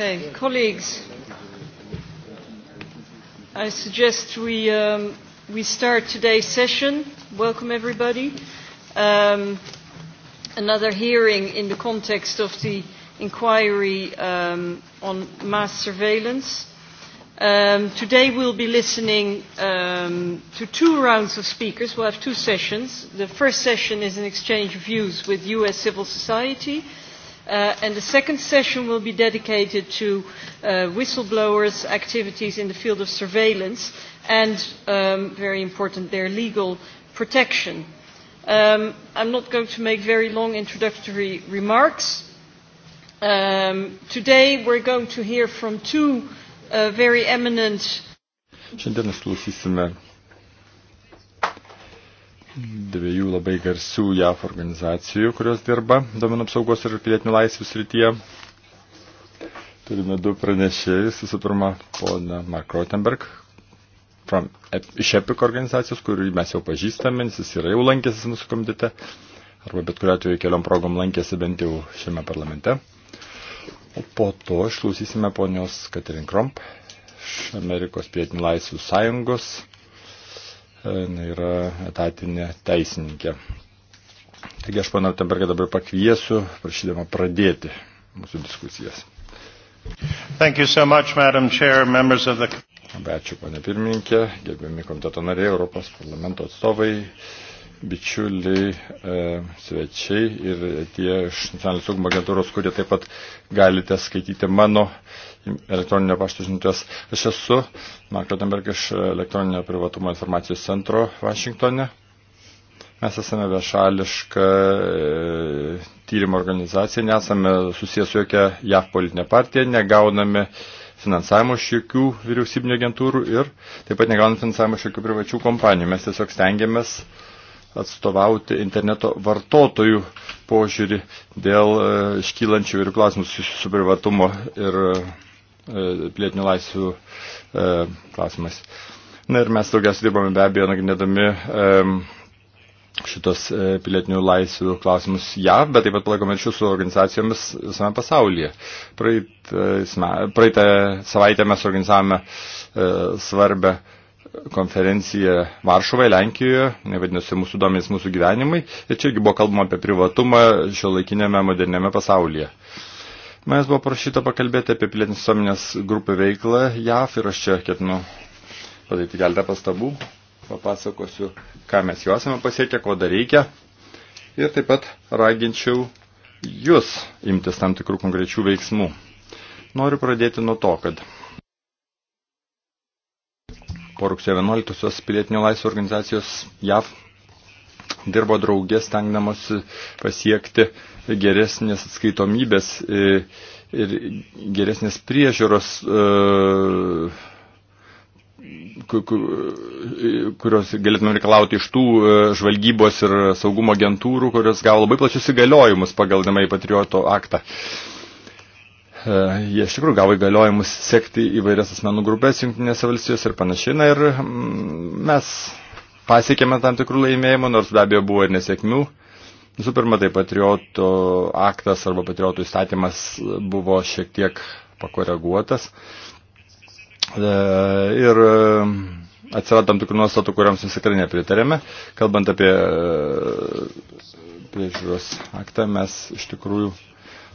Okay, colleagues, I suggest we, um, we start today's session. Welcome, everybody. Um, another hearing in the context of the inquiry um, on mass surveillance. Um, today we'll be listening um, to two rounds of speakers. We'll have two sessions. The first session is an exchange of views with U.S. civil society. Uh, Uh, and the second session will be dedicated to uh, whistleblowers' activities in the field of surveillance and, um, very important, their legal protection. Um, I'm not going to make very long introductory remarks. Um, today we're going to hear from two uh, very eminent Šiandien išklausysime dviejų labai garsių JAF organizacijų, kurios dirba domenų apsaugos ir pilietinių laisvių srityje. Turime du pranešėjus, visų pirma, poną Mark Rotenberg from, iš EPIC organizacijos, kurį mes jau pažįstame, jis yra jau lankęsis mūsų komitete, arba bet kuriuo atveju keliom progom lankėsi bent jau šiame parlamente. O po to išklausysime ponios Katerin Kromp iš Amerikos Pietinių Laisvių sąjungos yra etatinė teisininkė. Taigi aš pana Tembergą dabar pakviesiu, prašydama pradėti mūsų diskusijas. So much, Chair, the... Labai ačiū, ponė pirmininkė, gerbiami komiteto nariai, Europos parlamento atstovai, bičiuliai, e, svečiai ir tie iš nacionalinės saugumo agentūros, kurie taip pat galite skaityti mano e, elektroninio pašto žinutės. Aš esu Mark Rotenberg iš elektroninio privatumo informacijos centro Vašingtone. Mes esame viešališka e, tyrimo organizacija, nesame susijęs su jokia JAV politinė partija, negauname finansavimo iš jokių vyriausybinio agentūrų ir taip pat negauname finansavimo iš jokių privačių kompanijų. Mes tiesiog stengiamės atstovauti interneto vartotojų požiūrį dėl e, iškylančių ir klausimų su privatumo ir pilietinių laisvių e, klausimas. Na ir mes daugiausiai dirbame be abejo nagrinėdami e, šitos e, pilietinių laisvių klausimus JAV, bet taip pat palaikome ryšius su organizacijomis visame pasaulyje. Praeitą savaitę mes organizavome svarbę konferencija Varšuvoje, Lenkijoje, nevadinosi mūsų duomenys mūsų gyvenimai, ir čia irgi buvo kalbama apie privatumą šio laikinėme moderniame pasaulyje. Uh, Mes buvo prašyta pakalbėti apie pilietinės visuomenės grupių veiklą JAF ir aš čia ketinu padaryti keletą pastabų, papasakosiu, ką mes jau esame pasiekę, ko dar reikia ir taip pat raginčiau jūs imtis tam tikrų konkrečių veiksmų. Noriu pradėti nuo to, kad po rugsėjo 11-osios pilietinio laisvės organizacijos JAV dirbo draugės, stengdamosi pasiekti geresnės atskaitomybės ir geresnės priežiūros, e, kurios galėtume reikalauti iš tų e, žvalgybos ir saugumo agentūrų, kurios gavo labai plačius įgaliojimus pagal Demai Patrioto aktą. E, jie iš tikrųjų gavo įgaliojimus sekti įvairias asmenų grupės jungtinėse valstijose ir panašiai. Na ir mm, mes pasiekėme tam tikrų laimėjimų, nors be abejo buvo ir nesėkmių. Uh, Visų pirma, tai patriotų aktas arba patriotų įstatymas buvo šiek tiek pakoreguotas. E, ir e, atsirado tam tikrų nuostatų, kuriams mes tikrai nepritarėme. Kalbant apie e, priežiūros aktą, mes iš tikrųjų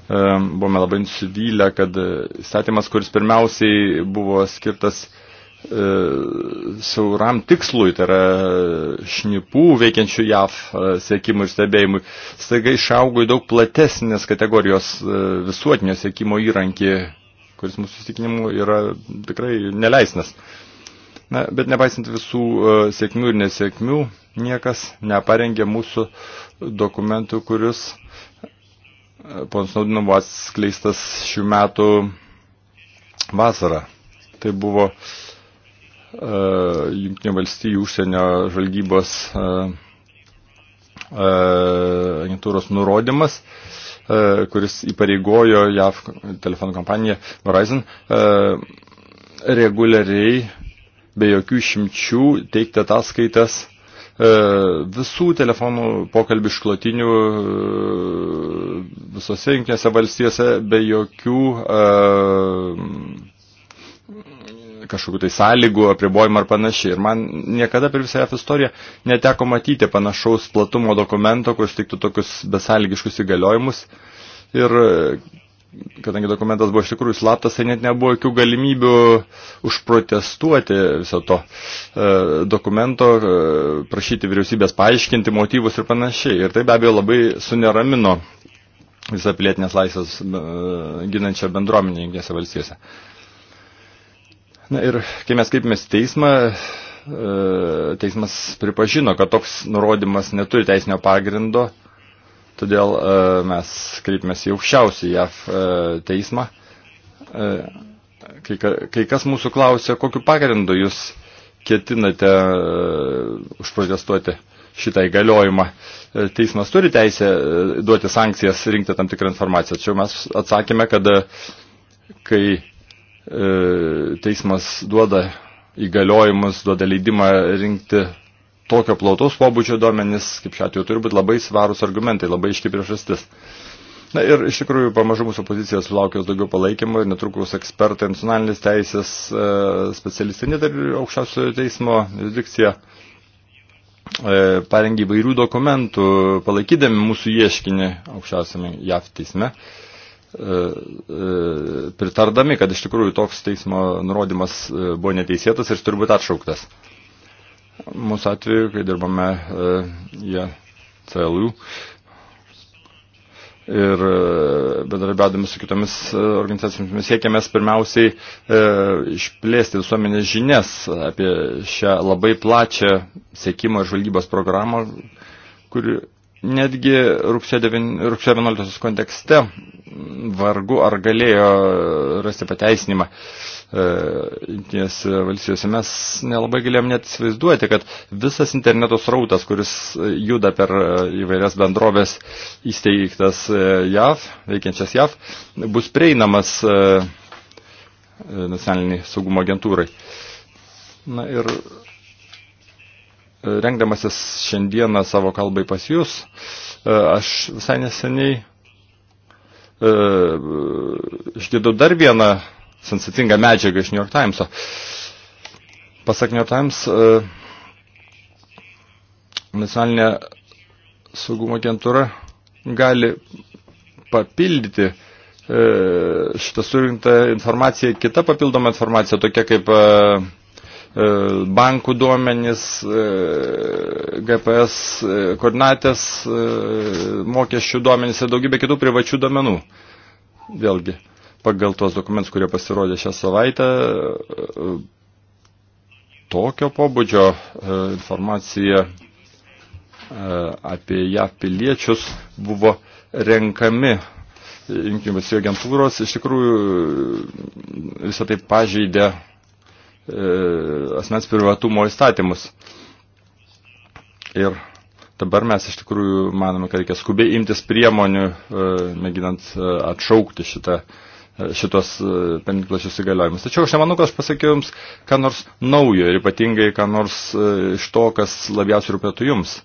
buvome labai nusivylę, kad įstatymas, kuris pirmiausiai buvo skirtas E, siauram tikslui, tai yra šnipų veikiančių JAV e, sėkimų ir stebėjimui, staiga išaugo į daug platesnės kategorijos e, visuotinio sėkimo įrankį, kuris mūsų įsitikinimu yra tikrai neleisnas. Na, bet nepaisant visų sėkmių ir nesėkmių, niekas neparengė mūsų dokumentų, kuris pons Naudino buvo atskleistas šių metų vasarą. Tai buvo uh, E, Junktinio valstybių užsienio žvalgybos e, e, agentūros nurodymas, kuris įpareigojo JAV telefonų kompaniją Verizon reguliariai be jokių šimčių teikti ataskaitas visų telefonų pokalbių išklotinių visose jungtinėse valstijose be jokių kažkokiu tai sąlygų, apribojimų ar panašiai. Ir man niekada per visą JAF istoriją neteko matyti panašaus platumo dokumento, kuris tiktų tokius besąlygiškus įgaliojimus. Ir e, kadangi dokumentas buvo iš tikrųjų slaptas, tai net nebuvo jokių galimybių užprotestuoti viso to e, dokumento, e, prašyti vyriausybės paaiškinti motyvus ir panašiai. Ir tai be abejo labai suneramino visą pilietinės laisvės ginančią bendruomenį jungtinėse valstijose. Na ir kai mes kreipėmės teismą, e, teismas pripažino, kad toks nurodymas neturi teisinio pagrindo, todėl e, mes kreipėmės į aukščiausią JAV e, teismą. Kai, kai kas mūsų klausė, kokiu pagrindu jūs ketinate užprotestuoti šitą įgaliojimą. Teismas turi teisę duoti sankcijas, rinkti tam tikrą informaciją. Tačiau mes atsakėme, kad kai E, teismas duoda įgaliojimus, duoda leidimą rinkti tokio plautos pobūdžio duomenys, kaip šiuo atveju turi būti labai svarūs argumentai, labai iški priežastis. Na ir iš tikrųjų pamažu mūsų pozicija sulaukė daugiau palaikymo ir netrukus ekspertai, nacionalinės teisės e, specialistai, net ir aukščiausio teismo jurisdikcija e, parengė įvairių dokumentų, palaikydami mūsų ieškinį aukščiausiame JAV teisme pritardami, kad iš tikrųjų toks teismo nurodymas e, buvo neteisėtas ir turi būti atšauktas. Mūsų atveju, kai dirbame e, jie ja, CLU ir e, bendradarbiaudami su kitomis organizacijomis siekiamės pirmiausiai išplėsti visuomenės žinias apie šią labai plačią sėkimo ir žvalgybos programą, kuri Netgi rugsėjo 11 kontekste vargu ar galėjo rasti pateisinimą. E, Nes valstybėse mes nelabai galėjom net įsivaizduoti, kad visas interneto srautas, kuris juda per e, įvairias bendrovės įsteigtas e, JAV, veikiančias JAV, bus prieinamas nacionaliniai saugumo agentūrai. Na ir rengdamasis šiandieną savo kalbai pas jūs, e, aš visai neseniai e, išgirdau dar vieną sensacingą medžiagą iš New York Times'o. Pasak New York Times, e, nacionalinė saugumo agentūra gali papildyti šitą surinktą informaciją, kita papildoma informacija, tokia kaip E, bankų duomenys, e, GPS e, koordinatės, mokesčių duomenys ir daugybė kitų privačių duomenų. Vėlgi, pagal tuos dokumentus, kurie pasirodė šią savaitę, tokio pobūdžio informacija apie ją piliečius buvo renkami Junktinių valstybių agentūros. Iš tikrųjų, visą tai pažeidė E, asmens privatumo įstatymus. Ir dabar mes iš tikrųjų manome, kad reikia skubiai imtis priemonių, e, mėginant e, atšaukti šitą šitos penkplačius įgaliojimus. Tačiau aš nemanau, kad aš pasakiau jums, ką nors naujo ir ypatingai, ką nors iš to, kas labiausiai rūpėtų jums.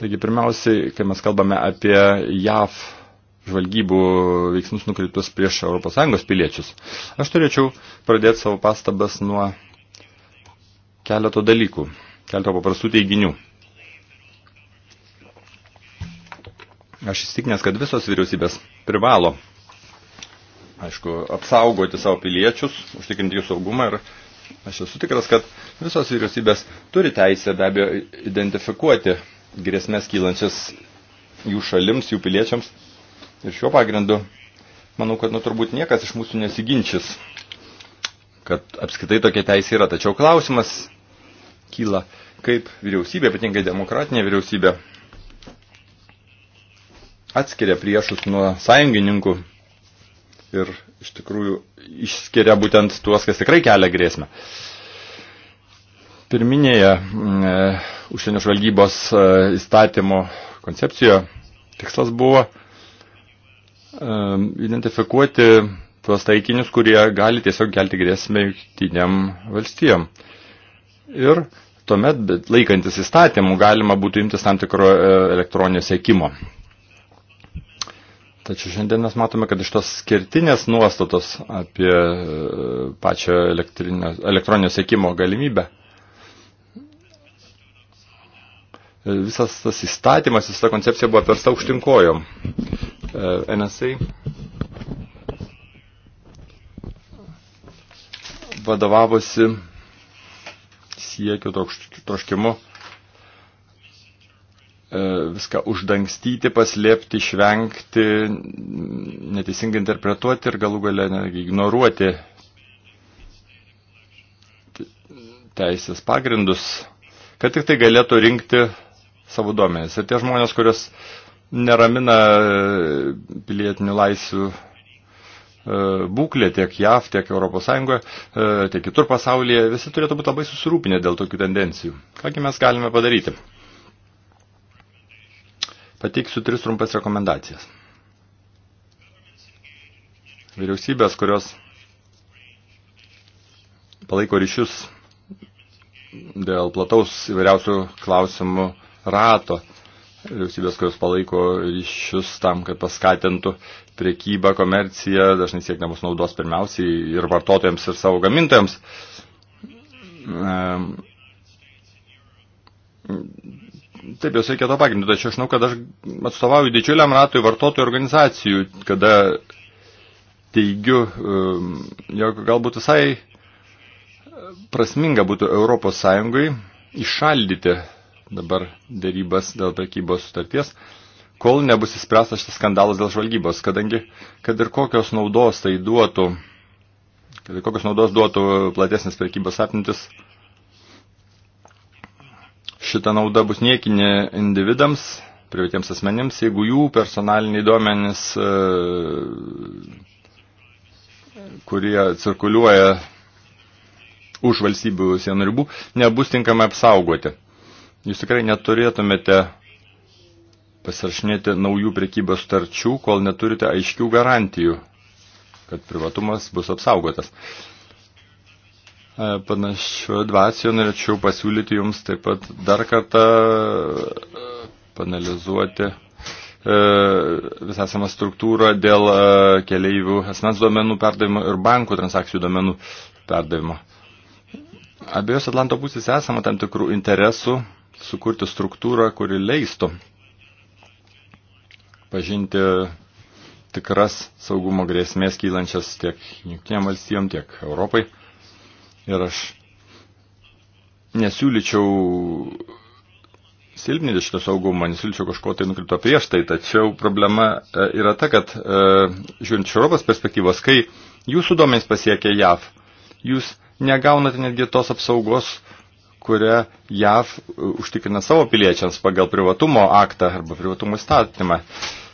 Taigi pirmiausiai, kai mes kalbame apie JAV žvalgybų veiksmus nukreiptus prieš ES piliečius. Aš turėčiau pradėti savo pastabas nuo keleto dalykų, keleto paprastų teiginių. Aš įstikinęs, kad visos vyriausybės privalo, aišku, apsaugoti savo piliečius, užtikrinti jų saugumą ir aš esu tikras, kad visos vyriausybės turi teisę be abejo identifikuoti grėsmės kylančias jų šalims, jų piliečiams Ir šiuo pagrindu, manau, kad nu, turbūt niekas iš mūsų nesiginčys, kad apskritai tokia teisė yra. Tačiau klausimas kyla, kaip vyriausybė, ypatingai demokratinė vyriausybė, atskiria priešus nuo sąjungininkų ir iš tikrųjų išskiria būtent tuos, kas tikrai kelia grėsmę. Pirminėje mm, e, užsienio žvalgybos e, įstatymo koncepcijoje tikslas buvo Ehm, identifikuoti tuos taikinius, kurie gali tiesiog kelti grėsmę jungtiniam valstijom. Ir tuomet, bet laikantis įstatymų, galima būtų imtis tam tikro e, elektroninio sėkimo. Tačiau šiandien mes matome, kad iš tos skirtinės nuostatos apie e, pačią elektroninio sėkimo galimybę e, visas tas įstatymas, visa koncepcija buvo per aukštinkojom. Uh, NSA vadovavosi siekiu troškimu uh, viską uždangstyti, paslėpti, išvengti, neteisingai interpretuoti ir galų galę ignoruoti teisės pagrindus, kad tik tai galėtų rinkti savo duomenys. Ir tie žmonės, kurios neramina e, pilietinių laisvių e, būklė tiek JAV, tiek ES, e, tiek kitur pasaulyje, visi turėtų būti labai susirūpinę dėl tokių tendencijų. Kągi mes galime padaryti? Pateiksiu tris trumpas rekomendacijas. Vyriausybės, kurios palaiko ryšius dėl plataus įvairiausių klausimų rato, vyriausybės, kurios palaiko ryšius tam, kad paskatintų priekybą, komerciją, dažnai siekna bus naudos pirmiausiai ir vartotojams, ir savo gamintojams. Ehm, taip, jos reikia to pagrindu, tačiau aš žinau, kad aš atstovauju didžiuliam ratui vartotojų organizacijų, kada teigiu, ehm, jog galbūt visai e, prasminga būtų Europos Sąjungai išaldyti dabar dėrybas dėl prekybos sutarties, kol nebus įspręstas šitas skandalas dėl žvalgybos, kadangi, kad ir kokios naudos tai duotų, kad ir kokios naudos duotų platesnis prekybos apimtis, šita nauda bus niekinė individams, privatiems asmenėms, jeigu jų personaliniai duomenys, e, kurie cirkuliuoja už valstybių sienų ribų, nebus tinkamai apsaugoti jūs tikrai neturėtumėte pasirašinėti naujų prekybos starčių, kol neturite aiškių garantijų, kad privatumas bus apsaugotas. E, panašiu dvacijo norėčiau pasiūlyti jums taip pat dar kartą e, panalizuoti e, visą esamą struktūrą dėl keleivių asmens duomenų perdavimo ir bankų transakcijų duomenų perdavimo. Abiejose Atlanto pusėse esama tam tikrų interesų sukurti struktūrą, kuri leistų pažinti tikras saugumo grėsmės kylančias tiek jungtinėm valstijom, tiek Europai. Ir aš nesiūlyčiau silpninti šitą saugumą, nesiūlyčiau kažko tai nukrito prieš tai, tačiau problema e, yra ta, kad e, žiūrint iš Europos perspektyvos, kai jūsų duomenys pasiekia JAV, jūs negaunate netgi tos apsaugos, kurią JAV e, užtikrina savo piliečiams pagal privatumo aktą arba privatumo įstatymą.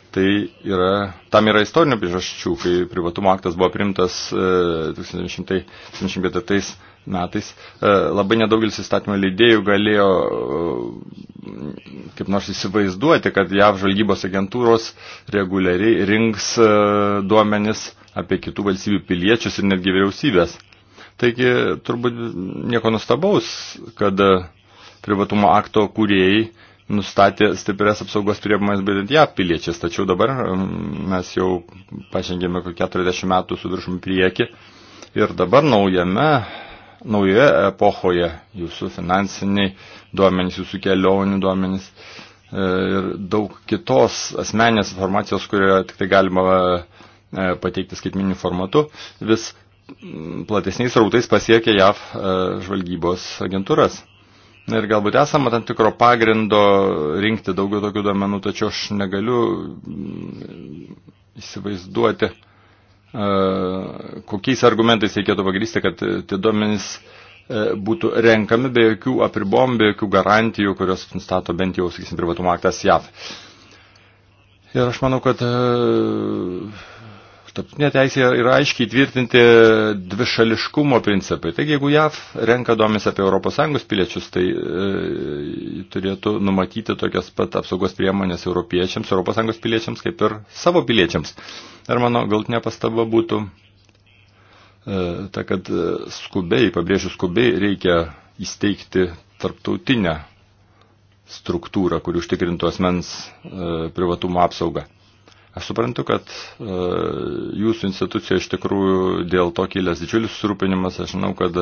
Tai yra, tam yra istorinių priežasčių, kai privatumo aktas buvo primtas e, 1974 metais. E, labai nedaugelis įstatymų leidėjų galėjo e, kaip nors įsivaizduoti, kad JAV žvalgybos agentūros reguliariai rinks e, duomenis apie kitų valstybių piliečius ir netgi vyriausybės. Taigi turbūt nieko nustabaus, kad e, privatumo akto kūrėjai nustatė stiprias apsaugos priemonės būtent ją piliečiais, tačiau dabar mes jau pažengėme 40 metų su viršum prieki ir dabar naujame, naujoje epochoje jūsų finansiniai duomenys, jūsų kelionių duomenys e, ir daug kitos asmenės informacijos, kurioje tik tai galima e, pateikti skaitminį formatu, vis platesniais rautais pasiekia JAV e, žvalgybos agentūras. Ir galbūt esama tam tikro pagrindo rinkti daugiau tokių duomenų, tačiau aš negaliu mm, įsivaizduoti, e, kokiais argumentais reikėtų pagrysti, kad tie duomenys e, būtų renkami be jokių apribom, be jokių garantijų, kurios nustato bent jau, sakysim, privatumo aktas JAV. Ir aš manau, kad Tarptautinė teisė yra aiškiai tvirtinti dvišališkumo principai. Taigi, jeigu JAV renka domis apie ES piliečius, tai e, turėtų numatyti tokias pat apsaugos priemonės europiečiams, ES piliečiams, kaip ir savo piliečiams. Ir mano galtinė pastaba būtų, e, ta, kad e, skubiai, pabrėžiu skubiai, reikia įsteigti tarptautinę struktūrą, kuri užtikrintų asmens e, privatumo apsaugą. Aš suprantu, kad e, jūsų institucija iš tikrųjų dėl to kilęs didžiulis susirūpinimas. Aš žinau, kad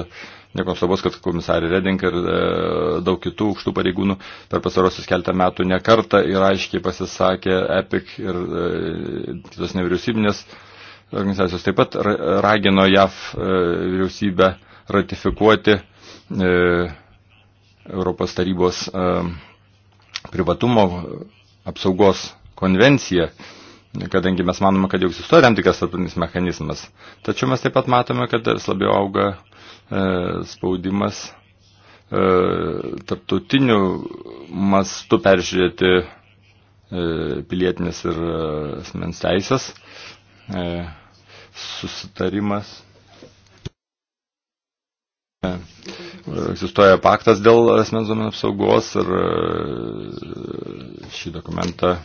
nekonstatuos, kad komisarė Redink ir e, daug kitų aukštų pareigūnų per pasarosius keltą metų nekarta ir aiškiai pasisakė EPIC ir e, kitos nevyriausybinės organizacijos. Taip pat ragino JAF e, vyriausybę ratifikuoti e, Europos tarybos e, privatumo apsaugos konvenciją. E, kadangi mes manome, kad jau egzistuoja tam tikras tarptautinis mechanizmas. Tačiau mes taip pat matome, kad vis labiau auga e, spaudimas e, tarptautinių mastų peržiūrėti e, pilietinės ir e, asmens teisės e, susitarimas. E, egzistuoja paktas dėl asmens duomenų apsaugos ir e, šį dokumentą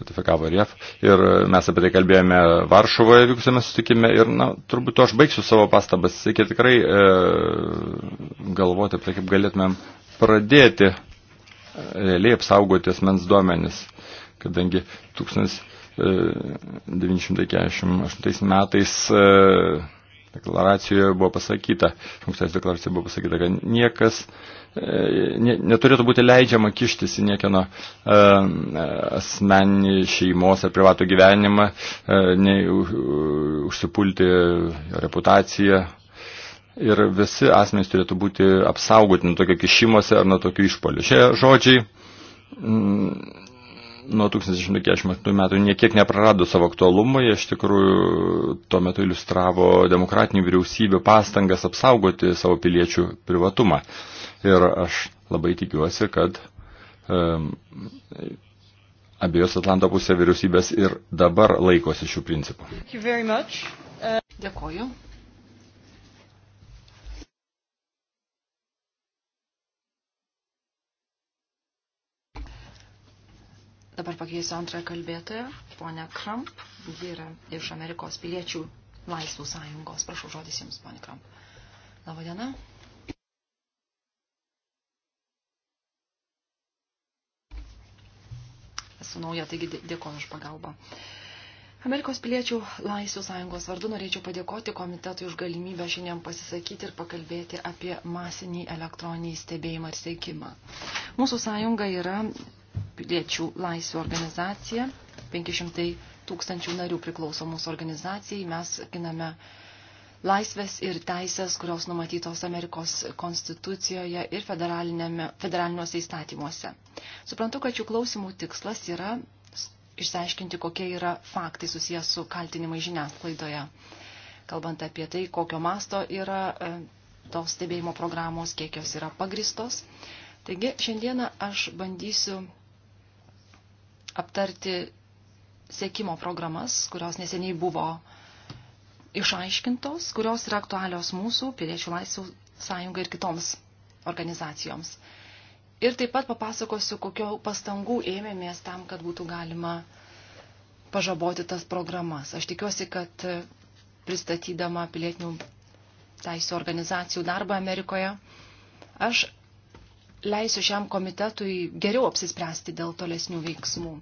ratifikavo ir JAF. E, ir mes apie tai kalbėjome Varšuvoje vykusiame sutikime ir, na, turbūt to aš baigsiu savo pastabas. Reikia tikrai e, galvoti apie tai, kaip galėtumėm pradėti e, realiai apsaugoti asmens duomenis, kadangi 1948 e, metais e, deklaracijoje buvo pasakyta, funkcijos deklaracijoje buvo pasakyta, kad niekas e, ne, neturėtų būti leidžiama kištis į niekieno e, asmenį šeimos ar privatų gyvenimą, e, nei užsipulti reputaciją. Ir visi asmenys turėtų būti apsaugoti nuo tokio kišimuose ar nuo tokių išpolių. Šie žodžiai m, mm, nuo 1948 metų niekiek neprarado savo aktualumo, jie iš tikrųjų tuo metu iliustravo demokratinių vyriausybių pastangas apsaugoti savo piliečių privatumą. Ir aš labai tikiuosi, kad um, abiejos Atlanto pusė vyriausybės ir dabar laikosi šių principų. Uh... Dėkoju. Dabar pakeisiu antrąją kalbėtoją, ponę Kramp. Ji yra iš Amerikos piliečių laisvų sąjungos. Prašau žodis jums, ponė Kramp. Labą dieną. Esu nauja, taigi dėkoju už pagalbą. Amerikos piliečių laisvių sąjungos vardu norėčiau padėkoti komitetui už galimybę šiandien pasisakyti ir pakalbėti apie masinį elektroninį stebėjimą ir seikimą. Mūsų sąjunga yra piliečių laisvių organizacija. 500 tūkstančių narių priklauso mūsų organizacijai. Mes giname laisvės ir teisės, kurios numatytos Amerikos konstitucijoje ir federaliniuose įstatymuose. Suprantu, kad šių klausimų tikslas yra išsiaiškinti, kokie yra faktai susijęs su kaltinimai žiniasklaidoje. Kalbant apie tai, kokio masto yra e, tos stebėjimo programos, kiek jos yra pagristos. Taigi šiandieną aš bandysiu aptarti sėkimo programas, kurios neseniai buvo išaiškintos, kurios yra aktualios mūsų piliečių laisvių sąjungai ir kitoms organizacijoms. Ir taip pat papasakosiu, kokio pastangų ėmėmės tam, kad būtų galima pažaboti tas programas. Aš tikiuosi, kad pristatydama pilietinių teisų organizacijų darbą Amerikoje, aš leisiu šiam komitetui geriau apsispręsti dėl tolesnių veiksmų.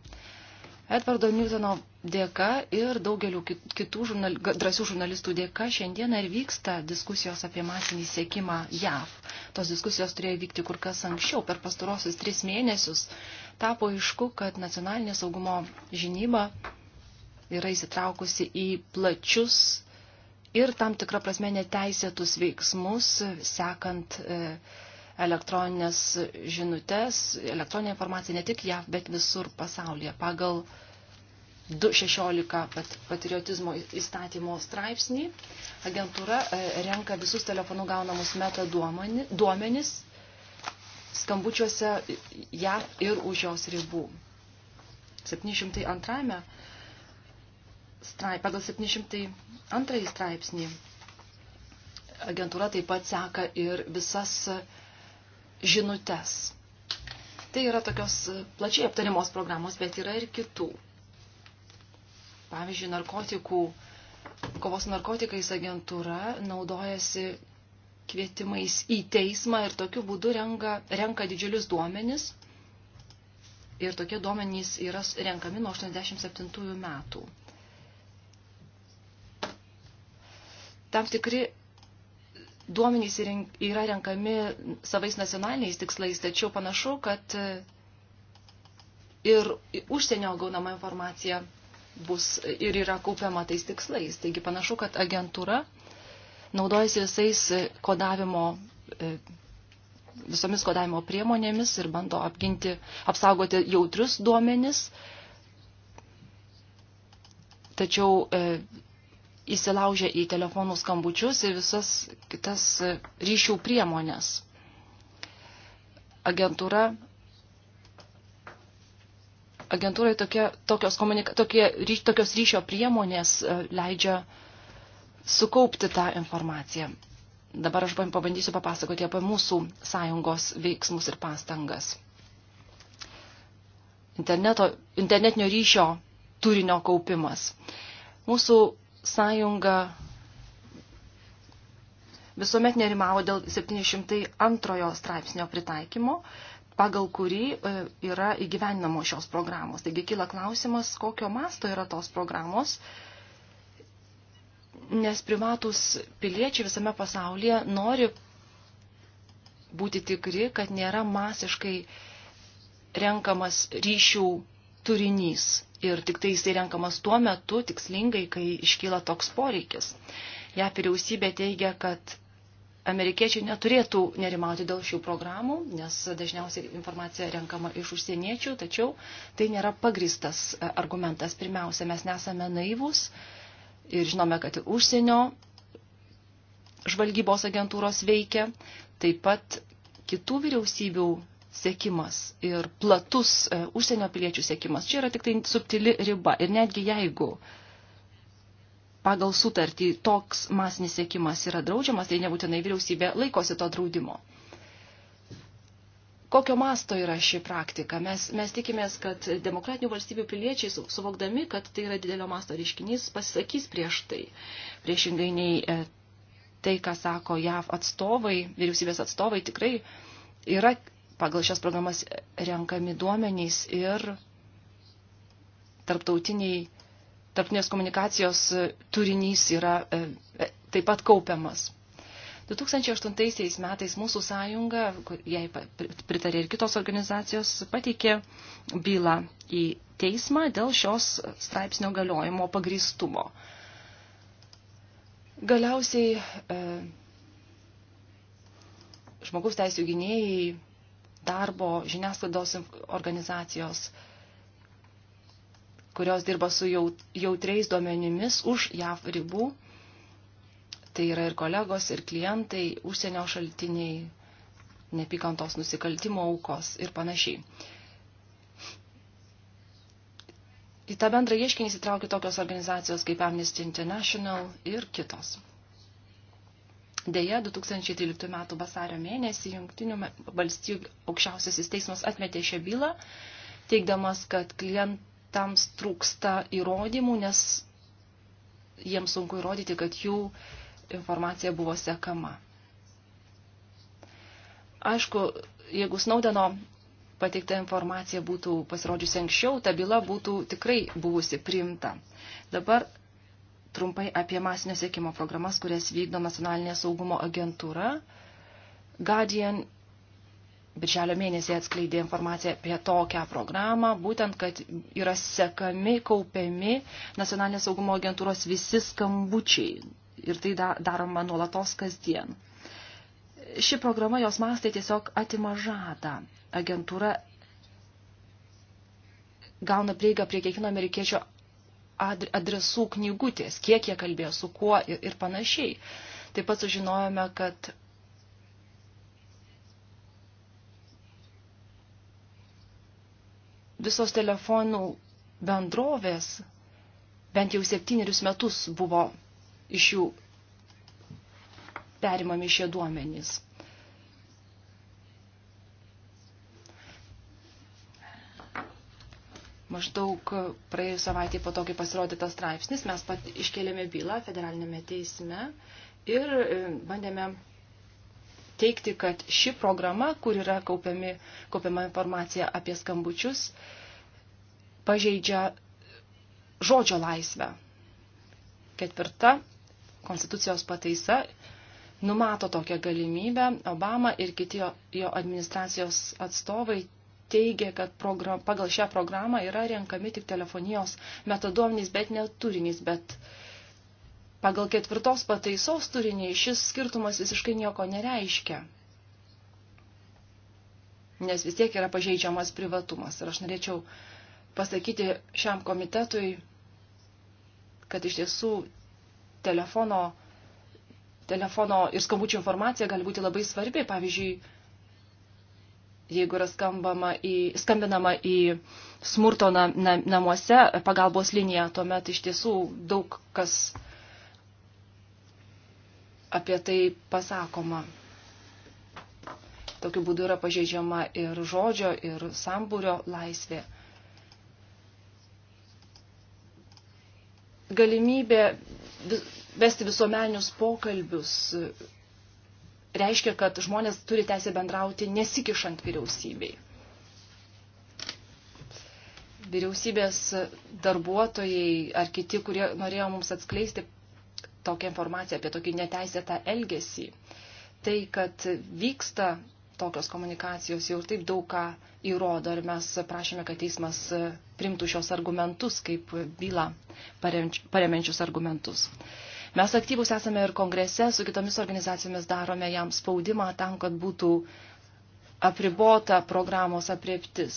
Edvardo Newtono dėka ir daugelių kitų žurnal, drąsių žurnalistų dėka šiandieną ir vyksta diskusijos apie masinį sėkimą JAV. Tos diskusijos turėjo vykti kur kas anksčiau. Per pastarosius tris mėnesius tapo aišku, kad nacionalinė saugumo žinyba yra įsitraukusi į plačius ir tam tikrą prasme neteisėtus veiksmus, sekant e, elektroninės žinutės, elektroninę informaciją ne tik JAV, bet visur pasaulyje pagal 2.16 patriotizmo įstatymo straipsnį. Agentūra e, renka visus telefonų gaunamus metaduomenis skambučiuose JAV ir už jos ribų. 702 straip, pagal 702 straipsnį agentūra taip pat seka ir visas žinutes. Tai yra tokios plačiai aptarimos programos, bet yra ir kitų. Pavyzdžiui, narkotikų, kovos narkotikais agentūra naudojasi kvietimais į teismą ir tokiu būdu renka, renka didžiulius duomenis. Ir tokie duomenys yra renkami nuo 87 metų. Tam tikri duomenys yra renkami savais nacionaliniais tikslais, tačiau panašu, kad e, ir užsienio gaunama informacija bus ir yra kaupiama tais tikslais. Taigi panašu, kad agentūra naudojasi visais e, kodavimo, e, visomis kodavimo priemonėmis ir bando apginti, apsaugoti jautrius duomenis. Tačiau įsilaužia į telefonų skambučius ir visas kitas ryšių priemonės. Agentūra, agentūrai tokie, tokios, komunika, tokie, ryš, tokios ryšio priemonės e, leidžia sukaupti tą informaciją. Dabar aš pabandysiu papasakoti apie mūsų sąjungos veiksmus ir pastangas. Interneto, internetinio ryšio turinio kaupimas. Mūsų sąjunga visuomet nerimavo dėl 702 straipsnio pritaikymo, pagal kurį e, yra įgyveninamos šios programos. Taigi kyla klausimas, kokio masto yra tos programos, nes privatus piliečiai visame pasaulyje nori būti tikri, kad nėra masiškai renkamas ryšių turinys ir tik tai jisai renkamas tuo metu tikslingai, kai iškyla toks poreikis. Ja vyriausybė teigia, kad amerikiečiai neturėtų nerimauti dėl šių programų, nes dažniausiai informacija renkama iš užsieniečių, tačiau tai nėra pagristas e, argumentas. Pirmiausia, mes nesame naivūs ir žinome, kad užsienio žvalgybos agentūros veikia, taip pat kitų vyriausybių sėkimas ir platus e, užsienio piliečių sėkimas. Čia yra tik tai subtili riba. Ir netgi jeigu pagal sutartį toks masinis sėkimas yra draudžiamas, tai nebūtinai vyriausybė laikosi to draudimo. Kokio masto yra ši praktika? Mes, mes tikimės, kad demokratinių valstybių piliečiai, suvokdami, kad tai yra didelio masto reiškinys, pasisakys prieš tai. Priešingai nei e, tai, ką sako JAV atstovai, vyriausybės atstovai, tikrai yra pagal šias programas renkami duomenys ir tarptautiniai, tarptautinės komunikacijos turinys yra e, e, taip pat kaupiamas. 2008 metais mūsų sąjunga, jai pritarė ir kitos organizacijos, pateikė bylą į teismą dėl šios straipsnio galiojimo pagristumo. Galiausiai e, žmogaus teisų gynėjai darbo žiniasklaidos organizacijos, kurios dirba su jautriais duomenimis už JAV ribų. Tai yra ir kolegos, ir klientai, užsienio šaltiniai, nepykantos nusikaltimo aukos ir panašiai. Į tą bendrą ieškinį įsitraukia tokios organizacijos kaip Amnesty International ir kitos. Deja, 2013 m. vasario mėnesį Jungtinių valstybių aukščiausiasis teismas atmetė šią bylą, teikdamas, kad klientams trūksta įrodymų, nes jiems sunku įrodyti, kad jų informacija buvo sekama. Aišku, jeigu Snaudeno pateikta informacija būtų pasirodžiusi anksčiau, ta byla būtų tikrai buvusi priimta. Dabar trumpai apie masinio sėkimo programas, kurias vykdo nacionalinė saugumo agentūra. Guardian birželio mėnesį atskleidė informaciją apie tokią programą, būtent, kad yra sekami, kaupiami nacionalinės saugumo agentūros visi skambučiai ir tai daroma nuolatos kasdien. Ši programa jos mastai tiesiog atima žadą. Agentūra gauna prieigą prie kiekvieno amerikiečio adresų knygutės, kiek jie kalbėjo su kuo ir, ir panašiai. Taip pat sužinojome, kad visos telefonų bendrovės bent jau septynerius metus buvo iš jų perimami šie duomenys. Maždaug praėjus savaitį po to, kai pasirodė tas straipsnis, mes pat iškėlėme bylą federalinėme teisme ir e, bandėme teikti, kad ši programa, kur yra kaupiami, kaupiama informacija apie skambučius, pažeidžia žodžio laisvę. Ketvirta konstitucijos pataisa numato tokią galimybę. Obama ir kiti jo, jo administracijos atstovai teigia, kad program, pagal šią programą yra renkami tik telefonijos metaduomenys, bet ne turinys, bet pagal ketvirtos pataisos turinį šis skirtumas visiškai nieko nereiškia. Nes vis tiek yra pažeidžiamas privatumas. Ir aš norėčiau pasakyti šiam komitetui, kad iš tiesų telefono, telefono ir skambučių informacija gali būti labai svarbi. Pavyzdžiui, jeigu yra skambama į, skambinama į smurto na, na, namuose pagalbos liniją, tuomet iš tiesų daug kas apie tai pasakoma. Tokiu būdu yra pažeidžiama ir žodžio, ir sambūrio laisvė. Galimybė vesti visuomeninius pokalbius reiškia, kad žmonės turi teisę bendrauti nesikišant vyriausybei. Vyriausybės darbuotojai ar kiti, kurie norėjo mums atskleisti tokią informaciją apie tokį neteisėtą elgesį, tai, kad vyksta tokios komunikacijos jau taip daug ką įrodo ir mes prašėme, kad teismas primtų šios argumentus kaip bylą paremenčius argumentus. Uh, Mes aktyvus esame ir kongrese, su kitomis organizacijomis darome jam spaudimą tam, kad būtų apribota programos apriptis.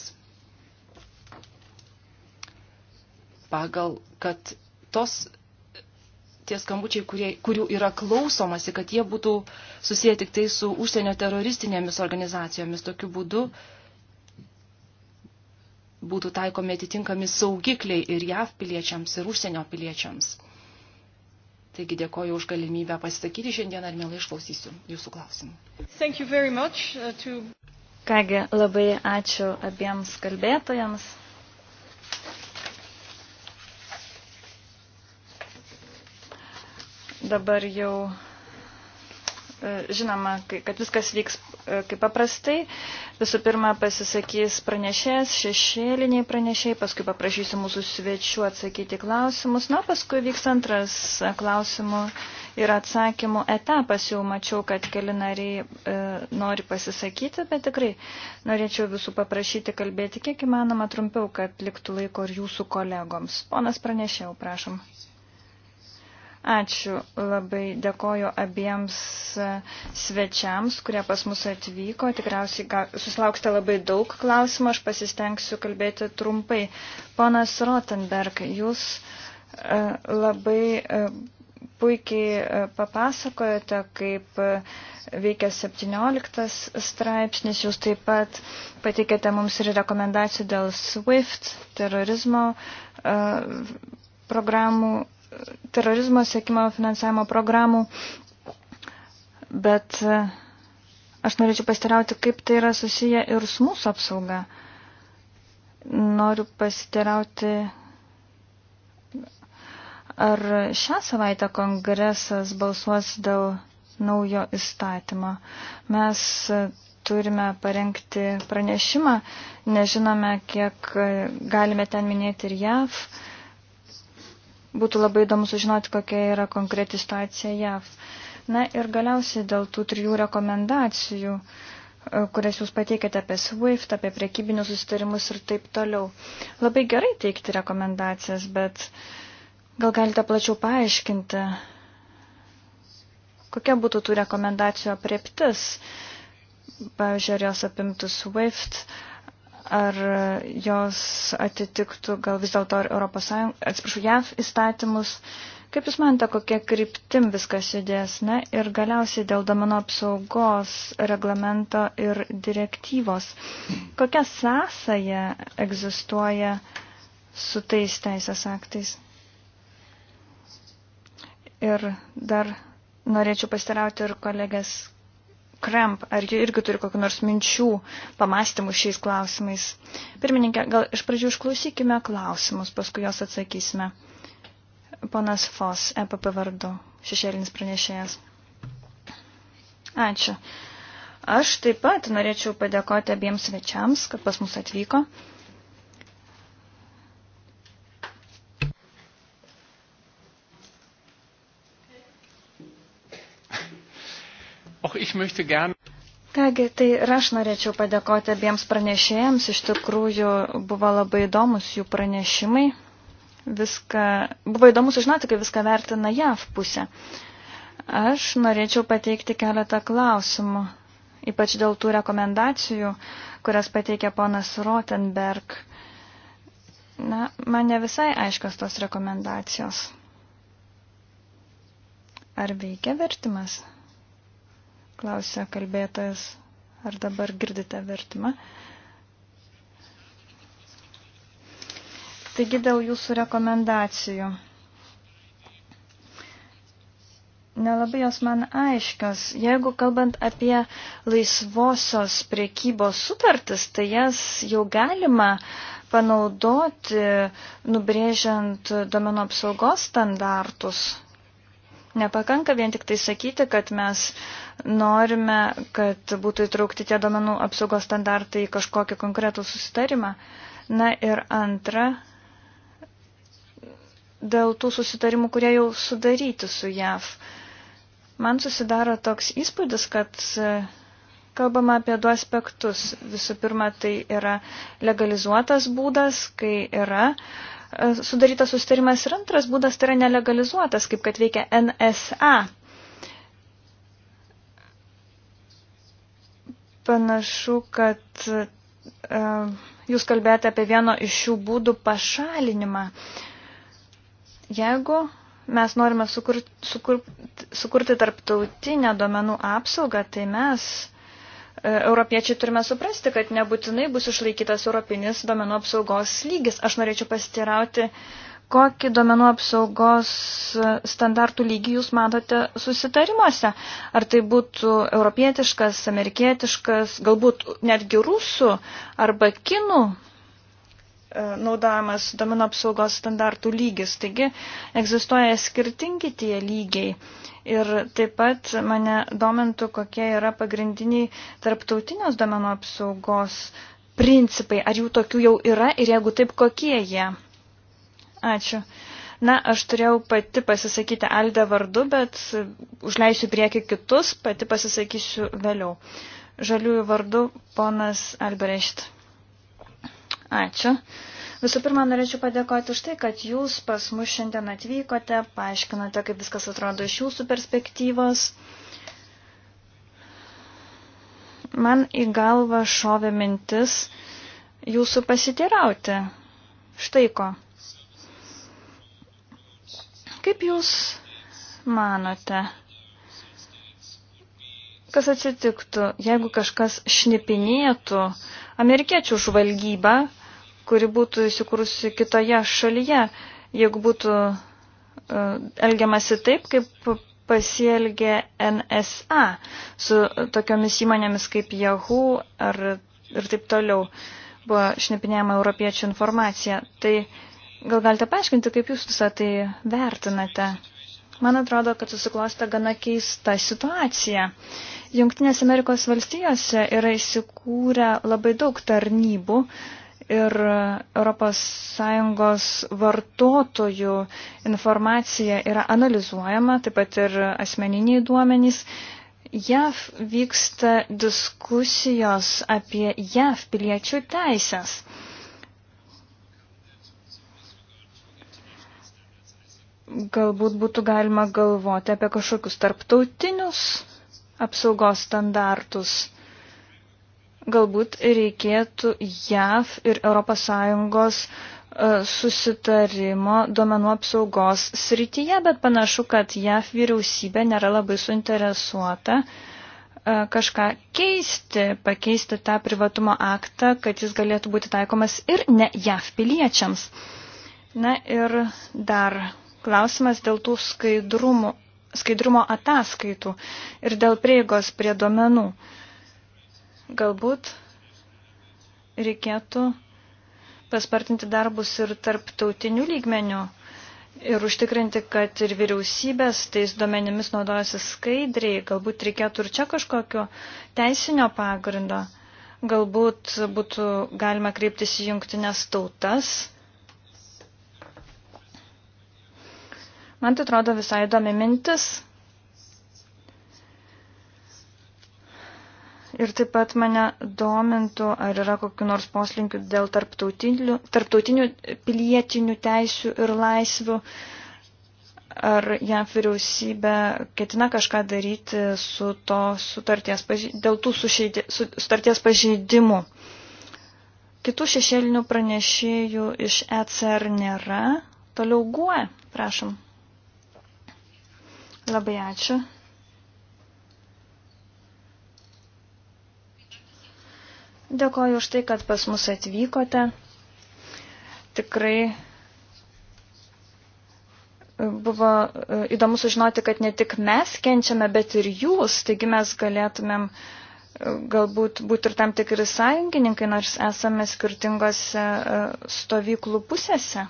Pagal, kad tos tie skambučiai, kurie, kurių yra klausomasi, kad jie būtų susiję tik tai su užsienio teroristinėmis organizacijomis. Tokiu būdu būtų taikomi atitinkami saugikliai ir JAV piliečiams, ir užsienio piliečiams. Taigi dėkoju už galimybę pasisakyti šiandien ir mielai išklausysiu jūsų klausimų. Uh, to... Kągi, labai ačiū abiems kalbėtojams. Dabar jau e, žinoma, kad viskas vyks E, kaip paprastai. Visų pirma, pasisakys pranešėjas, šešėliniai pranešėjai, paskui paprašysiu mūsų svečių atsakyti klausimus. Na, paskui vyks antras klausimų ir atsakymų etapas. Jau mačiau, kad keli nariai e, nori pasisakyti, bet tikrai norėčiau visų paprašyti kalbėti kiek įmanoma trumpiau, kad liktų laiko ir jūsų kolegoms. Ponas pranešėjau, prašom. Ačiū labai, dėkoju abiems svečiams, kurie pas mus atvyko. Tikriausiai susilauksite labai daug klausimų, aš pasistengsiu kalbėti trumpai. Ponas Rotenberg, jūs e, labai e, puikiai e, papasakojate, kaip veikia 17 straipsnis, jūs taip pat pateikėte mums ir rekomendacijų dėl SWIFT, terorizmo programų terorizmo sėkimo finansavimo programų, bet e, aš norėčiau pasteriauti, kaip tai yra susiję ir su mūsų apsauga. Noriu pasteriauti, ar šią savaitę kongresas balsuos dėl naujo įstatymo. Mes e, turime parengti pranešimą, nežinome, kiek e, galime ten minėti ir JAV Būtų labai įdomu sužinoti, kokia yra konkreti situacija JAV. Na ir galiausiai dėl tų trijų rekomendacijų, e, kurias jūs pateikėte apie SWIFT, apie priekybinius susitarimus ir taip toliau. Labai gerai teikti rekomendacijas, bet gal galite plačiau paaiškinti, kokia būtų tų rekomendacijų apreptis, pavyzdžiui, ar jos apimtų SWIFT, ar jos atitiktų gal vis dėlto Europos Sąjungos, atsiprašau, JAV įstatymus. Kaip Jūs manate, kokie kryptim viskas judės, ne? Ir galiausiai dėl domeno apsaugos reglamento ir direktyvos. Kokia sąsaja egzistuoja su tais teisės aktais? Ir dar norėčiau pasirauti ir kolegės Kremp, ar ji irgi turi kokiu nors minčių, pamastymų šiais klausimais. Pirmininkė, gal iš pradžių išklausykime klausimus, paskui jos atsakysime. Ponas Fos, EPP vardu, šešėlinis pranešėjas. Ačiū. Aš taip pat norėčiau padėkoti abiems svečiams, kad pas mus atvyko. Kągi, tai ir aš norėčiau padėkoti abiems pranešėjams, iš tikrųjų buvo labai įdomus jų pranešimai, viską, buvo įdomu sužinoti, kaip viską vertina JAV pusė. Aš norėčiau pateikti keletą klausimų, ypač dėl tų rekomendacijų, kurias pateikė ponas Rotenberg. Na, man ne visai aiškios tos rekomendacijos. Ar veikia vertimas? Klausė kalbėtojas, ar dabar girdite vertimą. Taigi dėl jūsų rekomendacijų. Nelabai jos man aiškios. Jeigu kalbant apie laisvosios priekybos sutartis, tai jas jau galima panaudoti, nubrėžiant domenų apsaugos standartus, Nepakanka vien tik tai sakyti, kad mes norime, kad būtų įtraukti tie domenų apsaugos standartai į kažkokį konkretų susitarimą. Na ir antra, dėl tų susitarimų, kurie jau sudaryti su JAV. Man susidaro toks įspūdis, kad e, kalbama apie du aspektus. Visų pirma, tai yra legalizuotas būdas, kai yra uh, E, sudarytas sustarimas ir antras būdas tai yra nelegalizuotas, kaip kad veikia NSA. Panašu, kad uh, jūs kalbėjote apie vieno iš šių būdų pašalinimą. Jeigu mes norime sukurti, sukurti, sukurti tarptautinę duomenų apsaugą, tai mes E, europiečiai turime suprasti, kad nebūtinai bus išlaikytas europinis domenų apsaugos lygis. Aš norėčiau pasitirauti, kokį domenų apsaugos standartų lygį jūs matote susitarimuose. Ar tai būtų europietiškas, amerikietiškas, galbūt netgi rusų arba kinų E, naudojamas domino apsaugos standartų lygis. Taigi egzistuoja skirtingi tie lygiai. Ir taip pat mane domintų, kokie yra pagrindiniai tarptautinės domeno apsaugos principai. Ar jų tokių jau yra ir jeigu taip, kokie jie? Ačiū. Na, aš turėjau pati pasisakyti Aldę vardu, bet užleisiu prieki kitus, pati pasisakysiu vėliau. Žaliųjų vardu ponas Alberešt. Ačiū. Visų pirma, norėčiau padėkoti už tai, kad jūs pas mus šiandien atvykote, paaiškinote, kaip viskas atrodo iš jūsų perspektyvos. Man į galvą šovė mintis jūsų pasiteirauti. Štai ko. Kaip jūs manote, kas atsitiktų, jeigu kažkas šnipinėtų amerikiečių žvalgybą kuri būtų įsikūrusi kitoje šalyje, jeigu būtų e, elgiamasi taip, kaip pasielgė NSA su tokiomis įmonėmis kaip Yahoo ar, ir taip toliau buvo šnipinėjama europiečių informacija. Tai gal galite paaiškinti, kaip jūs visą tai vertinate? Man atrodo, kad susiklostė gana keista situacija. Junktinės Amerikos valstijose yra įsikūrę labai daug tarnybų, uh, ir ES vartotojų informacija yra analizuojama, taip pat ir asmeniniai duomenys. JAV vyksta diskusijos apie JAV piliečių teisės. Galbūt būtų galima galvoti apie kažkokius tarptautinius apsaugos standartus galbūt reikėtų JAV ir ES e, susitarimo duomenų apsaugos srityje, bet panašu, kad JAV vyriausybė nėra labai suinteresuota e, kažką keisti, pakeisti tą privatumo aktą, kad jis galėtų būti taikomas ir ne JAV piliečiams. Na ir dar klausimas dėl tų skaidrumo, skaidrumo ataskaitų ir dėl prieigos prie duomenų. Uh, Galbūt reikėtų paspartinti darbus ir tarptautinių lygmenių ir užtikrinti, kad ir vyriausybės tais duomenimis naudojasi skaidriai, galbūt reikėtų ir čia kažkokio teisinio pagrindo, galbūt būtų galima kreiptis į jungtinės tautas. Man tai atrodo visai įdomi mintis. Ir taip pat mane domintų, ar yra kokiu nors poslinkiu dėl tarptautinių, tarptautinių pilietinių teisių ir laisvių, ar jam vyriausybė ketina kažką daryti su to sutarties, dėl tų sušeidė, su, sutarties pažeidimų. Kitų šešėlinių pranešėjų iš ECR nėra. Toliau guoja, e, prašom. Labai ačiū. Dėkoju už tai, kad pas mus atvykote. Tikrai e, buvo e, įdomu sužinoti, kad ne tik mes kenčiame, bet ir jūs, taigi mes galėtumėm e, galbūt būti ir tam tikri sąjungininkai, nors esame skirtingose stovyklų pusėse.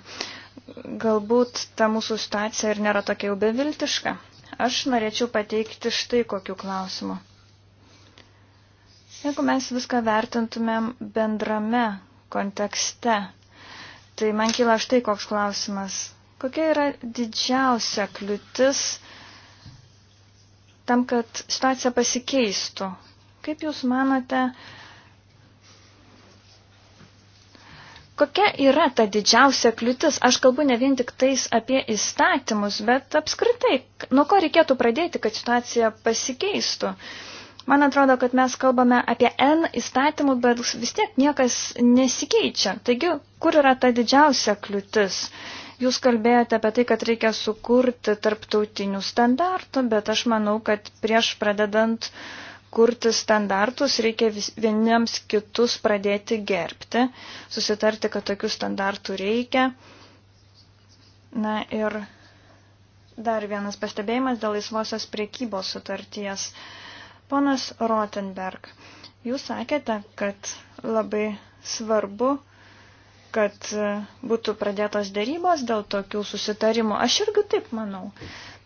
Galbūt ta mūsų situacija ir nėra tokia jau beviltiška. Aš norėčiau pateikti štai kokiu klausimu. Jeigu mes viską vertintumėm bendrame kontekste, tai man kyla štai koks klausimas. Kokia yra didžiausia kliūtis tam, kad situacija pasikeistų? Kaip Jūs manote, kokia yra ta didžiausia kliūtis? Aš kalbu ne vien tik tais apie įstatymus, bet apskritai, nuo ko reikėtų pradėti, kad situacija pasikeistų. Man atrodo, kad mes kalbame apie N įstatymų, bet vis tiek niekas nesikeičia. Taigi, kur yra ta didžiausia kliūtis? Jūs kalbėjote apie tai, kad reikia sukurti tarptautinių standartų, bet aš manau, kad prieš pradedant kurti standartus reikia vis, vieniems kitus pradėti gerbti, susitarti, kad tokių standartų reikia. Na ir dar vienas pastebėjimas dėl laisvosios priekybos sutarties. Uh, Ponas Rotenberg, jūs sakėte, kad labai svarbu, kad e, būtų pradėtos dėrybos dėl tokių susitarimų. Aš irgi taip manau.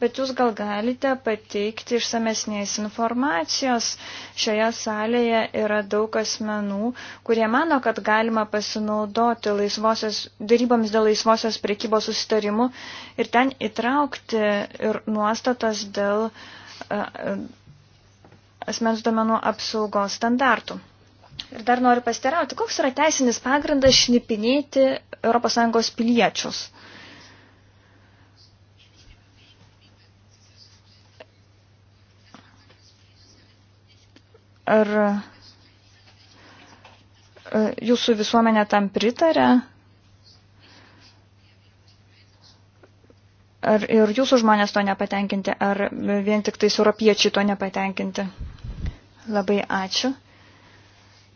Bet jūs gal galite pateikti išsamesnės informacijos. Šioje salėje yra daug asmenų, kurie mano, kad galima pasinaudoti laisvosios, dėryboms dėl laisvosios priekybos susitarimų ir ten įtraukti ir nuostatas dėl. Uh, asmens duomenų apsaugos standartų. Ir dar noriu pasiterauti, koks yra teisinis pagrindas šnipinėti ES piliečius. Ar e, jūsų visuomenė tam pritarė? Ar ir jūsų žmonės to nepatenkinti, ar vien tik tais europiečiai to nepatenkinti? Labai ačiū.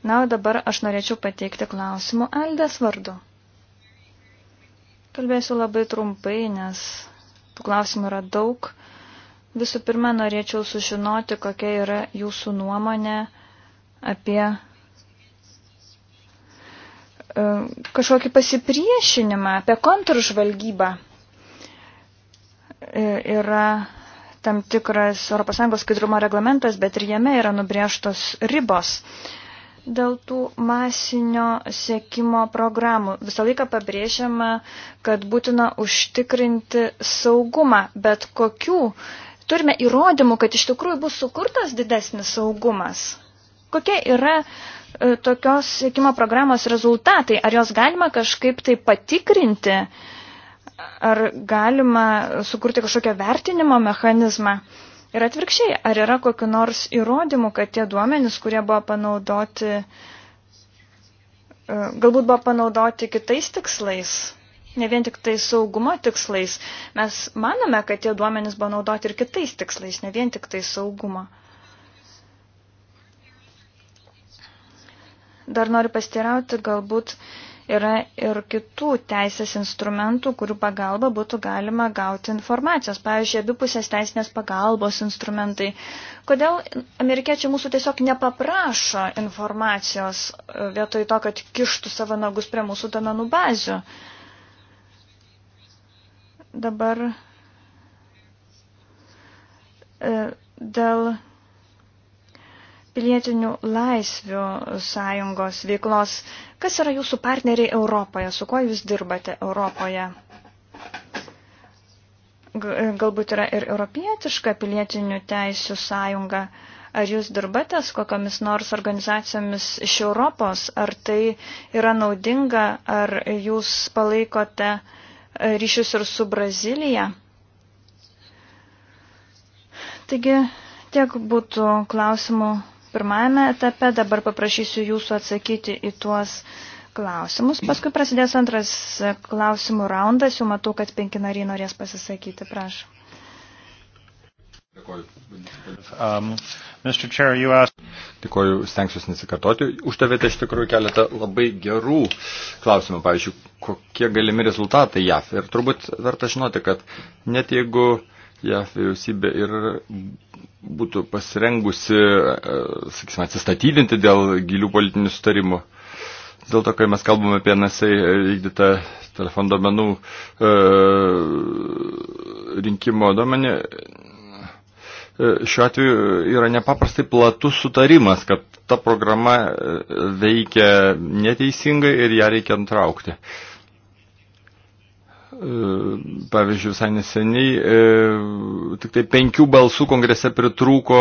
Na, o dabar aš norėčiau pateikti klausimų Aldės vardu. Kalbėsiu labai trumpai, nes tų klausimų yra daug. Visų pirma, norėčiau sužinoti, kokia yra jūsų nuomonė apie e, kažkokį pasipriešinimą, apie kontržvalgybą. E, yra tam tikras ES skaidrumo reglamentas, bet ir jame yra nubrėžtos ribos dėl tų masinio sėkimo programų. Visą laiką pabrėžiama, kad būtina užtikrinti saugumą, bet kokių turime įrodymų, kad iš tikrųjų bus sukurtas didesnis saugumas. Kokie yra e, tokios sėkimo programos rezultatai? Ar jos galima kažkaip tai patikrinti? Uh, ar galima sukurti kažkokią vertinimo mechanizmą? Ir atvirkščiai, ar yra kokiu nors įrodymu, kad tie duomenys, kurie buvo panaudoti, e, galbūt buvo panaudoti kitais tikslais, ne vien tik tai saugumo tikslais. Mes manome, kad tie duomenys buvo naudoti ir kitais tikslais, ne vien tik tai saugumo. Dar noriu pastirauti, galbūt uh, yra ir kitų teisės instrumentų, kurių pagalba būtų galima gauti informacijos. Pavyzdžiui, abipusės teisinės pagalbos instrumentai. Kodėl amerikiečiai mūsų tiesiog nepaprašo informacijos e, vietoj to, kad kištų savo nagus prie mūsų domenų bazių? Dabar e, dėl pilietinių laisvių sąjungos veiklos. Kas yra jūsų partneriai Europoje? Su kuo jūs dirbate Europoje? E, galbūt yra ir europietiška pilietinių teisių sąjunga. Ar jūs dirbate su kokiamis nors organizacijomis iš Europos? Ar tai yra naudinga? Ar jūs palaikote e, ryšius ir su Brazilija? Taigi, tiek būtų klausimų pirmajame etape, dabar paprašysiu jūsų atsakyti į tuos klausimus. Paskui prasidės antras klausimų raundas, jau matau, kad penki nariai norės pasisakyti, prašau. Dėkoju, um, stengsiuosi nesikartoti. Užtavėte iš tikrųjų keletą labai gerų klausimų, pavyzdžiui, kokie galimi rezultatai JAF. Ir turbūt verta žinoti, kad net jeigu uh, JAF vyriausybė ir būtų pasirengusi, e, sakysime, atsistatydinti dėl gilių politinių sutarimų. Dėl to, kai mes kalbame apie NSA vykdytą telefonų domenų e, rinkimo domenį, e, šiuo atveju yra nepaprastai platus sutarimas, kad ta programa e, veikia neteisingai ir ją reikia nutraukti. E, Pavyzdžiui, visai neseniai e, tik tai penkių balsų kongrese pritrūko,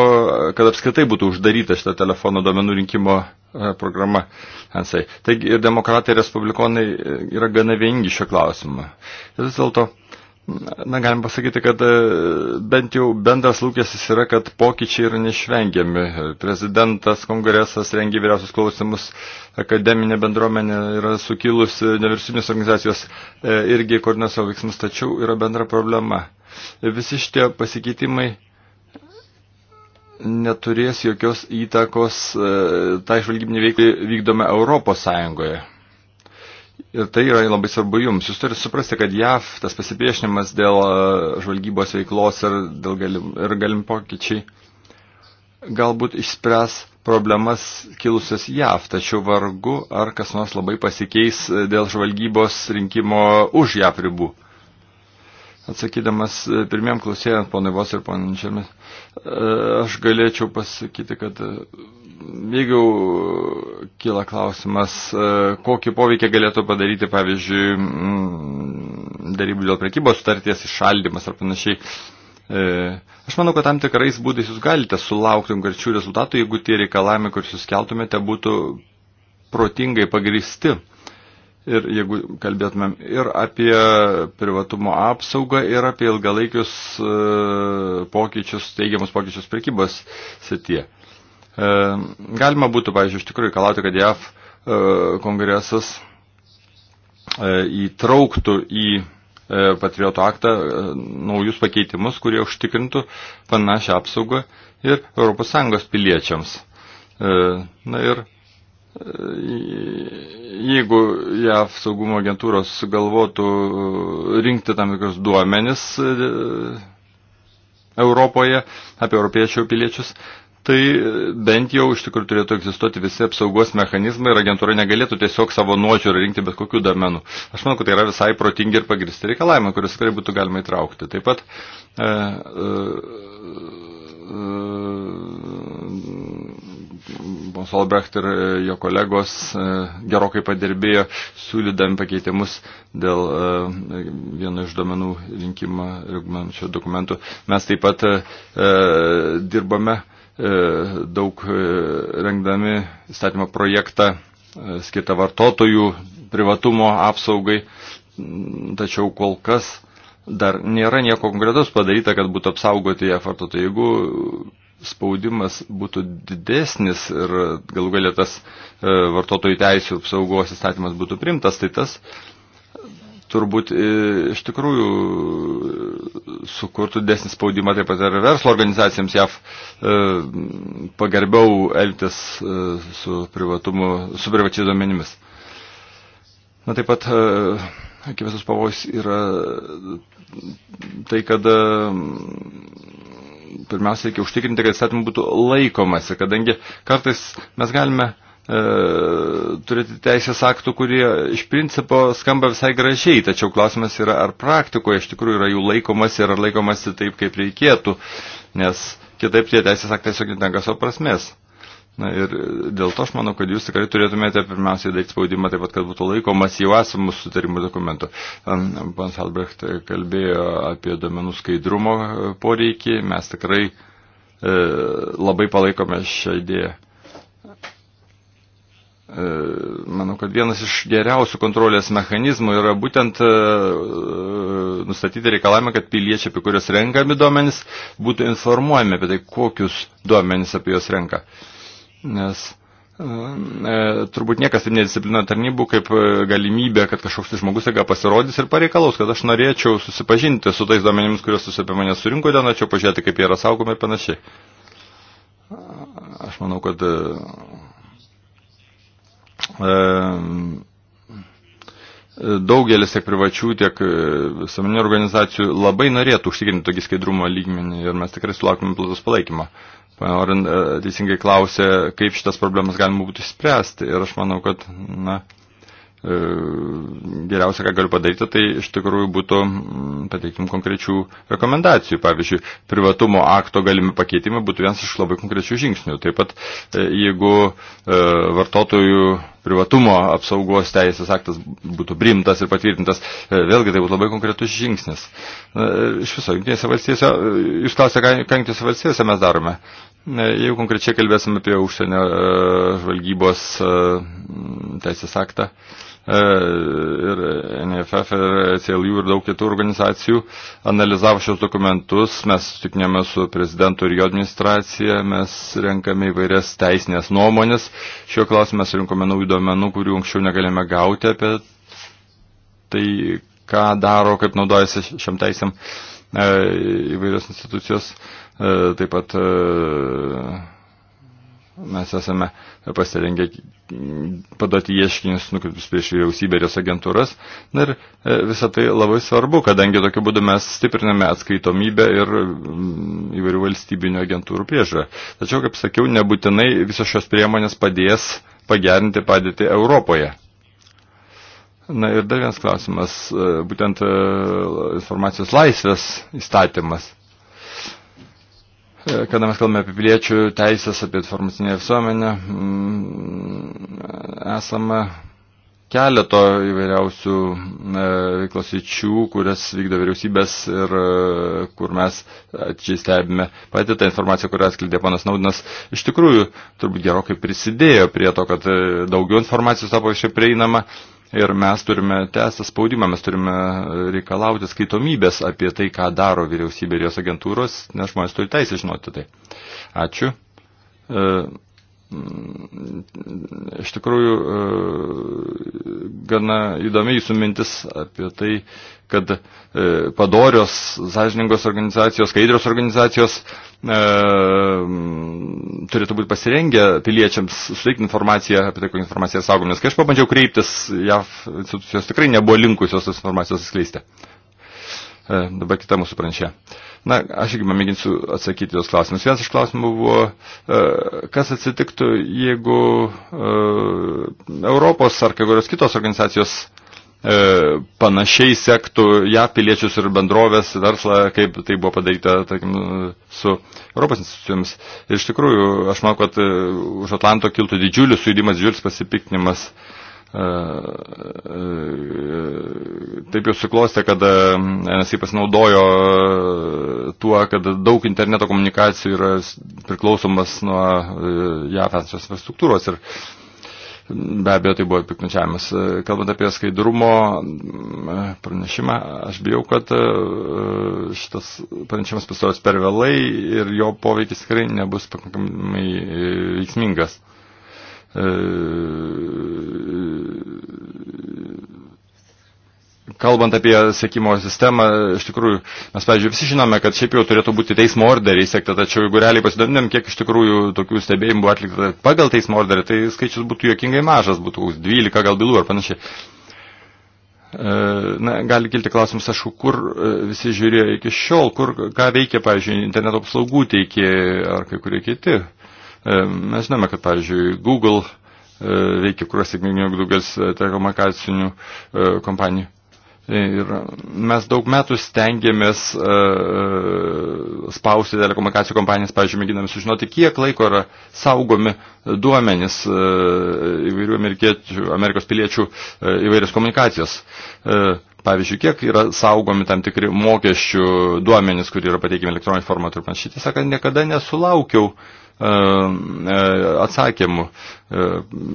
kad apskritai būtų uždaryta šitą telefono domenų rinkimo e, programa. Ansai. Taigi ir demokratai, ir respublikonai e, yra gana vieningi šio klausimą. Ir vis dėlto e, Na, galim pasakyti, kad e, bent jau bendras lūkestis yra, kad pokyčiai yra neišvengiami. Prezidentas, kongresas rengia vyriausius klausimus, akademinė bendruomenė yra sukilusi, nevirsinės organizacijos e, irgi koordinuoja savo veiksmus, tačiau yra bendra problema. Visi šitie pasikeitimai neturės jokios įtakos e, tai žvalgybinį veiklį vykdome Europos Sąjungoje. Ir tai yra labai svarbu jums. Jūs turite suprasti, kad JAV tas pasipriešinimas dėl e, žvalgybos veiklos ir, dėl galim, ir galim pokyčiai galbūt išspręs problemas kilusias JAV, tačiau vargu ar kas nors labai pasikeis dėl žvalgybos rinkimo už JAV ribų. Atsakydamas e, pirmiem klausėjant, ponai Vos ir ponai Žemės, e, aš galėčiau pasakyti, kad jeigu kyla klausimas, e, kokį poveikį galėtų padaryti, pavyzdžiui, mm, darybų dėl prekybos sutarties išaldymas ar panašiai, e, Aš manau, kad tam tikrais būdais jūs galite sulaukti konkrečių rezultatų, jeigu tie reikalavimai, kur jūs keltumėte, būtų protingai pagristi. Ir jeigu kalbėtumėm ir apie privatumo apsaugą, ir apie ilgalaikius e, pokyčius, teigiamus pokyčius prekybos sitie. E, galima būtų, pavyzdžiui, iš tikrųjų kalauti, kad JAF e, kongresas e, įtrauktų į patriotų aktą naujus pakeitimus, kurie užtikrintų panašią apsaugą ir ES piliečiams. Na ir jeigu JAV saugumo agentūros galvotų rinkti tam tikrus duomenis Europoje apie europiečių piliečius, tai bent jau iš tikrųjų turėtų egzistuoti visi apsaugos mechanizmai ir agentūra negalėtų tiesiog savo nuožiūrą rinkti bet kokių domenų. Aš manau, kad tai yra visai protingi ir pagristi reikalavimai, kuris tikrai būtų galima įtraukti. Taip pat e, e, e, Solbrecht ir jo kolegos e, gerokai padirbėjo siūlydami pakeitimus dėl e, vieno iš domenų rinkimo dokumentų. Mes taip pat e, e dirbame e, E, daug e, rengdami įstatymo projektą e, skirtą vartotojų privatumo apsaugai, mm, tačiau kol kas dar nėra nieko konkretaus padaryta, kad būtų apsaugoti jie vartotojai. Jeigu spaudimas būtų didesnis ir galų galėtas vartotojų teisų apsaugos įstatymas būtų primtas, tai tas turbūt e, iš tikrųjų e, sukurtų desnį spaudimą taip pat ir verslo organizacijams JAV e, pagarbiau elgtis su, privatumu, su privačiais duomenimis. Na taip pat akivaizdos pavojus yra tai, kad pirmiausia reikia užtikrinti, kad įstatymų būtų laikomasi, kadangi kartais mes galime uh, E, turėti teisės aktų, kurie iš principo skamba visai gražiai, tačiau klausimas yra, ar praktikoje iš tikrųjų yra jų laikomas ir ar laikomasi taip, kaip reikėtų, nes kitaip tie teisės aktai tiesiog netenka savo prasmės. Na ir dėl to aš manau, kad jūs tikrai turėtumėte pirmiausiai daryti spaudimą taip pat, kad būtų laikomas jau esamų sutarimų dokumentų. Pans Albrecht kalbėjo apie domenų skaidrumo poreikį, mes tikrai e, labai palaikome šią idėją. E, manau, kad vienas iš geriausių kontrolės mechanizmų yra būtent e, e, nustatyti reikalavimą, kad piliečiai, apie kurios renkami duomenys, būtų informuojami apie tai, kokius duomenys apie juos renka. Nes turbūt niekas taip nedisciplina tarnybų kaip galimybė, kad kažkoks tai žmogus jėga pasirodys ir pareikalaus, kad aš norėčiau susipažinti su tais duomenimis, kuriuos jūs apie mane surinkote, norėčiau pažiūrėti, kaip jie yra saugomi ir panašiai. Aš manau, kad daugelis tiek privačių, tiek e, visuomeninių organizacijų labai norėtų užtikrinti tokį skaidrumo lygmenį ir mes tikrai sulaukime platus palaikymą. Orin e, teisingai klausė, kaip šitas problemas galima būtų išspręsti ir aš manau, kad na, E, geriausia, ką galiu padaryti, tai iš tikrųjų būtų, pateikim, konkrečių rekomendacijų. Pavyzdžiui, privatumo akto galimi pakeitimai būtų vienas iš labai konkrečių žingsnių. Taip pat, e, jeigu e, vartotojų privatumo apsaugos teisės aktas būtų brimtas ir patvirtintas, vėlgi tai būtų labai konkretus žingsnis. Iš viso, jungtinėse valstijose, jūs klausėte, ką jungtinėse valstijose mes darome. Jeigu konkrečiai kalbėsim apie užsienio žvalgybos teisės aktą, E, ir NFF, ir CLU ir daug kitų organizacijų analizavo šios dokumentus, mes sutikinėme su prezidentu ir jo administracija, mes renkame įvairias teisinės nuomonės. Šiuo klausimu mes rinkome naujų duomenų, kurių anksčiau negalėjome gauti apie tai, ką daro, kaip naudojasi šiam teisėm e, įvairios institucijos. E, taip pat mes esame pasirengę padoti ieškinius nukreiptus prieš vyriausybę ir jos agentūras. Na ir e, visą tai labai svarbu, kadangi tokiu būdu mes stipriname atskaitomybę ir mm, įvairių valstybinių agentūrų priežiūrą. Tačiau, kaip sakiau, nebūtinai visos šios priemonės padės pagerinti padėtį Europoje. Na ir dar vienas klausimas, e, būtent e, informacijos laisvės įstatymas kada mes kalbame apie piliečių teisės, apie informacinę visuomenę, mm, esame keleto įvairiausių e, veiklos įčių, kurias vykdo vyriausybės ir e, kur mes atžiai stebime. Pati ta informacija, kurią atskleidė panas Naudinas, iš tikrųjų turbūt gerokai prisidėjo prie to, kad e, daugiau informacijos tapo šiaip prieinama. Ir mes turime tęsti spaudimą, mes turime reikalauti skaitomybės apie tai, ką daro vyriausybė ir jos agentūros, nes žmonės turi teisę žinoti tai. Ačiū. E, Mm, iš tikrųjų e, gana įdomi jūsų mintis apie tai, kad e, padorios, sąžiningos organizacijos, skaidrios organizacijos e, mm, turėtų būti pasirengę piliečiams suteikti informaciją apie tai, kokią informaciją saugom. Nes kai aš pabandžiau kreiptis, JAV institucijos tikrai nebuvo linkusios tos informacijos atskleisti. E, dabar kita mūsų pranešė. E, Na, aš irgi mėginsiu atsakyti jos klausimus. Vienas iš klausimų buvo, e, kas atsitiktų, jeigu e, Europos ar kai kurios kitos organizacijos e, panašiai sektų ją piliečius ir bendrovės verslą, kaip tai buvo padaryta, tarkim, su Europos institucijomis. Ir iš tikrųjų, aš manau, kad už Atlanto kiltų didžiulis sujudimas, didžiulis pasipiktinimas. Uh, E, e, taip jau suklostė, kad e, NSI pasinaudojo tuo, kad daug interneto komunikacijų yra priklausomas nuo JAV esančios infrastruktūros ir be abejo tai buvo piknučiavimas. Kalbant apie skaidrumo pranešimą, aš bijau, kad šitas pranešimas pasirodys per vėlai ir jo poveikis tikrai nebus pakankamai veiksmingas. E, kalbant apie sekimo sistemą, iš tikrųjų, mes, pavyzdžiui, visi žinome, kad šiaip jau turėtų būti teismo orderiai sekta, tačiau jeigu realiai pasidomėm, kiek iš tikrųjų tokių stebėjimų buvo atlikta pagal teismo orderį, tai skaičius būtų jokingai mažas, būtų 12 gal bylų ar panašiai. E, na, gali kilti klausimas, aišku, kur e, visi žiūrėjo iki šiol, kur, ką veikia, pavyzdžiui, interneto apsaugų teikė ar kai kurie kiti E, mes žinome, kad, pavyzdžiui, Google e, veikia kur sėkmingiau daugelis e, telekomunikacinių kompanijų. Ir mes daug metų stengiamės uh, spausti telekomunikacijų kompanijas, pavyzdžiui, mėginame sužinoti, kiek laiko yra saugomi duomenys uh, įvairių amerikiečių, Amerikos piliečių uh, įvairios komunikacijos. Uh, pavyzdžiui, kiek yra saugomi tam tikri mokesčių duomenys, kurie yra pateikiami elektroninį formatą ir panašiai. Tiesą sakant, niekada nesulaukiau uh, E, e, atsakymų. E,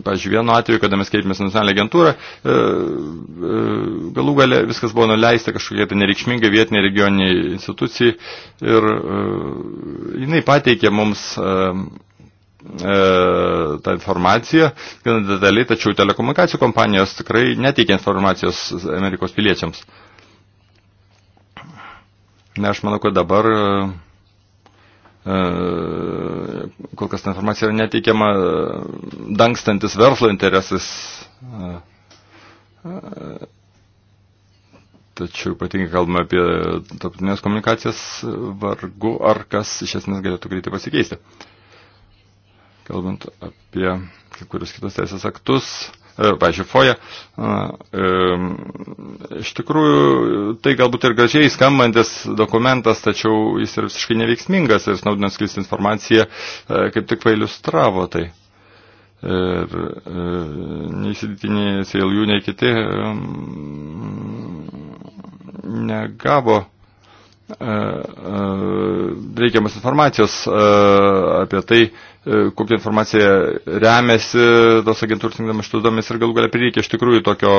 pavyzdžiui, vienu atveju, kada mes kreipėmės nacionalinę agentūrą, galų gale viskas buvo nuleista kažkokie tai nereikšmingai vietiniai regioniniai institucijai ir jinai pateikė mums tą informaciją, gan detaliai, tačiau telekomunikacijų kompanijos tikrai neteikia informacijos Amerikos piliečiams. Ne, aš manau, kad dabar E, kol kas ta informacija yra neteikiama e, dangstantis verslo interesais. E, tačiau ypatingai kalbame apie tarptautinės komunikacijas, vargu ar kas iš esmės galėtų greitai pasikeisti. Kalbant apie kai kurius kitus teisės aktus, E, pažiūrėjau, foje. E, iš tikrųjų, tai galbūt ir gražiai skambantis dokumentas, tačiau jis yra visiškai neveiksmingas ir Snaudinas klys informacija e, kaip tik pailustravo tai. Ir nei Siditiniai, Sėlių, nei kiti negavo reikiamas informacijos apie tai, E, kokią informaciją remiasi tos agentūros rinkdamas šitus duomenis ir galų galia prireikia iš tikrųjų tokio,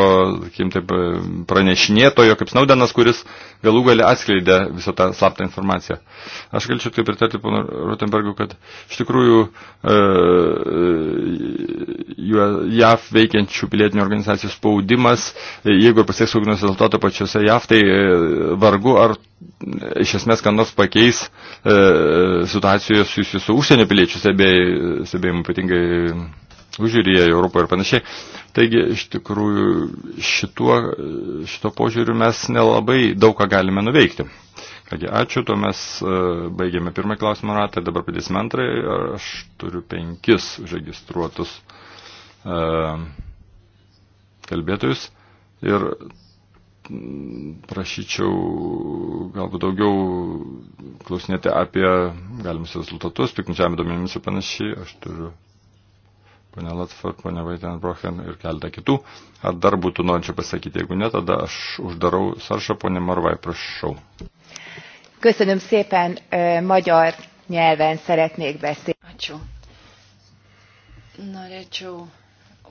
sakykim, taip, e, pranešinėtojo kaip Snaudenas, kuris galų galia atskleidė visą tą slaptą informaciją. Aš galčiau taip pritarti pono Rotenbergu, kad iš tikrųjų e, e JAF veikiančių pilietinių organizacijų spaudimas, jeigu ir pasieks kokių nors rezultatų pačiose JAF, tai vargu ar iš esmės ką nors pakeis e, situacijoje susijusiu su užsienio piliečių stebėjimu, stebėj, ypatingai užžiūrėje Europoje ir panašiai. Taigi, iš tikrųjų, šituo, šito požiūriu mes nelabai daug ką galime nuveikti. Kągi, ačiū, to mes e, baigėme pirmą klausimą ratą, dabar pradėsime antrąjį. Aš turiu penkis užregistruotus e, kalbėtojus ir prašyčiau galbūt daugiau klausinėti apie galimus rezultatus, piknidžiavimo duomenimis ir panašiai. Aš turiu ponę Latford, ponę Vaitenbrochen ir keletą kitų. Ar dar būtų norinčių pasakyti, jeigu ne, tada aš uždarau saršą, ponė Marvai, prašau. Köszönöm szépen, magyar nyelven szeretnék beszélni. Ačiū. Norėčiau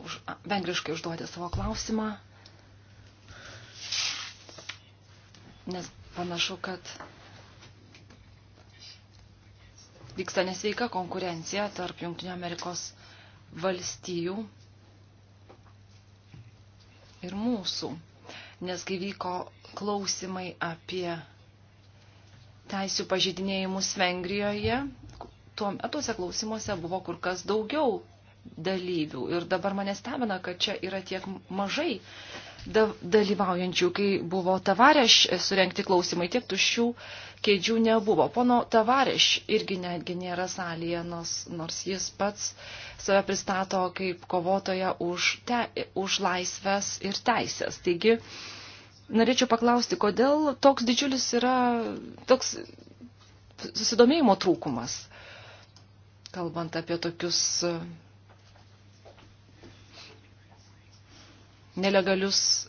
už, vengriškai užduoti savo klausimą. nes panašu, kad vyksta nesveika konkurencija tarp Junktinio Amerikos valstijų ir mūsų. Nes kai vyko klausimai apie teisų pažydinėjimus Vengrijoje, tuo metuose klausimuose buvo kur kas daugiau dalyvių. Ir dabar mane stebina, kad čia yra tiek mažai dalyvaujančių, kai buvo tavareš surenkti klausimai, tiek tuščių kėdžių nebuvo. Pono tavareš irgi netgi nėra salėje, nors, nors jis pats save pristato kaip kovotoja už, te, už laisvės ir teisės. Taigi, norėčiau paklausti, kodėl toks didžiulis yra toks susidomėjimo trūkumas, kalbant apie tokius nelegalius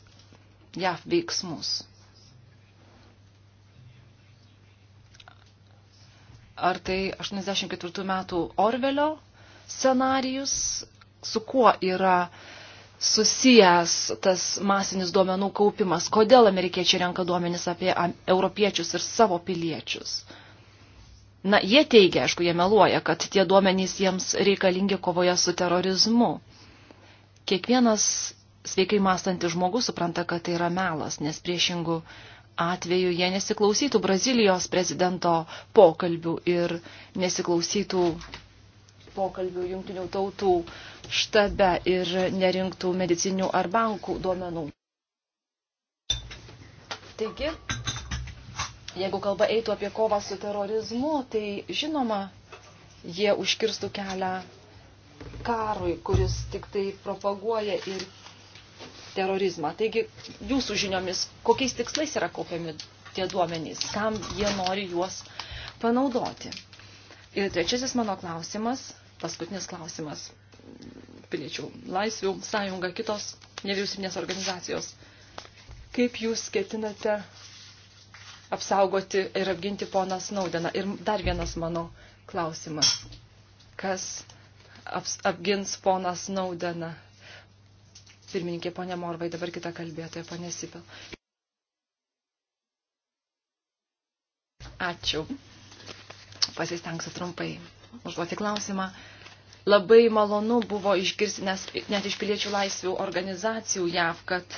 JAV veiksmus. Ar tai 84 metų Orvelio scenarijus, su kuo yra susijęs tas masinis duomenų kaupimas, kodėl amerikiečiai renka duomenis apie europiečius ir savo piliečius. Na, jie teigia, aišku, jie meluoja, kad tie duomenys jiems reikalingi kovoje su terorizmu. Kiekvienas sveikai mąstantis žmogus supranta, kad tai yra melas, nes priešingų atveju jie nesiklausytų Brazilijos prezidento pokalbių ir nesiklausytų pokalbių jungtinių tautų štabe ir nerinktų medicinių ar bankų duomenų. Taigi, jeigu kalba eitų apie kovą su terorizmu, tai žinoma, jie užkirstų kelią karui, kuris tik tai propaguoja ir terorizmą. Taigi, jūsų žiniomis, kokiais tikslais yra kaupiami tie duomenys, kam jie nori juos panaudoti. Ir trečiasis mano klausimas, paskutinis klausimas, piliečių laisvių sąjunga, kitos nevyriausybinės organizacijos. Kaip jūs ketinate apsaugoti ir apginti poną Snaudeną? Ir dar vienas mano klausimas. Kas aps, apgins poną Snaudeną pirmininkė ponė Morvai, dabar kita kalbėtoja ponė Sipil. Ačiū. Pasistengsiu trumpai užduoti klausimą. Labai malonu buvo išgirsti, nes net iš piliečių laisvių organizacijų JAV, kad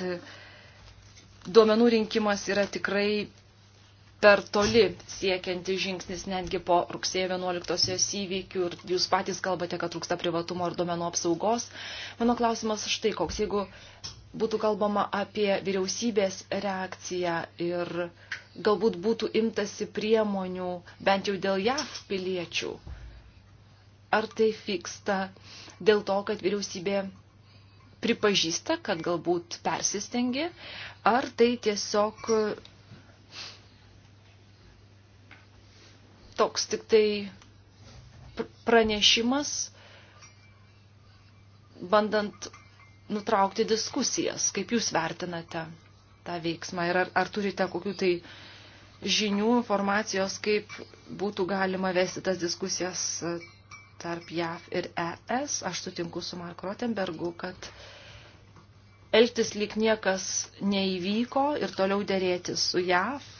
duomenų rinkimas yra tikrai per toli siekianti žingsnis netgi po rugsėjo 11-osios įvykių ir jūs patys kalbate, kad trūksta privatumo ir duomenų apsaugos. Mano klausimas štai koks, jeigu būtų kalbama apie vyriausybės reakciją ir galbūt būtų imtasi priemonių bent jau dėl JAV piliečių. Ar tai vyksta dėl to, kad vyriausybė pripažįsta, kad galbūt persistengė, ar tai tiesiog toks tik tai pranešimas, bandant nutraukti diskusijas, kaip jūs vertinate tą veiksmą ir ar, ar turite kokių tai žinių, informacijos, kaip būtų galima vesti tas diskusijas tarp JAV ir ES. Aš sutinku su Mark Rotenbergu, kad elgtis lyg niekas neįvyko ir toliau dėrėti su JAV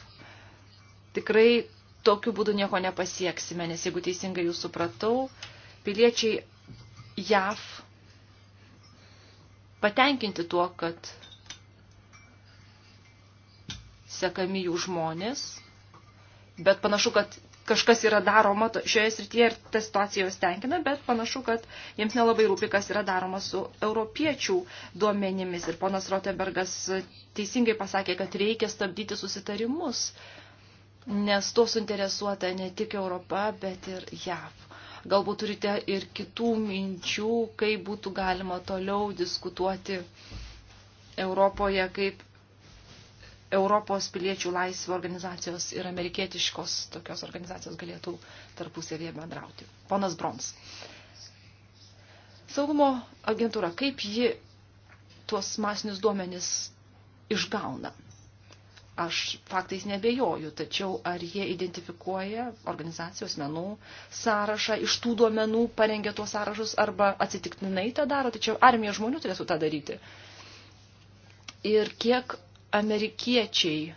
tikrai tokiu būdu nieko nepasieksime, nes jeigu teisingai jūs supratau, piliečiai JAV patenkinti tuo, kad sekami jų žmonės, bet panašu, kad kažkas yra daroma šioje srityje ir ta situacija juos tenkina, bet panašu, kad jiems nelabai rūpi, kas yra daroma su europiečių duomenimis. Ir ponas Rotenbergas teisingai pasakė, kad reikia stabdyti susitarimus nes to suinteresuota ne tik Europa, bet ir JAV. Galbūt turite ir kitų minčių, kaip būtų galima toliau diskutuoti Europoje, kaip Europos piliečių laisvių organizacijos ir amerikietiškos tokios organizacijos galėtų tarpusavėje bendrauti. Ponas Brons. Saugumo agentūra, kaip ji tuos masinius duomenis išgauna? Aš faktais nebejoju, tačiau ar jie identifikuoja organizacijos menų sąrašą, iš tų duomenų parengia tuos sąrašus arba atsitiktinai tą daro, tačiau armija žmonių turėtų tą daryti. Ir kiek amerikiečiai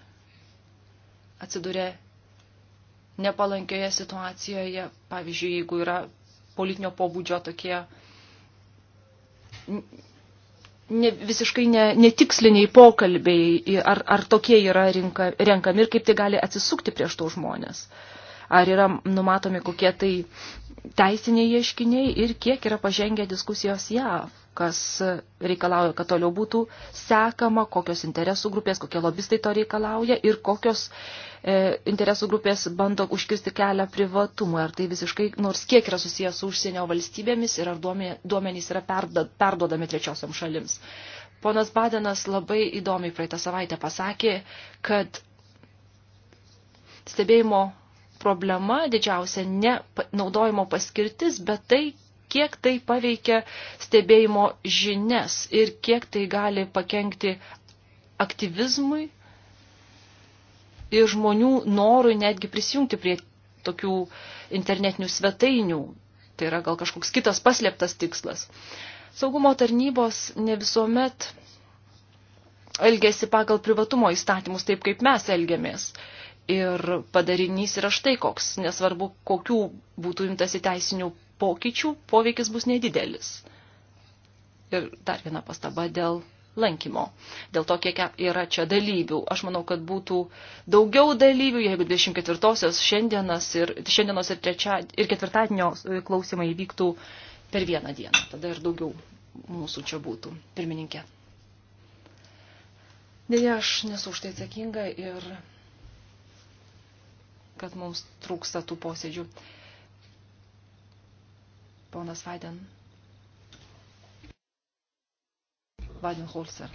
atsiduria nepalankioje situacijoje, pavyzdžiui, jeigu yra politinio pobūdžio tokie ne, visiškai ne, netiksliniai pokalbiai, ar, ar tokie yra rinka, renkami ir kaip tai gali atsisukti prieš tų žmonės. Ar yra numatomi kokie tai teisiniai ieškiniai ir kiek yra pažengę diskusijos JAV kas reikalauja, kad toliau būtų sekama, kokios interesų grupės, kokie lobistai to reikalauja ir kokios e, interesų grupės bando užkirsti kelią privatumui. Ar tai visiškai, nors kiek yra susijęs su užsienio valstybėmis ir ar duomenys yra perduodami trečiosiam šalims. Ponas Badenas labai įdomiai praeitą savaitę pasakė, kad stebėjimo problema didžiausia ne naudojimo paskirtis, bet tai, kiek tai paveikia stebėjimo žinias ir kiek tai gali pakengti aktyvizmui ir žmonių norui netgi prisijungti prie tokių internetinių svetainių. Tai yra gal kažkoks kitas paslėptas tikslas. Saugumo tarnybos ne visuomet elgesi pagal privatumo įstatymus taip, kaip mes elgiamės. Ir padarinys yra štai koks, nesvarbu, kokių būtų imtasi teisinių pokyčių poveikis bus nedidelis. Ir dar viena pastaba dėl lankymo. Dėl to, kiek yra čia dalyvių. Aš manau, kad būtų daugiau dalyvių, jeigu 24-osios šiandienos ir, šiandienos ir, trečia, ir ketvirtadienio e, klausimai vyktų per vieną dieną. Tada ir daugiau mūsų čia būtų. Pirmininkė. Dėja, aš nesu už tai atsakinga ir kad mums trūksta tų posėdžių. Ponas Vaiden. Weidenholzer.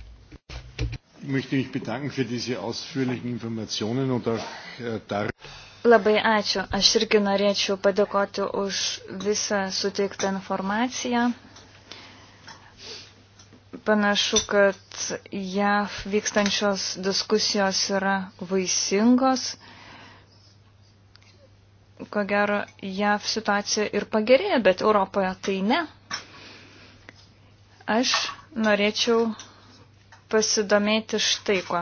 Ich möchte mich bedanken für diese ausführlichen Informationen und auch äh, darüber. Labai ačiū. Aš irgi norėčiau padėkoti už visą suteiktą informaciją. Panašu, kad JAV vykstančios diskusijos yra vaisingos ko gero, JAV situacija ir pagerėja, bet Europoje tai ne. Aš norėčiau pasidomėti štai ko.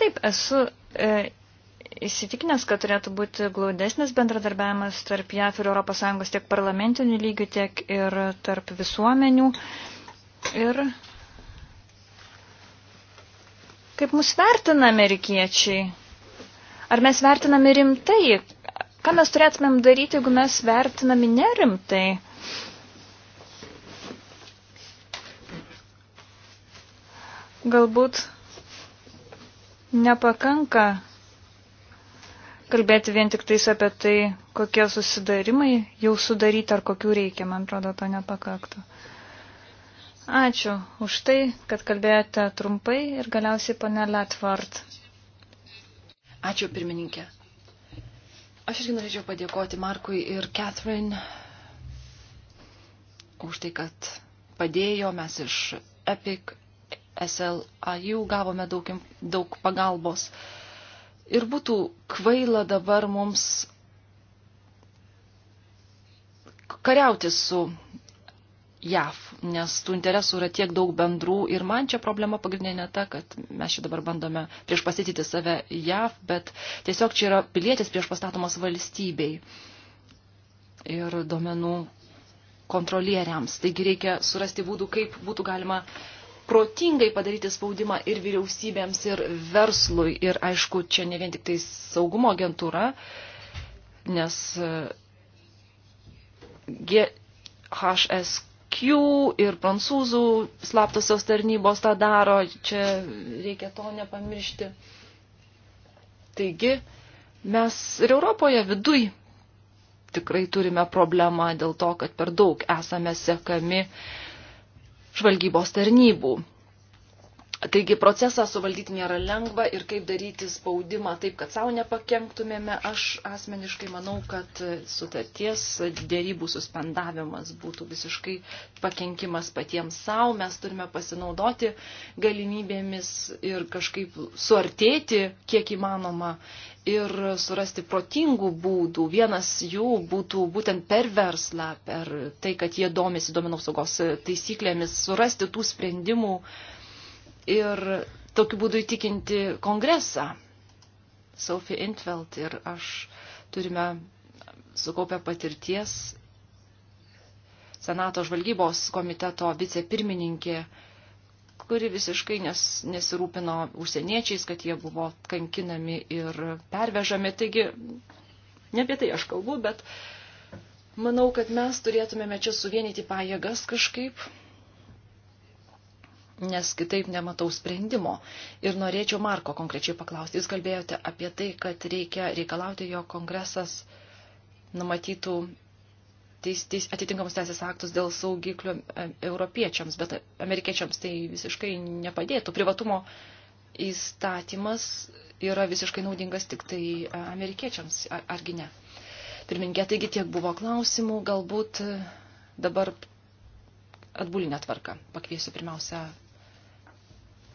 Taip, esu e, įsitikinęs, kad turėtų būti glaudesnis bendradarbiavimas tarp JAF ir ES tiek parlamentinių lygių, tiek ir tarp visuomenių. Ir kaip mus vertina amerikiečiai? Ar mes vertiname rimtai, Ką mes turėtumėm daryti, jeigu mes vertinami nerimtai? Galbūt nepakanka kalbėti vien tik tais apie tai, kokie susidarimai jau sudaryti ar kokių reikia, man atrodo, to nepakaktų. Ačiū už tai, kad kalbėjote trumpai ir galiausiai pane Latvart. Ačiū pirmininkė. Aš irgi norėčiau padėkoti Markui ir Catherine už tai, kad padėjo. Mes iš EPIC SLAU gavome daug, daug pagalbos. Ir būtų kvaila dabar mums kariauti su JAV, nes tų interesų yra tiek daug bendrų ir man čia problema pagrindinė ne ta, kad mes čia dabar bandome prieš pasityti save JAV, bet tiesiog čia yra pilietis prieš pastatomas valstybei ir domenų kontrolieriams. Taigi reikia surasti būdų, kaip būtų galima protingai padaryti spaudimą ir vyriausybėms, ir verslui. Ir aišku, čia ne vien tik tai saugumo agentūra, nes GHS Q ir prancūzų slaptosios tarnybos tą daro, čia reikia to nepamiršti. Taigi, mes ir Europoje viduj tikrai turime problemą dėl to, kad per daug esame sekami žvalgybos tarnybų. Taigi procesą suvaldyti nėra lengva ir kaip daryti spaudimą taip, kad savo nepakenktumėme, aš asmeniškai manau, kad sutarties dėrybų suspendavimas būtų visiškai pakenkimas patiems savo. Mes turime pasinaudoti galimybėmis ir kažkaip suartėti, kiek įmanoma, ir surasti protingų būdų. Vienas jų būtų būtent per verslą, per tai, kad jie domisi duomenų saugos taisyklėmis, surasti tų sprendimų, ir tokiu būdu įtikinti kongresą. Sophie Intveld ir aš turime sukaupę patirties. Senato žvalgybos komiteto vicepirmininkė, kuri visiškai nes, nesirūpino užsieniečiais, kad jie buvo kankinami ir pervežami. Taigi, ne apie tai aš kalbu, bet manau, kad mes turėtumėme čia suvienyti pajėgas kažkaip nes kitaip nematau sprendimo. Ir norėčiau Marko konkrečiai paklausti. Jūs kalbėjote apie tai, kad reikia reikalauti, jo kongresas numatytų teis, teis, atitinkamus teisės aktus dėl saugiklių e, europiečiams, bet amerikiečiams tai visiškai nepadėtų. Privatumo įstatymas yra visiškai naudingas tik tai e, amerikiečiams, ar, argi ne? Pirmininkė, taigi tiek buvo klausimų, galbūt e, dabar atbulinę tvarką. Pakviesiu pirmiausia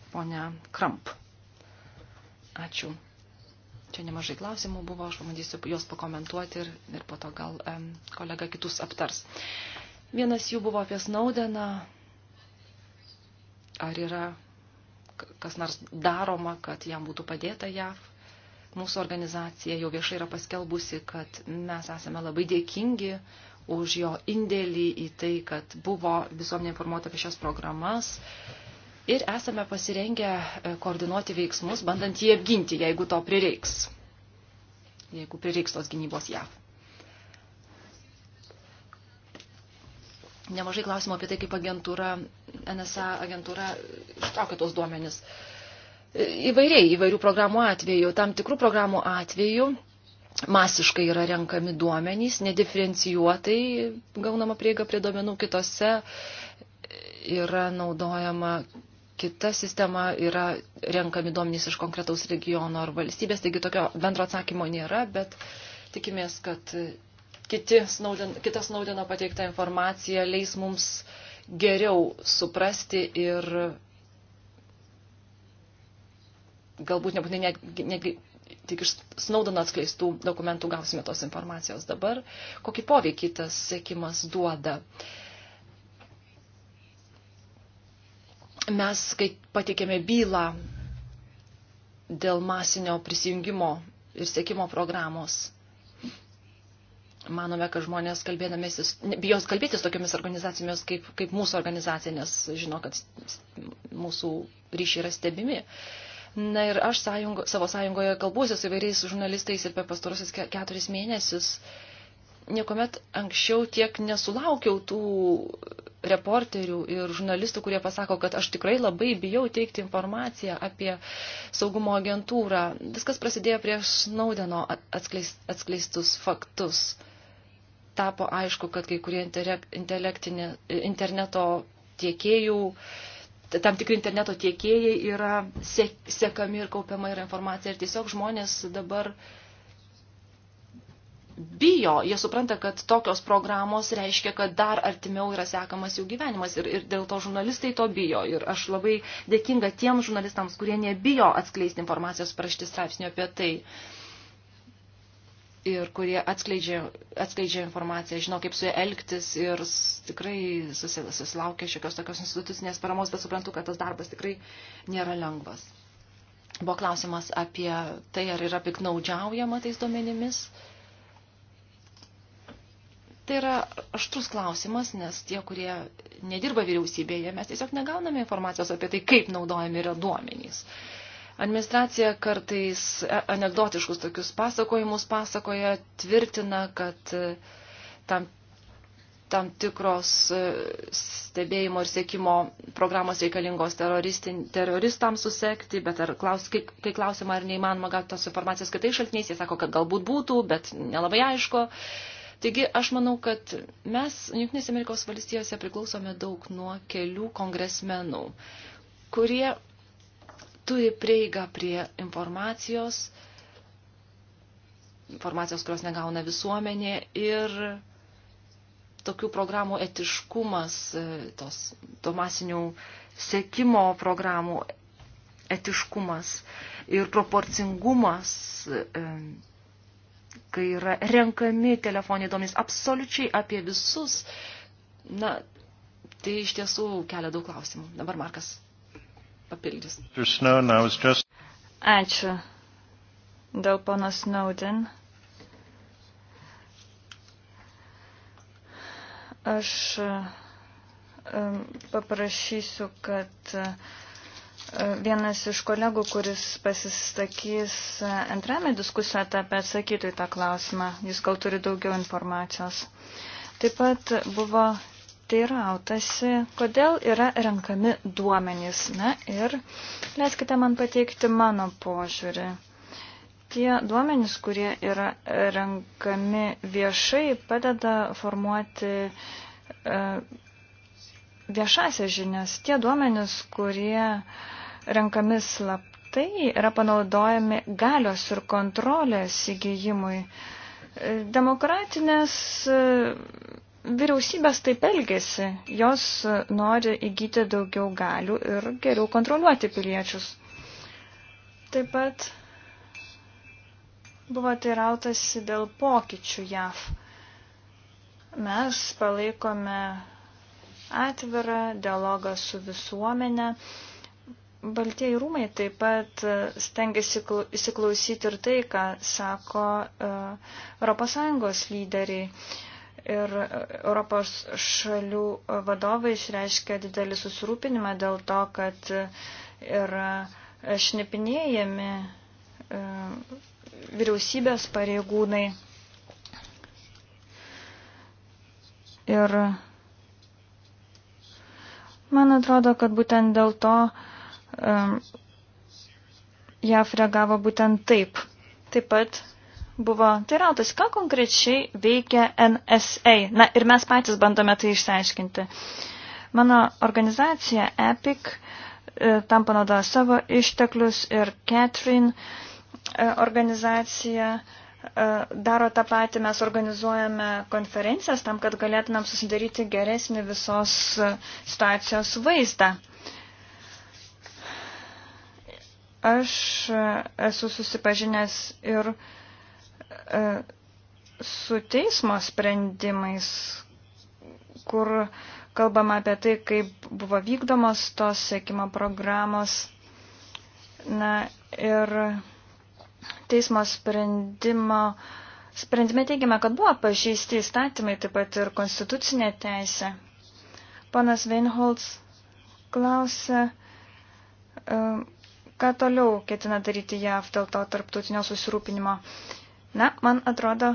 ponia Kramp. Ačiū. Čia nemažai klausimų buvo, aš pamatysiu juos pakomentuoti ir, ir po to gal um, kolega kitus aptars. Vienas jų buvo apie Snaudeną. Ar yra kas nors daroma, kad jam būtų padėta JAV? Mūsų organizacija jau viešai yra paskelbusi, kad mes esame labai dėkingi už jo indėlį į tai, kad buvo visuomenė informuota apie šias programas. Uh, ir esame pasirengę e, koordinuoti veiksmus, bandant jį apginti, jeigu to prireiks, jeigu prireiks tos gynybos JAV. Nemažai klausimų apie tai, kaip agentūra, NSA agentūra ištraukia tos duomenis. E, įvairiai, įvairių programų atveju, tam tikrų programų atveju masiškai yra renkami duomenys, nediferencijuotai gaunama prieiga prie duomenų kitose e, yra naudojama kita sistema yra renkami duomenys iš konkretaus regiono ar valstybės, taigi tokio bendro atsakymo nėra, bet tikimės, kad kiti Snowden, kita Snaudeno pateikta informacija leis mums geriau suprasti ir galbūt nebūtinai netgi, netgi tik iš Snaudeno atskleistų dokumentų gausime tos informacijos dabar, kokį poveikį tas sėkimas duoda. Uh, Mes, kai patikėme bylą dėl masinio prisijungimo ir sėkimo programos, manome, kad žmonės kalbėdamėsis, bijos kalbėtis tokiamis organizacijomis kaip, kaip mūsų organizacija, nes žino, kad mūsų ryšiai yra stebimi. Na ir aš sąjungo, savo sąjungoje kalbuosiu su įvairiais žurnalistais ir per pastarusius keturis mėnesius uh, niekuomet anksčiau tiek nesulaukiau tų reporterių ir žurnalistų, kurie pasako, kad aš tikrai labai bijau teikti informaciją apie saugumo agentūrą. Viskas prasidėjo prieš Snaudeno atskleistus faktus. Tapo aišku, kad kai kurie interneto tiekėjų, tam tikri interneto tiekėjai yra sek, sekami ir kaupiama yra informacija ir tiesiog žmonės dabar uh, bijo, jie supranta, kad tokios programos reiškia, kad dar artimiau yra sekamas jų gyvenimas ir, ir dėl to žurnalistai to bijo. Ir aš labai dėkinga tiems žurnalistams, kurie nebijo atskleisti informacijos parašti straipsnio apie tai. Ir kurie atskleidžia, atskleidžia informaciją, žino, kaip su jie elgtis ir tikrai susilaukia šiokios tokios institucinės paramos, bet suprantu, kad tas darbas tikrai nėra lengvas. Buvo klausimas apie tai, ar yra piknaudžiaujama tais duomenimis. Uh, Tai yra aštrus klausimas, nes tie, kurie nedirba vyriausybėje, mes tiesiog negauname informacijos apie tai, kaip naudojami yra duomenys. Administracija kartais e, anegdotiškus tokius pasakojimus pasakoja, tvirtina, kad e, tam, tam tikros e, stebėjimo ir sėkimo programos reikalingos teroristams susekti, bet ar klaus, kai, kai klausima, ar neįmanoma gauti tos informacijos kitais šaltiniais, jie sako, kad galbūt būtų, bet nelabai aišku. Taigi aš manau, kad mes Junktinėse Amerikos valstijose priklausome daug nuo kelių kongresmenų, kurie turi prieigą prie informacijos, informacijos, kurios negauna visuomenė ir tokių programų etiškumas, e, tos, to masinių sekimo programų etiškumas ir proporcingumas. E, kai yra renkami telefoniniai duomenys absoliučiai apie visus, na, tai iš tiesų kelia daug klausimų. Dabar Markas papildys. Ačiū dėl pono Snowden. Aš paprašysiu, kad uh, Vienas iš kolegų, kuris pasistakys antrame diskusijoje etape, atsakytų į tą klausimą. Jis gal turi daugiau informacijos. Taip pat buvo teirautasi, kodėl yra renkami duomenys. Na ir leiskite man pateikti mano požiūrį. Tie duomenys, kurie yra renkami viešai, padeda formuoti e, viešasias žinias. Tie duomenys, kurie uh, renkami slaptai, yra panaudojami galios ir kontrolės įgyjimui. Demokratinės e, vyriausybės taip elgesi, jos nori įgyti daugiau galių ir geriau kontroliuoti piliečius. Taip pat buvo teirautasi dėl pokyčių JAV. Mes palaikome atvirą dialogą su visuomenė. Baltieji rūmai taip pat e, stengiasi įsiklausyti ir tai, ką sako ES lyderiai. Ir e, Europos šalių e, vadovai išreiškia didelį susirūpinimą dėl to, kad yra šnipinėjami vyriausybės pareigūnai. Ir man atrodo, kad būtent dėl to, JAF reagavo būtent taip. Taip pat buvo teirautas, ką konkrečiai veikia NSA. Na ir mes patys bandome tai išsiaiškinti. Mano organizacija EPIC e, tam panaudoja savo išteklius ir Catherine e, organizacija e, daro tą patį, mes organizuojame konferencijas tam, kad galėtumėm susidaryti geresnį visos situacijos vaizdą. Aš e, esu susipažinęs ir e, su teismo sprendimais, kur kalbama apie tai, kaip buvo vykdomos tos sėkimo programos. Na ir teismo sprendimo, sprendime teigiame, kad buvo pažeisti įstatymai, taip pat ir konstitucinė teisė. Panas Weinholz klausė, e, Ką toliau ketina daryti JAV dėl to tarptautinio susirūpinimo? Na, man atrodo,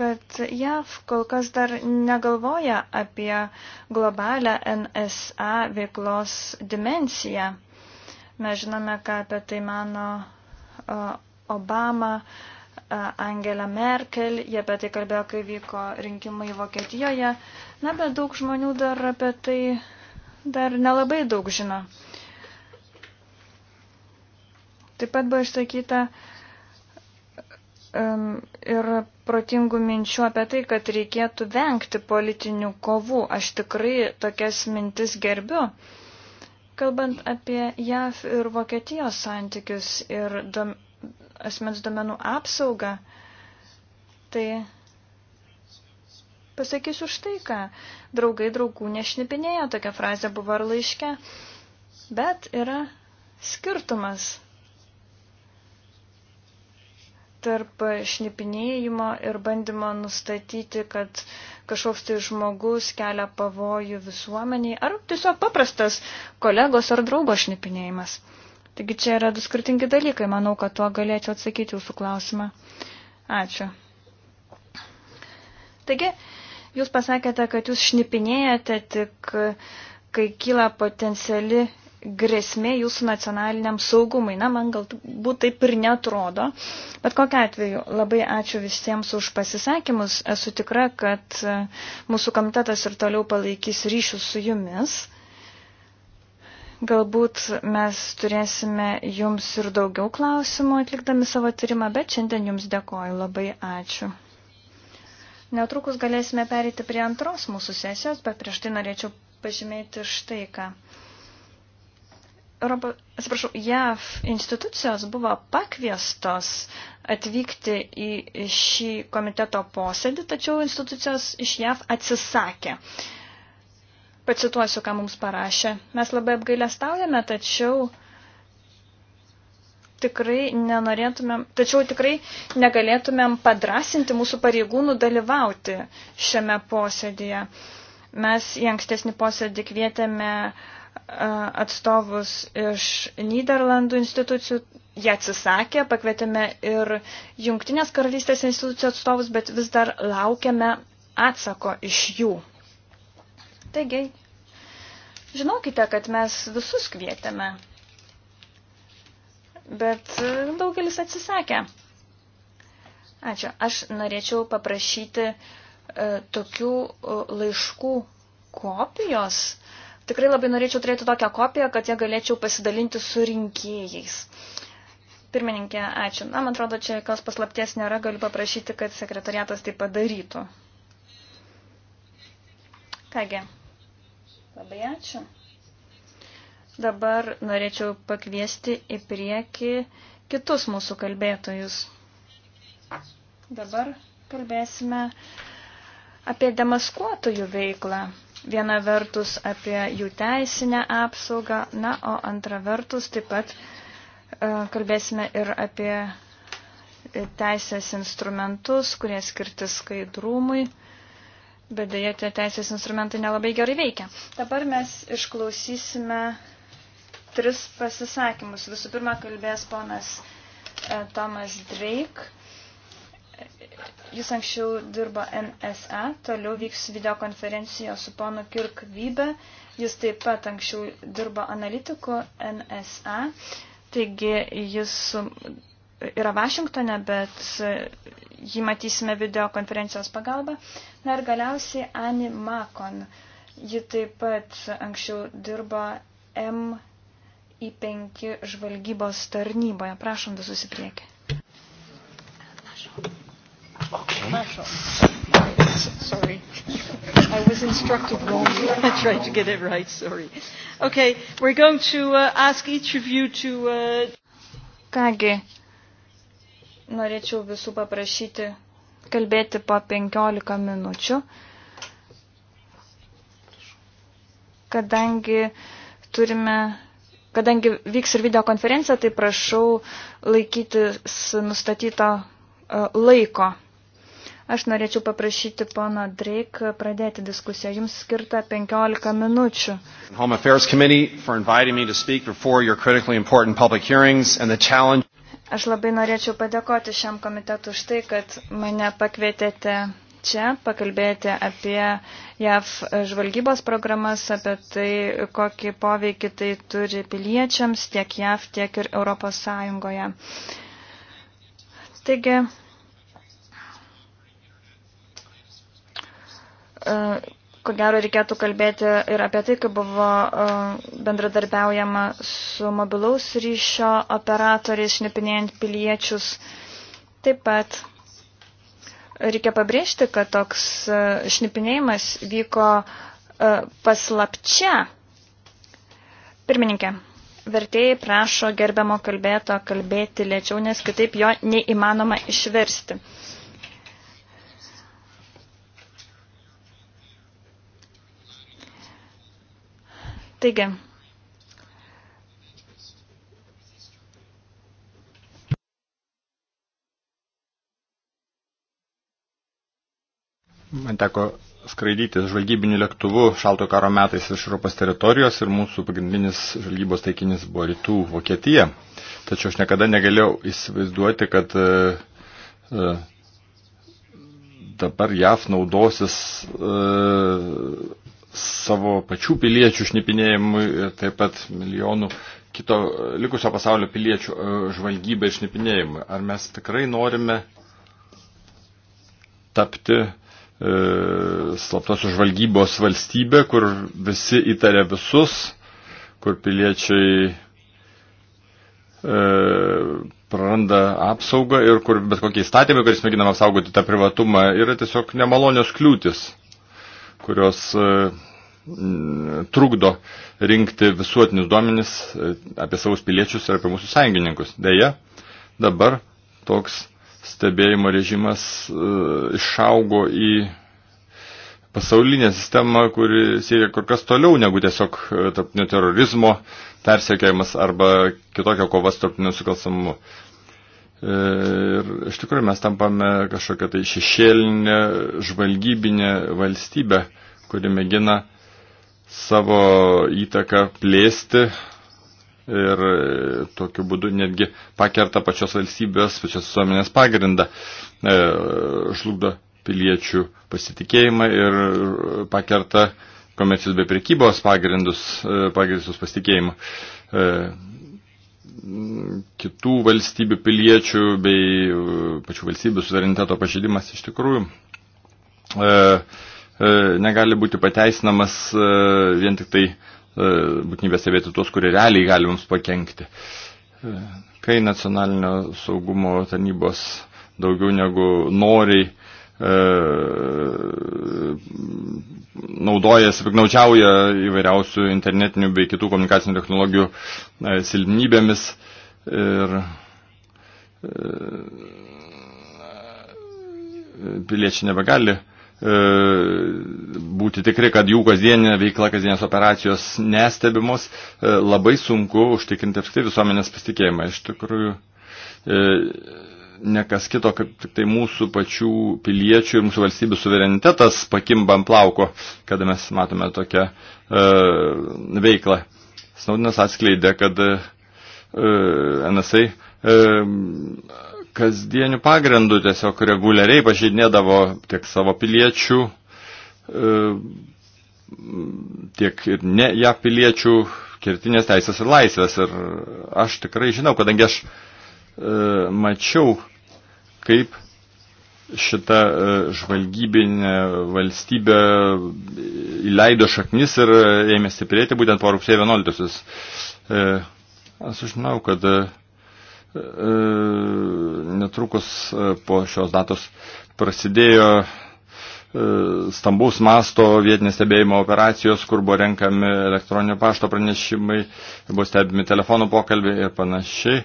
kad JAV kol kas dar negalvoja apie globalią NSA veiklos dimenciją. Mes žinome, ką apie tai mano Obama, Angela Merkel, jie apie tai kalbėjo, kai vyko rinkimai Vokietijoje. Na, bet daug žmonių dar apie tai dar nelabai daug žino. Taip pat buvo išsakyta um, ir protingų minčių apie tai, kad reikėtų vengti politinių kovų. Aš tikrai tokias mintis gerbiu. Kalbant apie JAV ir Vokietijos santykius ir dom, asmens domenų apsaugą, tai pasakysiu štai ką. Draugai draugų nešnipinėjo, tokia frazė buvo ar laiške. Bet yra skirtumas tarp šnipinėjimo ir bandymo nustatyti, kad kažkoks tai žmogus kelia pavojų visuomeniai ar tiesiog paprastas kolegos ar draugo šnipinėjimas. Taigi čia yra du skirtingi dalykai, manau, kad tuo galėčiau atsakyti jūsų klausimą. Ačiū. Taigi, jūs pasakėte, kad jūs šnipinėjate tik, kai kyla potenciali grėsmė jūsų nacionaliniam saugumui. Na, man galbūt taip ir netrodo, bet kokia atveju labai ačiū visiems už pasisakymus. Esu tikra, kad e, mūsų komitetas ir toliau palaikys ryšius su jumis. Galbūt mes turėsime jums ir daugiau klausimų atlikdami savo tyrimą, bet šiandien jums dėkoju. Labai ačiū. Netrukus galėsime perėti prie antros mūsų sesijos, bet prieš tai norėčiau pažymėti štai ką. Europa, atsiprašau, JAV institucijos buvo pakviestos atvykti į šį komiteto posėdį, tačiau institucijos iš JAV atsisakė. Pacituosiu, ką mums parašė. Mes labai apgailestaujame, tačiau tikrai nenorėtumėm, tačiau tikrai negalėtumėm padrasinti mūsų pareigūnų dalyvauti šiame posėdėje. Mes į ankstesnį posėdį kvietėme uh, atstovus iš Niderlandų institucijų. Jie atsisakė, pakvietėme ir Junktinės karalystės institucijų atstovus, bet vis dar laukiame atsako iš jų. Taigi, žinokite, kad mes visus kvietėme, bet daugelis atsisakė. Ačiū. Aš norėčiau paprašyti e, tokių e, laiškų kopijos, e, Tikrai labai norėčiau turėti tokią kopiją, kad ją galėčiau pasidalinti su rinkėjais. Pirmininkė, ačiū. Na, man atrodo, čia jokios paslapties nėra, galiu paprašyti, kad sekretariatas tai padarytų. Kągi, labai ačiū. Dabar norėčiau pakviesti į priekį kitus mūsų kalbėtojus. Dabar kalbėsime apie demaskuotojų veiklą. Viena vertus apie jų teisinę apsaugą, na, o antra vertus taip pat e, kalbėsime ir apie teisės instrumentus, kurie skirti skaidrumui, bet dėja tie teisės instrumentai nelabai gerai veikia. Dabar mes išklausysime tris pasisakymus. Visų pirma kalbės ponas e, Tomas Drake Jis anksčiau dirbo NSA, toliau vyks videokonferencija su ponu Kirk Vybe, jis taip pat anksčiau dirbo analitiku NSA, taigi jis yra Vašingtone, bet jį matysime videokonferencijos pagalba. Na ir galiausiai Ani Makon, ji taip pat anksčiau dirbo MI5 žvalgybos tarnyboje. Prašom visus į priekį. Prašom. Okay. Sorry. I was instructed wrong. I tried to get it right, sorry. Okay, we're going to uh, ask each of you to... Uh... Kągi, norėčiau visų paprašyti kalbėti po 15 minučių, kadangi turime kadangi vyks ir videokonferencija, tai prašau laikytis nustatyto uh, laiko. Aš norėčiau paprašyti pono Drake pradėti diskusiją. Jums skirta 15 minučių. Home Affairs Committee for inviting me to speak before your critically important public hearings and the challenge. Aš labai norėčiau padėkoti šiam komitetui už tai, kad mane pakvietėte čia pakalbėti apie JAV žvalgybos programas, apie tai, kokį poveikį tai turi piliečiams tiek JAV, tiek ir Europos Sąjungoje. Taigi, E, ko gero reikėtų kalbėti ir apie tai, kaip buvo e, bendradarbiaujama su mobilaus ryšio operatoriais, šnipinėjant piliečius. Taip pat reikia pabrėžti, kad toks e, šnipinėjimas vyko paslapčia. Pirmininkė, vertėjai prašo gerbiamo kalbėto kalbėti lėčiau, nes kitaip jo neįmanoma išversti. Taigi, Man teko skraidyti žvalgybiniu lėktuvu šalto karo metais iš Europos teritorijos ir mūsų pagrindinis žvalgybos taikinys buvo rytų Vokietija. Tačiau aš niekada negalėjau įsivaizduoti, kad uh, dabar JAF naudosis uh, savo pačių piliečių šnipinėjimui ir taip pat milijonų kito likusio pasaulio piliečių e, žvalgybai ir šnipinėjimui. Ar mes tikrai norime tapti e, slaptosios žvalgybos valstybė, kur visi įtarė visus, kur piliečiai e, praranda apsaugą ir kur bet kokie įstatymai, kuris mėginam apsaugoti tą privatumą, yra tiesiog nemalonios kliūtis kurios e, trukdo rinkti visuotinius duomenis e, apie savus piliečius ir apie mūsų sąjungininkus. Deja, dabar toks stebėjimo režimas e, išaugo į pasaulinę sistemą, kuri siekia kur kas toliau negu tiesiog tarptinio terorizmo persiekiavimas arba kitokia kova su tarptiniu nusikalstamumu. Ir iš tikrųjų mes tampame kažkokią tai šešėlinę, žvalgybinę valstybę, kuri mėgina savo įtaką plėsti ir tokiu būdu netgi pakerta pačios valstybės, pačios visuomenės pagrindą, e, žlugdo piliečių pasitikėjimą ir pakerta komercijos bei prekybos pagrindus, e, pagrindus pasitikėjimą. E, Mm, kitų valstybių piliečių bei uh, pačių valstybių suvereniteto pažeidimas iš tikrųjų e, e, negali būti pateisinamas e, vien tik tai e, būtinybė stebėti tuos, kurie realiai gali mums pakenkti. E, kai nacionalinio saugumo tarnybos daugiau negu noriai E, naudojasi, piknaučiauja įvairiausių internetinių bei kitų komunikacinių technologijų e, silpnybėmis ir e, piliečiai nebegali būti tikri, kad jų kasdieninė veikla, kasdienės operacijos nestebimos, labai sunku užtikrinti apskritai visuomenės pasitikėjimą. Iš tikrųjų, nekas kito, kaip tik tai mūsų pačių piliečių ir mūsų valstybių suverenitetas pakimba ant plauko, kada mes matome tokią e, veiklą. Snaudinas atskleidė, kad e, NSA e, kasdienių pagrindų tiesiog reguliariai pažydinėdavo tiek savo piliečių, e, tiek ir ne ją piliečių kertinės teisės ir laisvės. Ir aš tikrai žinau, kadangi aš e, E, mačiau, kaip šita e, žvalgybinė valstybė įleido šaknis ir ėmė stiprėti būtent po rugsėjo 11. E, aš žinau, kad netrukus po šios datos prasidėjo stambaus masto vietinės stebėjimo operacijos, kur buvo renkami elektroninio pašto pranešimai, buvo stebimi telefono pokalbiai ir panašiai.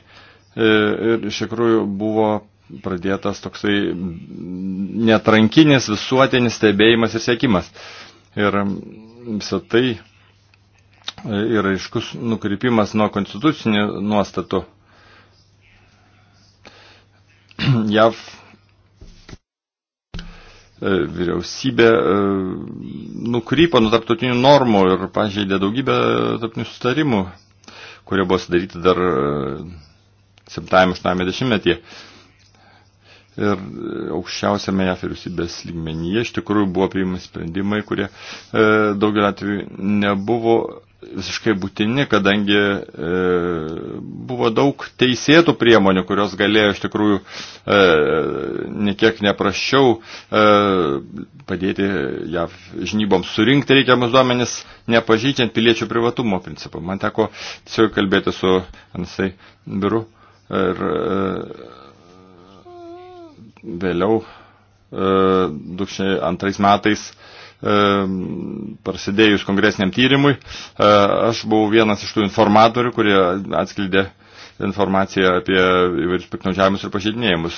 E, ir iš tikrųjų buvo pradėtas toksai netrankinis visuotinis stebėjimas ir sėkimas. Ir visą tai e, yra iškus nukrypimas nuo konstitucinių nuostatų. JAV e, vyriausybė nukrypo nuo tarptautinių normų ir pažeidė daugybę tarptautinių sustarimų, kurie buvo sudaryti dar 7-8 metyje. Ir aukščiausiame JAF vyriausybės lygmenyje iš tikrųjų buvo priimami sprendimai, kurie e, daugelį atveju nebuvo visiškai būtini, kadangi e, buvo daug teisėtų priemonių, kurios galėjo iš tikrųjų e, nekiek neprasčiau e, padėti JAV žinyboms surinkti reikiamus duomenis, nepažydžiant piliečių privatumo principą. Man teko tiesiog kalbėti su Ansai biuru Ir e, vėliau 2002 e, metais e, prasidėjus kongresiniam tyrimui, aš buvau vienas iš tų informatorių, kurie atskleidė informaciją apie įvairius piknaudžiavimus ir pažeidinėjimus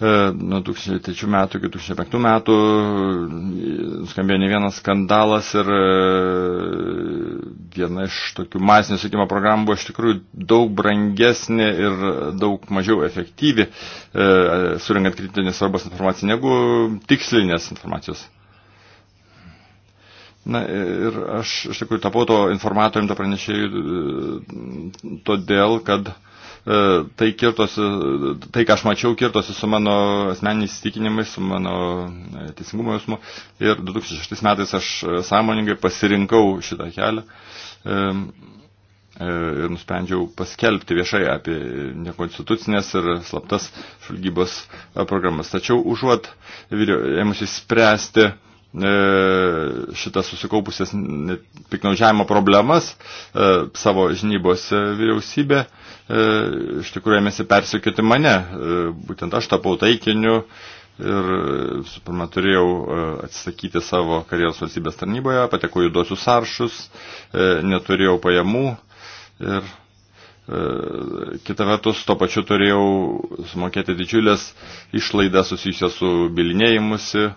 E, nuo 2003 metų iki 2005 metų e, skambėjo ne vienas skandalas ir e, viena iš tokių masinio sėkimo programų buvo iš tikrųjų daug brangesnė ir daug mažiau efektyvi, surinkant kritinės svarbos informaciją, negu tikslinės informacijos. Na ir aš iš tikrųjų tapau to informatorium, to pranešėjų, todėl, kad uh, E, tai, kirtosi, tai ką aš mačiau, kirtosi su mano asmeniniais įsitikinimais, su mano e, teisingumo jausmu. Ir 2006 metais aš e, sąmoningai pasirinkau šitą kelią ir nusprendžiau paskelbti viešai apie nekonstitucinės ir slaptas žvalgybos programas. Tačiau užuot ėmusi spręsti E, šitas susikaupusias piknaudžiavimo problemas e, savo žinybos vyriausybė e, iš tikrųjų ėmėsi persikioti mane. Būtent aš tapau taikiniu ir, su pirma, turėjau atsisakyti savo karjeros valstybės tarnyboje, patekau į duosius saršus, neturėjau pajamų ir Kita vertus, to pačiu turėjau sumokėti didžiulės išlaidas susijusias su bilinėjimusi,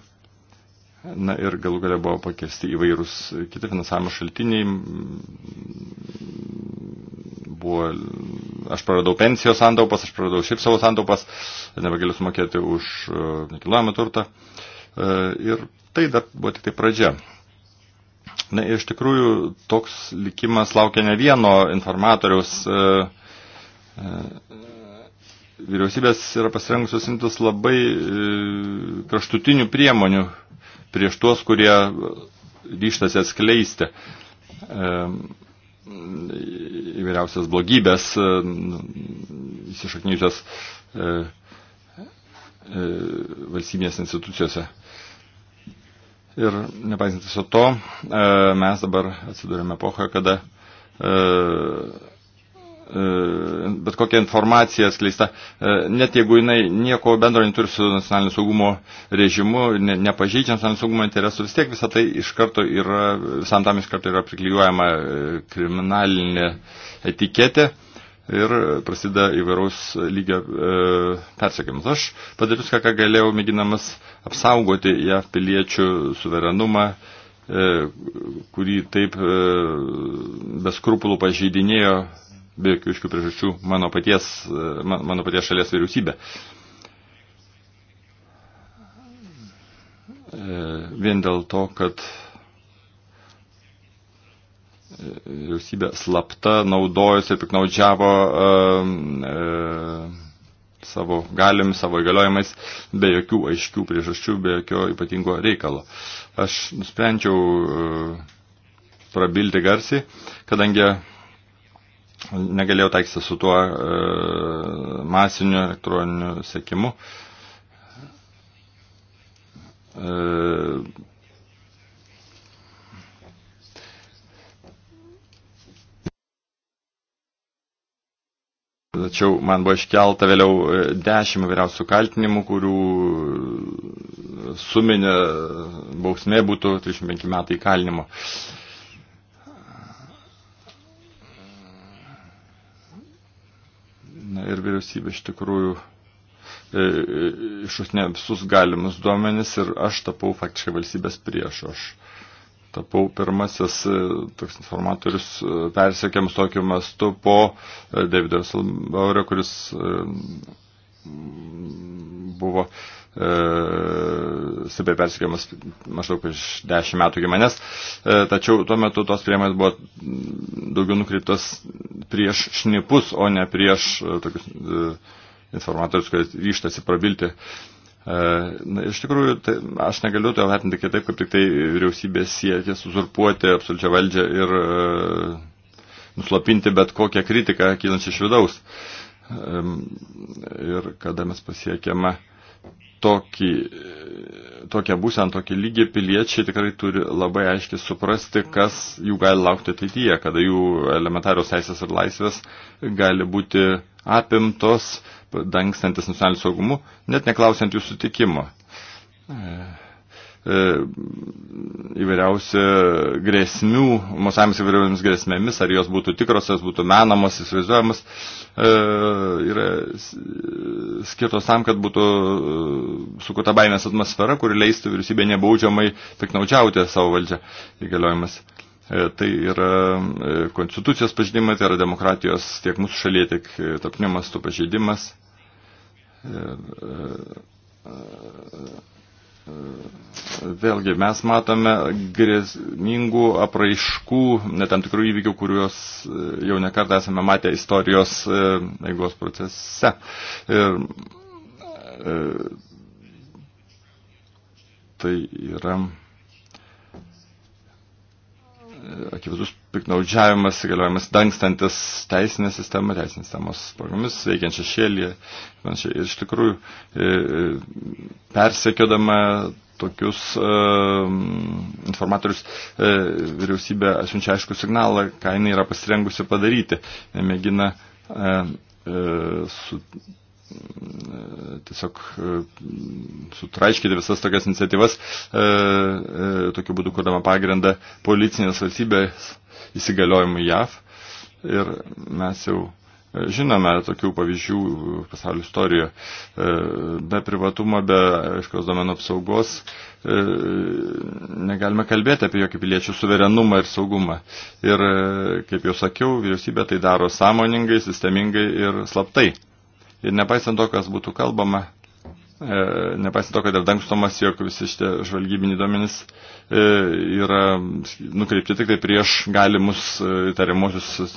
Na ir galų galia buvo pakesti įvairūs kiti finansavimo šaltiniai. Buvo, aš praradau pensijos santaupas, aš praradau šiaip savo santaupas, nebegaliu sumokėti už e, nekilnojamą turtą. E, ir tai dar buvo tik tai pradžia. Na iš tikrųjų toks likimas laukia ne vieno informatoriaus. E, vyriausybės yra pasirengusios imtis labai kraštutinių priemonių prieš tuos, kurie ryštasi atskleisti įvairiausias blogybės, įsišaknyžias e, e, valstybės institucijose. Ir nepaisant viso to, e, mes dabar atsidurėme epochoje, kada bet kokia informacija skleista, e, net jeigu jinai nieko bendro neturi su nacionalinio saugumo režimu, ne, nepažeidžia nacionalinio saugumo interesų, vis tiek visą tai iš karto yra, visam tam iš karto yra priklijuojama e, kriminalinė etiketė ir prasideda įvairaus lygio e, persiekimas. Aš padarius, ką galėjau, mėginamas apsaugoti JAV piliečių suverenumą, e, kurį taip e, beskrupulų pažeidinėjo be jokių iškių priežasčių mano paties, e, mano paties šalies vyriausybė. E, vien dėl to, kad e, vyriausybė slapta naudojosi ir piknaudžiavo e, e, savo galiomis, savo įgaliojimais, be jokių aiškių priežasčių, be jokio ypatingo reikalo. Aš nusprendžiau e, prabilti garsiai, kadangi negalėjau taikyti su tuo e, masiniu elektroniniu sekimu. E, tačiau man buvo iškelta vėliau e, dešimt vyriausių kaltinimų, kurių suminė bausmė būtų 35 metai kalinimo. E, Na, ir vyriausybė iš tikrųjų e, e, išusinė visus galimus duomenis ir aš tapau faktiškai valstybės priešu. Aš tapau pirmasis e, toks informatorius persiekiamas tokiu mastu po Davido Salbaurio, kuris buvo e, stipriai persikėjimas maždaug prieš dešimt metų iki manęs, e, tačiau tuo metu tos priemonės buvo daugiau nukreiptos prieš šnipus, o ne prieš e, tokius e, informatorius, kurie ryštasi prabilti. E, na, iš tikrųjų, tai, aš negaliu to vertinti kitaip, kaip tik tai vyriausybė siekia uzurpuoti absoliučią valdžią ir e, nuslapinti bet kokią kritiką kylančią iš vidaus. E, ir kada mes pasiekiame tokį, tokią būseną, tokį lygį piliečiai tikrai turi labai aiškiai suprasti, kas jų gali laukti ateityje, kada jų elementarios teisės ir laisvės gali būti apimtos, dangstantis nacionaliniu saugumu, net neklausiant jų sutikimo. E, įvairiausių grėsmių, mosavimas įvairiomis grėsmėmis, ar jos būtų tikros, jos būtų menamos, įsivaizduojamos, e, yra skirtos tam, kad būtų e, sukurta baimės atmosfera, kuri leistų vyriausybė nebaudžiamai piknaudžiauti savo valdžią įgaliojimas. Tai yra konstitucijos pažeidimai, tai yra demokratijos tiek mūsų šalyje, tiek tapnimas tų pažeidimas. Ir, ir, ir, vėlgi mes matome grėsmingų apraiškų, netam tikrų įvykių, kuriuos e, jau nekartą esame matę istorijos e, eigos procese. Ir, e, tai yra akivaizdus piknaudžiavimas, galiojimas dangstantis teisinę sistemą, teisinės sistemos spragomis, veikiant šešėlį ir iš tikrųjų e, e, persekiodama tokius e, informatorius vyriausybė atsiunčia aišku signalą, ką jinai yra pasirengusi padaryti, mėgina su E, tiesiog e, sutraiškyti visas tokias iniciatyvas, e, tokiu būdu kurdama pagrindą policinės valstybės įsigaliojimų JAV. Ir mes jau žinome tokių pavyzdžių pasaulio istorijoje. Be privatumo, be aiškios domenų apsaugos negalime kalbėti apie jokį piliečių suverenumą ir saugumą. Ir, kaip jau sakiau, vyriausybė tai daro sąmoningai, sistemingai ir slaptai. Ir nepaisant to, kas būtų kalbama, e, nepaisant to, kad ir dangstomas, jog visi šitie žvalgybiniai duomenys e, yra nukreipti tik tai prieš galimus e, tariamuosius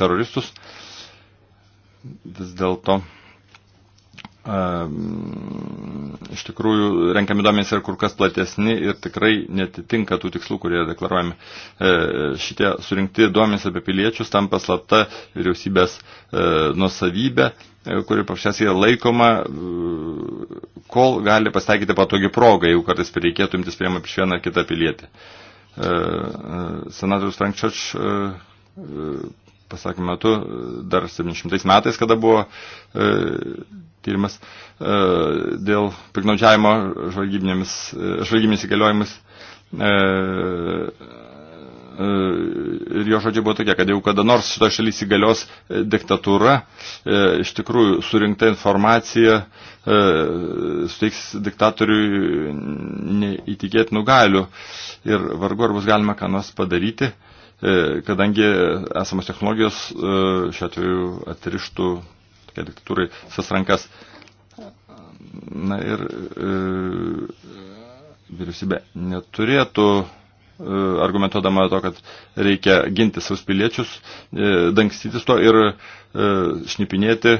teroristus, vis dėlto iš tikrųjų renkami duomenys yra kur kas platesni ir tikrai netitinka tų tikslų, kurie deklaruojami. Šitie surinkti duomenys apie piliečius tampa slapta vyriausybės nusavybė E, kuri paprasčiausiai yra laikoma, e, kol gali pastaikyti patogi proga, jeigu kartais reikėtų imtis priemonių prieš vieną ar kitą pilietį. E, senatorius Frankčioč pasakymų metu, dar 70 metais, kada buvo e, tyrimas e, dėl piknaudžiavimo žvalgybinėmis įgaliojimus, e, ir jo žodžiai buvo tokie, kad jau kada nors šito šalis įgalios e, diktatūra, e, iš tikrųjų surinkta informacija e, suteiks diktatoriui neįtikėtinų galių ir vargu ar bus galima ką nors padaryti, kadangi esamos technologijos šiuo atveju atrištų tokia diktatūrai visas rankas. Na ir vyriausybė neturėtų E, argumentuodama to, kad reikia ginti savus piliečius, e, dangstytis to ir e, šnipinėti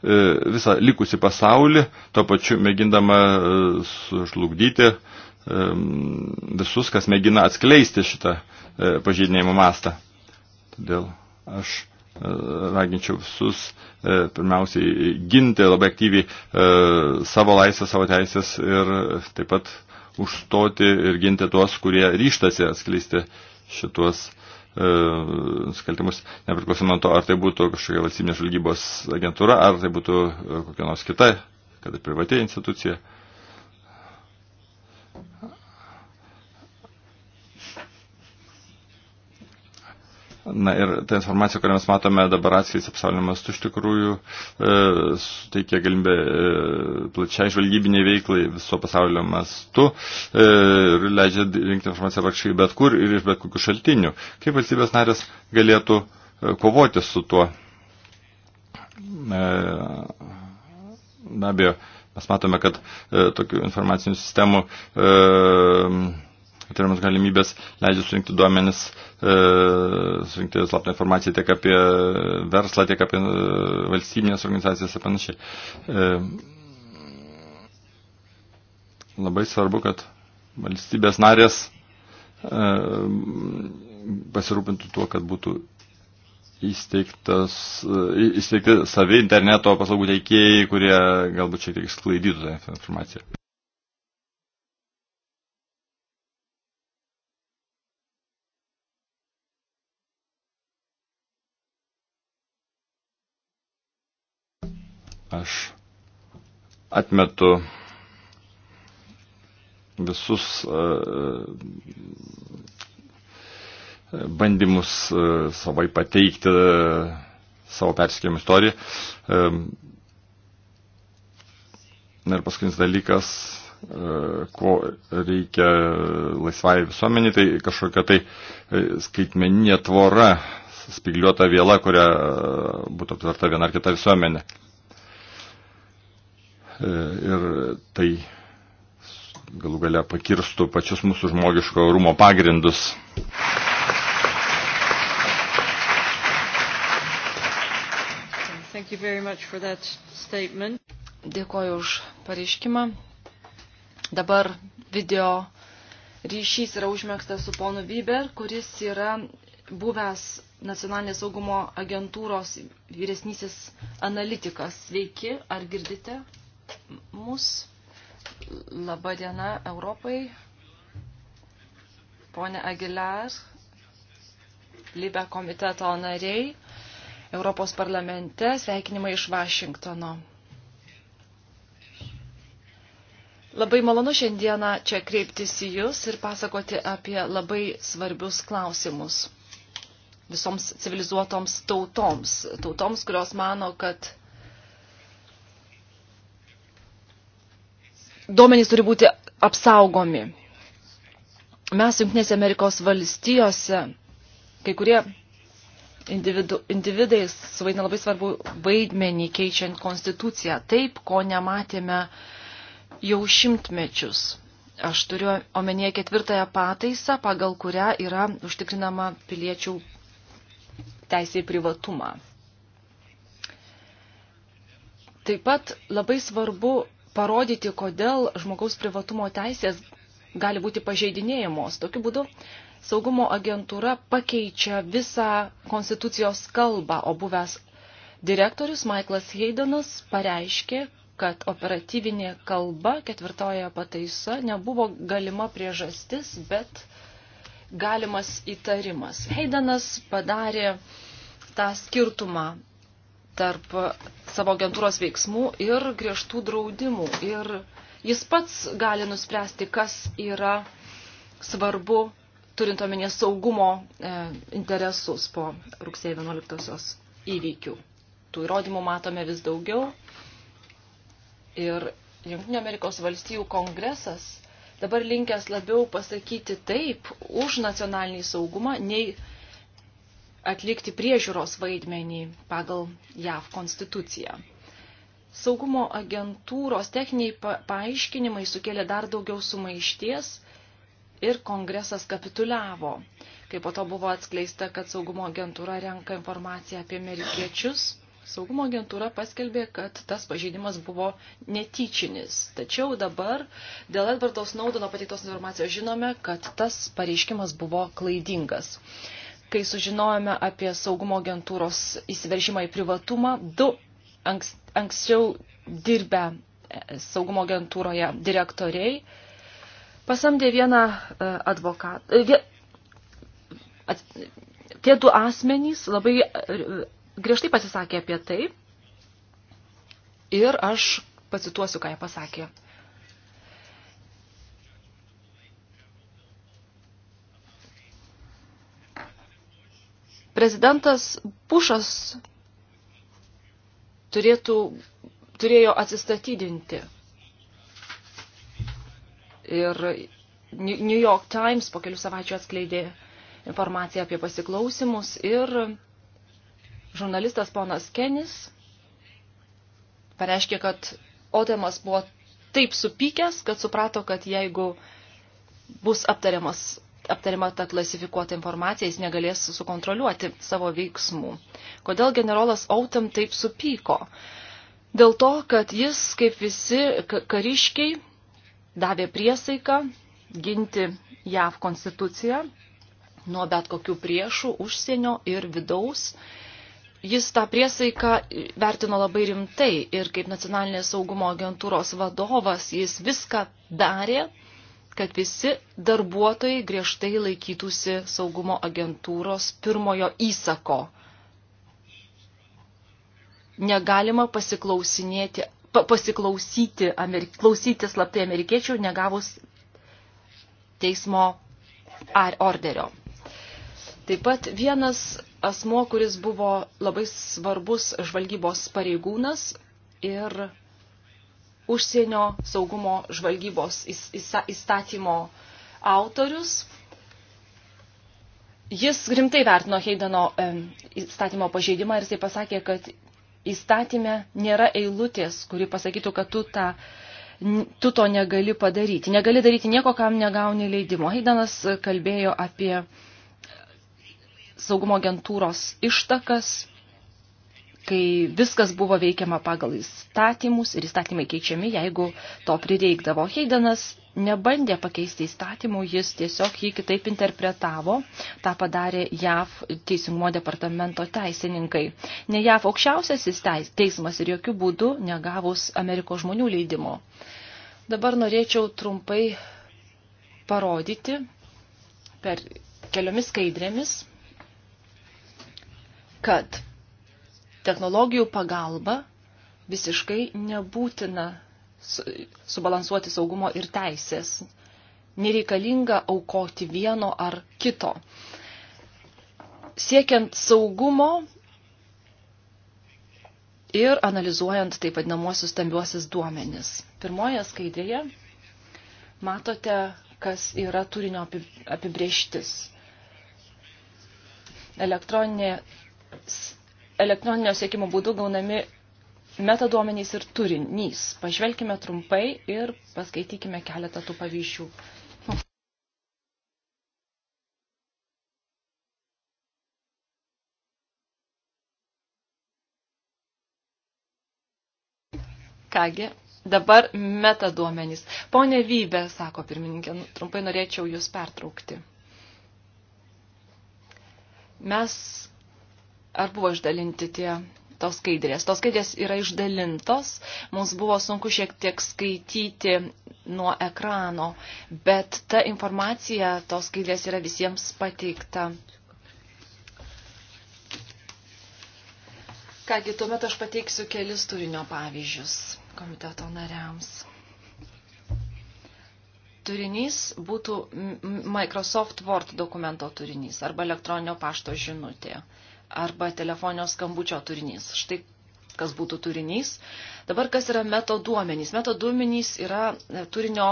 visą likusį pasaulį, to pačiu mėgindama sužlugdyti visus, kas mėgina atskleisti šitą pažeidinėjimo mastą. Todėl aš raginčiau visus pirmiausiai ginti labai aktyviai savo laisvę, savo teisės ir taip pat užstoti ir ginti tuos, kurie ryštasi atskleisti šitos e, nusikaltimus, nepriklausomai nuo to, ar tai būtų kažkokia valstybinė žvalgybos agentūra, ar tai būtų e, kokia nors kita, kad ir privati institucija. Na ir ta informacija, kurią mes matome dabar atskleis apsaulimas, iš tikrųjų e, suteikia galimybę e, plačiai žvalgybiniai veiklai viso pasaulio mastu e, ir leidžia rinkti informaciją praktiškai bet kur ir iš bet kokių šaltinių. Kaip valstybės narės galėtų e, kovoti su tuo? E, be abejo, mes matome, kad e, tokių informacinių sistemų e, turimas galimybės leidžia surinkti duomenis, e, surinkti slaptą informaciją tiek apie verslą, tiek apie e, valstybinės organizacijas ir panašiai. E, labai svarbu, kad valstybės narės pasirūpintų tuo, kad būtų įsteigtas, įsteigti savi interneto paslaugų teikėjai, kurie galbūt šiek tiek sklaidytų tą informaciją. Aš atmetu visus e, e, bandymus e, savai pateikti savo persikėjimų istoriją. Ir paskutinis dalykas, ko reikia laisvai visuomeniai, tai kažkokia tai skaitmeninė tvora, spigliuota viela, kuria būtų aptverta viena ar kita visuomenė. E, ir tai galų gale pakirstų pačius mūsų žmogiško rūmo pagrindus. Dėkoju už pareiškimą. Dabar video ryšys yra užmėgstas su ponu Bieber, kuris yra buvęs nacionalinės saugumo agentūros vyresnysis analitikas. Sveiki, ar girdite? mus. Labą dieną Europai. Pone Aguilar, Libe komiteto nariai, Europos parlamente, sveikinimai iš Vašingtono. Labai malonu šiandieną čia kreiptis į Jūs ir pasakoti apie labai svarbius klausimus visoms civilizuotoms tautoms. Tautoms, kurios mano, kad duomenys turi būti apsaugomi. Mes Junktinėse Amerikos valstijose, kai kurie individu, individai suvaidina labai svarbu vaidmenį keičiant konstituciją, taip, ko nematėme jau šimtmečius. Aš turiu omenyje ketvirtąją pataisą, pagal kurią yra užtikrinama piliečių teisė į privatumą. Taip pat labai svarbu parodyti, kodėl žmogaus privatumo teisės gali būti pažeidinėjamos. Tokiu būdu saugumo agentūra pakeičia visą konstitucijos kalbą, o buvęs direktorius Michaelas Heidenas pareiškė, kad operatyvinė kalba ketvirtoje pataisa nebuvo galima priežastis, bet galimas įtarimas. Heidenas padarė tą skirtumą tarp savo agentūros veiksmų ir griežtų draudimų. Ir jis pats gali nuspręsti, kas yra svarbu, turint omenyje saugumo e, interesus po rugsėjo 11-osios įvykių. Tų įrodymų matome vis daugiau. Ir Junktinio Amerikos valstijų kongresas dabar linkęs labiau pasakyti taip už nacionalinį saugumą, nei atlikti priežiūros vaidmenį pagal JAV konstituciją. Saugumo agentūros techniniai pa paaiškinimai sukėlė dar daugiau sumaišties ir kongresas kapituliavo, kai po to buvo atskleista, kad saugumo agentūra renka informaciją apie amerikiečius. Saugumo agentūra paskelbė, kad tas pažeidimas buvo netyčinis. Tačiau dabar dėl Edvardo Snaudono pateiktos informacijos žinome, kad tas pareiškimas buvo klaidingas kai sužinojome apie saugumo agentūros įsiveržimą į privatumą, du anks, anksčiau dirbę e, saugumo agentūroje direktoriai pasamdė vieną e, advokatą. E, Vien, at, tie du asmenys labai griežtai pasisakė apie tai ir aš pacituosiu, ką jie pasakė. Prezidentas Bušas turėtų, turėjo atsistatydinti. Ir New York Times po kelių savaičių atskleidė informaciją apie pasiklausimus ir žurnalistas ponas Kenis pareiškė, kad Odemas buvo taip supykęs, kad suprato, kad jeigu bus aptariamas aptariama ta klasifikuota informacija, jis negalės sukontroliuoti savo veiksmų. Kodėl generolas Autam taip supyko? Dėl to, kad jis, kaip visi kariškiai, davė priesaiką ginti JAV konstituciją nuo bet kokių priešų, užsienio ir vidaus. Jis tą priesaiką vertino labai rimtai ir kaip nacionalinės saugumo agentūros vadovas jis viską darė, kad visi darbuotojai griežtai laikytųsi saugumo agentūros pirmojo įsako. Negalima pasiklausinėti, pa, pasiklausyti, amerik, klausyti slaptai amerikiečių, negavus teismo ar orderio. Taip pat vienas asmo, kuris buvo labai svarbus žvalgybos pareigūnas ir užsienio saugumo žvalgybos įstatymo autorius. Jis rimtai vertino Heideno įstatymo pažeidimą ir jisai pasakė, kad įstatymė nėra eilutės, kuri pasakytų, kad tu, tą, tu to negali padaryti. Negali daryti nieko, kam negauni leidimo. Heidenas kalbėjo apie saugumo agentūros ištakas kai viskas buvo veikiama pagal įstatymus ir įstatymai keičiami, jeigu to prireikdavo. Heidenas nebandė pakeisti įstatymų, jis tiesiog jį kitaip interpretavo, tą padarė JAV teisingumo departamento teisininkai. Ne JAV aukščiausiasis teismas ir jokių būdų negavus Amerikos žmonių leidimo. Dabar norėčiau trumpai parodyti per keliomis skaidrėmis, kad technologijų pagalba visiškai nebūtina subalansuoti saugumo ir teisės. Nereikalinga aukoti vieno ar kito. Siekiant saugumo ir analizuojant taip vadinamuosius stambiuosius duomenis. Pirmoje skaidrėje matote, kas yra turinio apibrieštis. Elektroninė elektroninio sėkimo būdu gaunami metaduomenys ir turinys. Pažvelkime trumpai ir paskaitykime keletą tų pavyzdžių. Kągi, dabar metaduomenys. Pone Vybė, sako pirmininkė, nu, trumpai norėčiau jūs pertraukti. Mes ar buvo išdalinti tie tos skaidrės. Tos skaidrės yra išdalintos, mums buvo sunku šiek tiek skaityti nuo ekrano, bet ta informacija, tos skaidrės yra visiems pateikta. Kągi, tuomet aš pateiksiu kelis turinio pavyzdžius komiteto nariams. Turinys būtų Microsoft Word dokumento turinys arba elektroninio pašto žinutė arba telefoninio skambučio turinys. Štai kas būtų turinys. Dabar kas yra metoduomenys? Metoduomenys yra e, turinio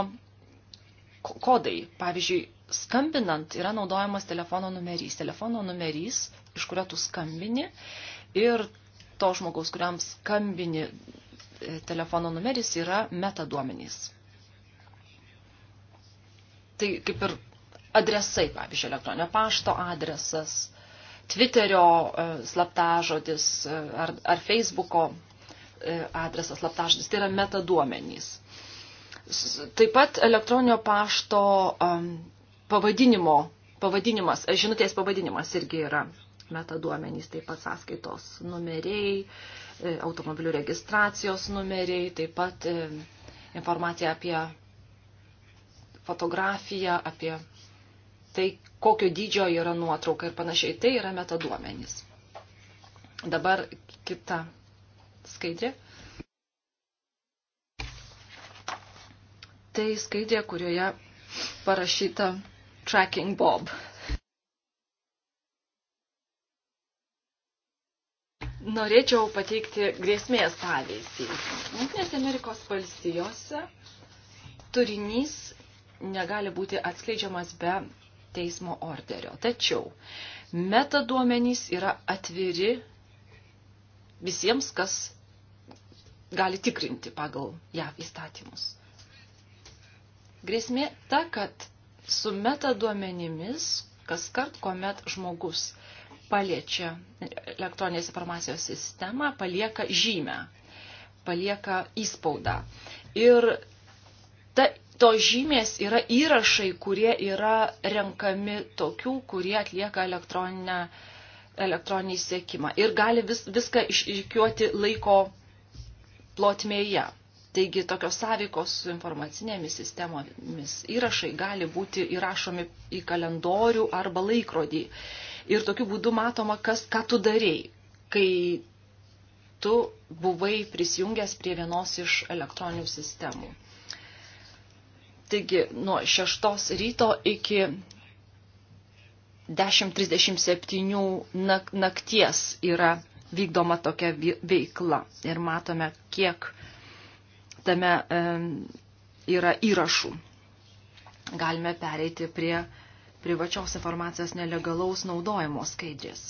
kodai. Pavyzdžiui, skambinant yra naudojamas telefono numerys. Telefono numerys, iš kurio tu skambini ir to žmogaus, kuriam skambini e, telefono numeris, yra metaduomenys. Tai kaip ir adresai, pavyzdžiui, elektroninio pašto adresas, Twitterio e, slaptažodis e, ar, ar Facebooko e, adresas slaptažodis, tai yra metaduomenys. Taip pat elektroninio pašto pavadinimo, pavadinimas, žinutės pavadinimas irgi yra metaduomenys, taip pat sąskaitos numeriai, automobilių registracijos numeriai, taip pat informacija apie fotografiją, apie tai kokio dydžio yra nuotrauka ir panašiai. Tai yra metaduomenys. Dabar kita skaidrė. Tai skaidrė, kurioje parašyta Tracking Bob. Norėčiau pateikti grėsmės pavyzdį. Junktinės Amerikos valstijose turinys negali būti atskleidžiamas be teismo orderio. Tačiau metaduomenys yra atviri visiems, kas gali tikrinti pagal JAV įstatymus. Grėsmė ta, kad su metaduomenimis kas kart, kuomet žmogus paliečia elektroninės informacijos sistemą, palieka žymę, palieka įspaudą. Ir ta to žymės yra įrašai, kurie yra renkami tokių, kurie atlieka elektroninę, elektroninį sėkimą ir gali vis, viską išrikiuoti laiko plotmėje. Taigi tokios sąveikos su informacinėmis sistemomis įrašai gali būti įrašomi į kalendorių arba laikrodį. Ir tokiu būdu matoma, kas, ką tu darėjai, kai tu buvai prisijungęs prie vienos iš elektroninių sistemų. Taigi nuo 6 ryto iki 10.37 nakties yra vykdoma tokia veikla. Ir matome, kiek tame yra įrašų. Galime pereiti prie privačios informacijos nelegalaus naudojimo skaidrės.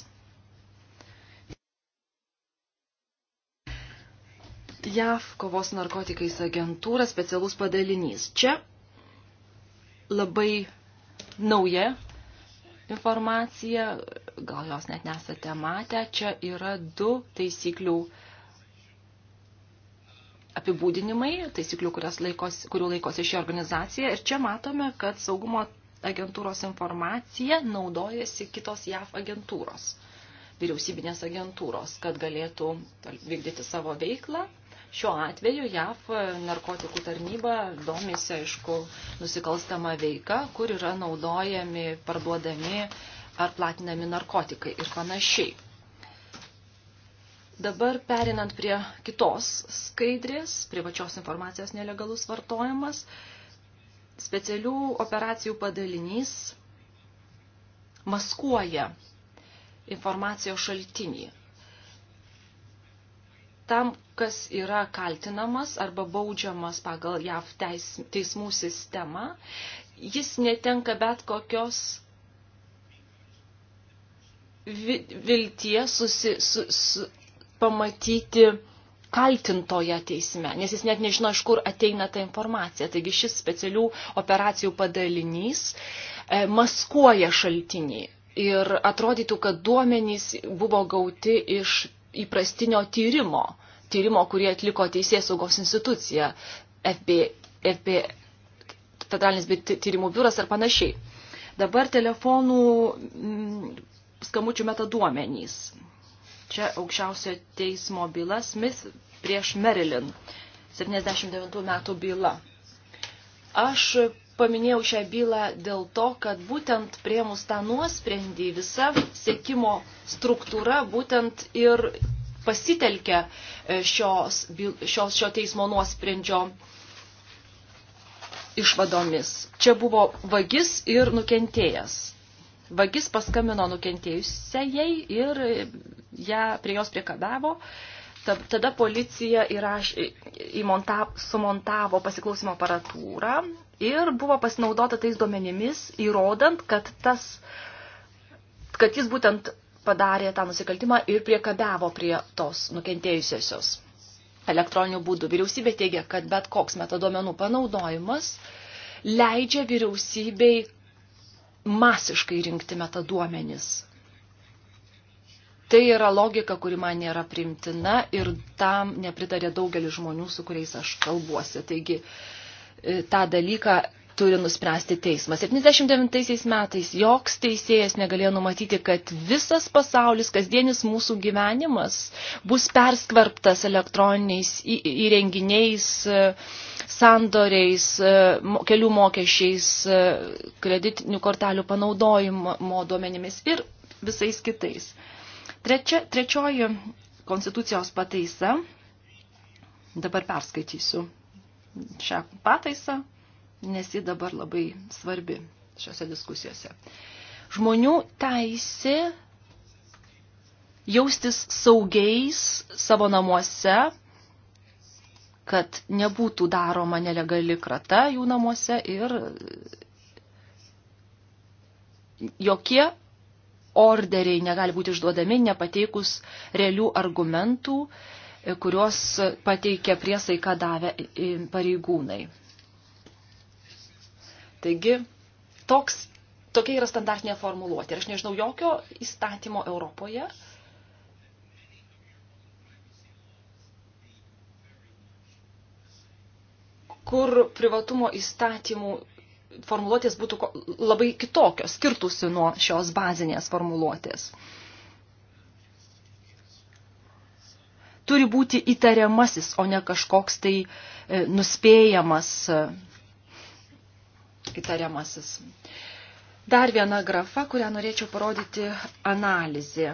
JAV kovos narkotikais agentūra specialus padalinys. Čia labai nauja informacija, gal jos net nesate matę, čia yra du taisyklių apibūdinimai, taisyklių, laikos, kurių laikosi ši organizacija. Ir čia matome, kad saugumo agentūros informacija naudojasi kitos JAF agentūros, vyriausybinės agentūros, kad galėtų vykdyti savo veiklą. Šiuo atveju JAF narkotikų tarnyba domisi, aišku, nusikalstama veika, kur yra naudojami, parduodami ar platinami narkotikai ir panašiai. Dabar perinant prie kitos skaidrės, privačios informacijos nelegalus vartojimas, specialių operacijų padalinys maskuoja informacijos šaltinį tam, kas yra kaltinamas arba baudžiamas pagal JAV teis, teismų sistemą, jis netenka bet kokios vilties susi, su, su, pamatyti kaltintoje teisme, nes jis net nežino, iš kur ateina ta informacija. Taigi šis specialių operacijų padalinys e, maskuoja šaltinį. Ir atrodytų, kad duomenys buvo gauti iš įprastinio tyrimo, tyrimo, kurį atliko Teisės saugos institucija, FB, FB, federalinis tyrimų biuras ar panašiai. Dabar telefonų mm, skamučių metaduomenys. Čia aukščiausio teismo byla Smith prieš Marilyn, 79 metų byla. Aš paminėjau šią bylą dėl to, kad būtent priemus tą nuosprendį visa sėkimo struktūra būtent ir pasitelkia e, šios, šios, šio teismo nuosprendžio išvadomis. Čia buvo vagis ir nukentėjęs. Vagis paskambino nukentėjusiai ir ją prie jos priekabavo. Uh, Tada policija įraš, įmonta, sumontavo pasiklausimo aparatūrą ir buvo pasinaudota tais duomenimis, įrodant, kad, tas, kad jis būtent padarė tą nusikaltimą ir priekabiavo prie tos nukentėjusiosios elektroniniu būdu. Vyriausybė teigia, kad bet koks metadomenų panaudojimas leidžia vyriausybei masiškai rinkti metaduomenis Tai yra logika, kuri man nėra primtina ir tam nepritarė daugelis žmonių, su kuriais aš kalbuosi. Taigi e, tą dalyką turi nuspręsti teismas. 79 metais joks teisėjas negalėjo numatyti, kad visas pasaulis, kasdienis mūsų gyvenimas bus perskvarptas elektroniniais įrenginiais, e, sandoriais, e, kelių mokesčiais, kreditinių kortelių panaudojimo duomenimis ir visais kitais. Trečia, trečioji konstitucijos pataisa, dabar perskaitysiu šią pataisą, nes ji dabar labai svarbi šiuose diskusijose. Žmonių teisė jaustis saugiais savo namuose, kad nebūtų daroma nelegali krata jų namuose ir jokie orderiai negali būti išduodami nepateikus realių argumentų, e, kuriuos pateikė priesaiką davę pareigūnai. Taigi, toks, tokia yra standartinė formuluotė. Ir aš nežinau jokio įstatymo Europoje, kur privatumo įstatymų formuluotės būtų labai kitokios, skirtusi nuo šios bazinės formuluotės. Turi būti įtariamasis, o ne kažkoks tai e, nuspėjamas e, įtariamasis. Dar viena grafa, kurią norėčiau parodyti analizė.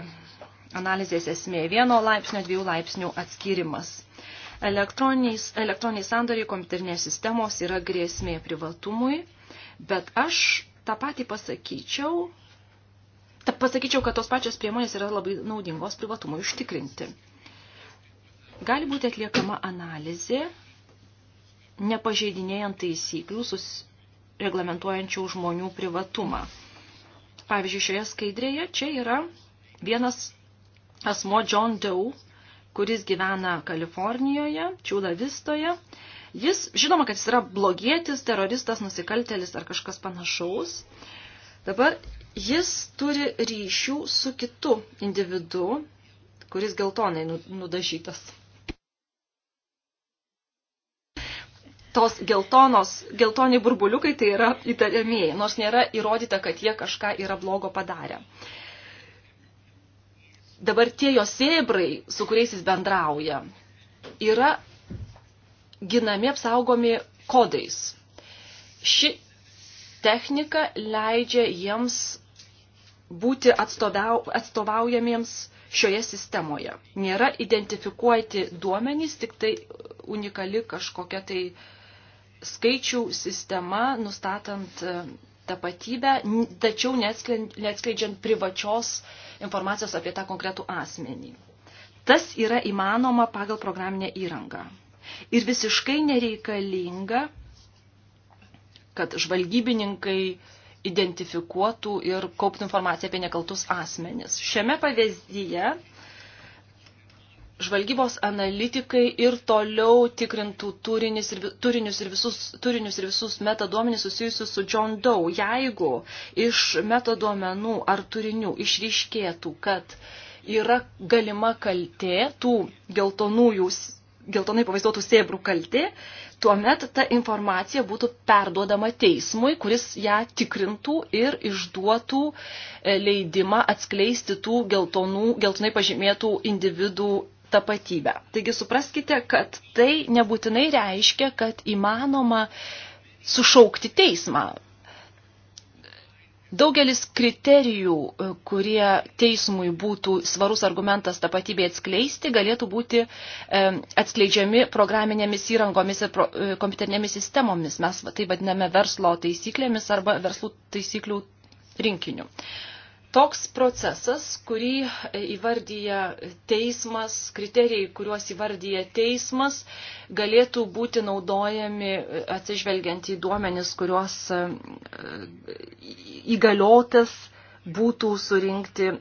Analizės esmė – vieno laipsnio, dviejų laipsnių atskirimas. Elektroniniai sandoriai kompiuterinės sistemos yra grėsmė privatumui – Bet aš tą patį pasakyčiau, ta, pasakyčiau, kad tos pačios priemonės yra labai naudingos privatumui užtikrinti. Gali būti atliekama analizė, nepažeidinėjant taisyklių sus reglamentuojančių žmonių privatumą. Pavyzdžiui, šioje skaidrėje čia yra vienas asmo John Doe, kuris gyvena Kalifornijoje, Čiūla Vistoje, Jis, žinoma, kad jis yra blogietis, teroristas, nusikaltelis ar kažkas panašaus. Dabar jis turi ryšių su kitu individu, kuris geltonai nu, nudažytas. Tos geltonos, geltoniai burbuliukai tai yra įtariamieji, nors nėra įrodyta, kad jie kažką yra blogo padarę. Dabar tie jo sėbrai, su kuriais jis bendrauja, yra ginami, apsaugomi kodais. Ši technika leidžia jiems būti atstovaujamiems šioje sistemoje. Nėra identifikuoti duomenys, tik tai unikali kažkokia tai skaičių sistema, nustatant e, tapatybę, tačiau neatskleidžiant privačios informacijos apie tą konkretų asmenį. Tas yra įmanoma pagal programinę įrangą ir visiškai nereikalinga, kad žvalgybininkai identifikuotų ir kauptų informaciją apie nekaltus asmenis. Šiame pavyzdyje žvalgybos analitikai ir toliau tikrintų turinius ir, turinius ir, visus, turinius ir visus metaduomenys susijusius su John Doe. Jeigu iš metaduomenų ar turinių išryškėtų, kad yra galima kaltė tų geltonųjų geltonai pavaizduotų sėbrų kaltė, tuomet ta informacija būtų perduodama teismui, kuris ją tikrintų ir išduotų e, leidimą atskleisti tų geltonų, geltonai pažymėtų individų tapatybę. Taigi supraskite, kad tai nebūtinai reiškia, kad įmanoma sušaukti teismą. Daugelis kriterijų, e, kurie teismui būtų svarus argumentas tapatybė atskleisti, galėtų būti e, atskleidžiami programinėmis įrangomis ir e, kompiuterinėmis sistemomis. Mes tai vadiname verslo taisyklėmis arba verslų taisyklių rinkiniu. Toks procesas, kurį įvardyja teismas, kriterijai, kuriuos įvardyja teismas, galėtų būti naudojami atsižvelgiant į duomenis, kuriuos e, įgaliotas būtų surinkti e,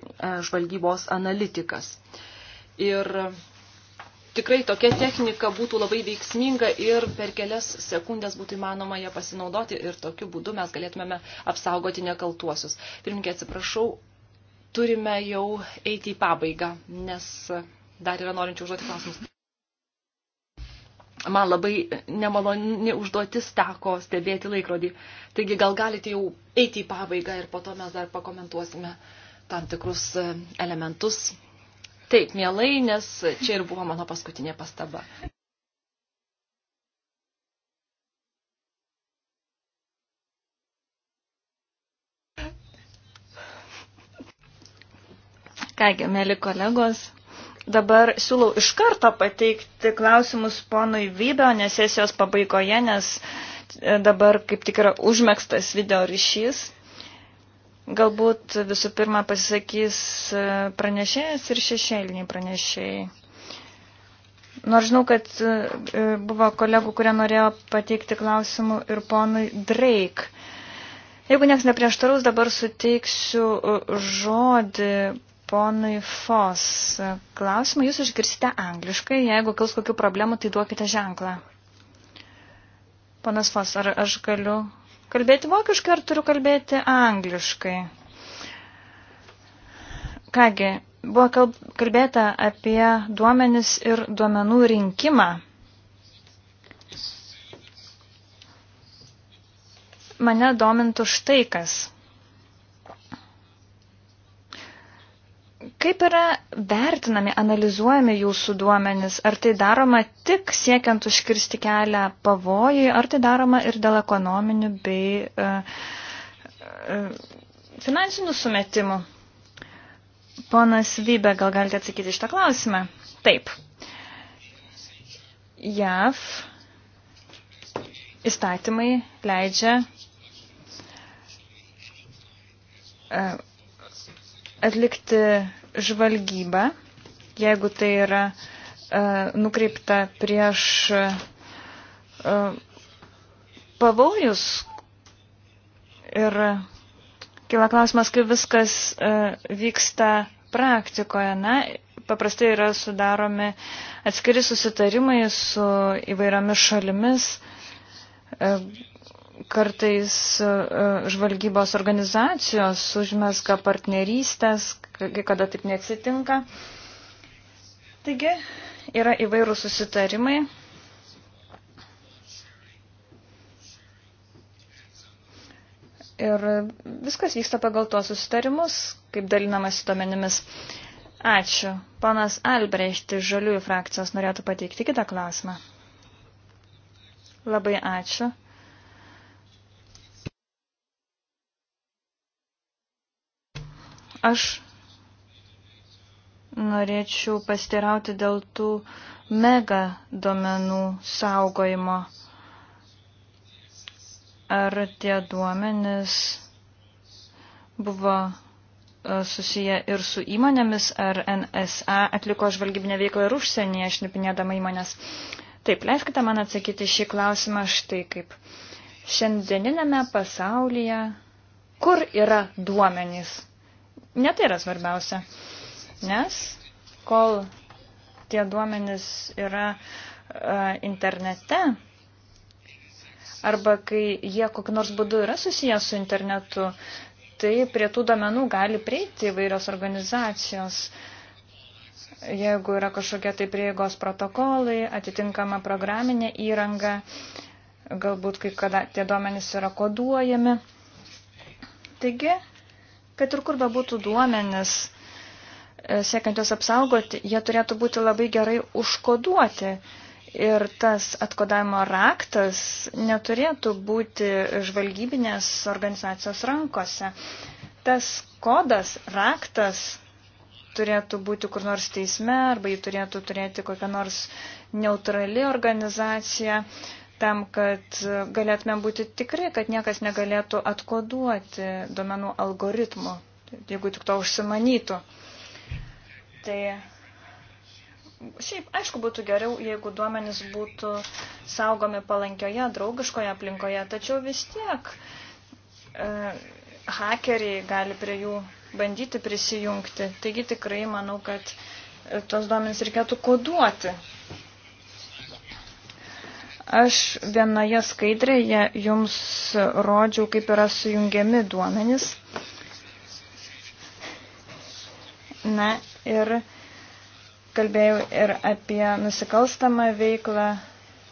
žvalgybos analitikas. Ir tikrai tokia technika būtų labai veiksminga ir per kelias sekundės būtų įmanoma ją pasinaudoti ir tokiu būdu mes galėtumėme apsaugoti nekaltuosius. Pirminkė, atsiprašau, turime jau eiti į pabaigą, nes dar yra norinčių užduoti klausimus man labai nemaloni užduotis teko stebėti laikrodį. Taigi gal galite jau eiti į pabaigą ir po to mes dar pakomentuosime tam tikrus elementus Taip, mielai, nes čia ir buvo mano paskutinė pastaba. Kągi, mėly kolegos, dabar siūlau iš karto pateikti klausimus ponui Vybio, nes sesijos pabaigoje, nes dabar kaip tik yra užmėgstas video ryšys. Galbūt visų pirma pasisakys e, pranešėjas ir šešėliniai pranešėjai. Nors nu, žinau, kad e, e, buvo kolegų, kurie norėjo pateikti klausimų ir ponui Drake. Jeigu nieks neprieštaraus, dabar suteiksiu žodį ponui Fos. Klausimą jūs išgirsite angliškai, jeigu kils kokių problemų, tai duokite ženklą. Ponas Fos, ar aš galiu kalbėti vokiškai ar turiu kalbėti angliškai? Kągi, buvo kalb, kalbėta apie duomenis ir duomenų rinkimą. Mane domintų štai kas. Kaip yra vertinami, analizuojami jūsų duomenys? Ar tai daroma tik siekiant užkirsti kelią pavojai, ar tai daroma ir dėl ekonominių bei uh, uh, finansinių sumetimų? Ponas Vybė, gal galite atsakyti šitą klausimą? Taip. JAV įstatymai leidžia uh, atlikti žvalgybą, jeigu tai yra e, nukreipta prieš e, pavojus. Ir kila klausimas, kaip viskas e, vyksta praktikoje. Na, paprastai yra sudaromi atskiri susitarimai su įvairiomis šalimis kartais e, žvalgybos organizacijos užmeska partnerystės, kada taip neatsitinka. Taigi yra įvairūs susitarimai. Ir viskas vyksta pagal tuos susitarimus, kaip dalinamasi duomenimis. Ačiū. Panas Albrechti žaliųjų frakcijos norėtų pateikti kitą klausimą. Labai ačiū. Aš norėčiau pastirauti dėl tų mega duomenų saugojimo. Ar tie duomenys buvo e, susiję ir su įmonėmis, ar NSA atliko žvalgybinę veiklą ir užsienyje, šnipinėdama įmonės. Taip, leiskite man atsakyti šį klausimą štai kaip. Šiandieninėme pasaulyje, kur yra duomenys? netai yra svarbiausia, nes kol tie duomenys yra uh, internete, arba kai jie kokiu nors būdu yra susiję su internetu, tai prie tų domenų gali prieiti įvairios organizacijos. Jeigu yra kažkokie tai prieigos protokolai, atitinkama programinė įranga, galbūt kai kada tie duomenys yra koduojami. Taigi, Kad ir kur bebūtų duomenis, e, siekiant juos apsaugoti, jie turėtų būti labai gerai užkoduoti. Ir tas atkodavimo raktas neturėtų būti žvalgybinės organizacijos rankose. Tas kodas, raktas turėtų būti kur nors teisme arba jį turėtų turėti kokią nors neutrali organizacija. Uh, tam, kad galėtumėm būti tikri, kad niekas negalėtų atkoduoti duomenų algoritmų, jeigu tik to užsimanytų. Tai šiaip, aišku, būtų geriau, jeigu duomenys būtų saugomi palankioje, draugiškoje aplinkoje, tačiau vis tiek e, hakeriai gali prie jų bandyti prisijungti. Taigi tikrai manau, kad e, tos duomenys reikėtų koduoti. Aš vienoje skaidrėje jums rodžiau, kaip yra sujungiami duomenys. Na ir kalbėjau ir apie nusikalstamą veiklą,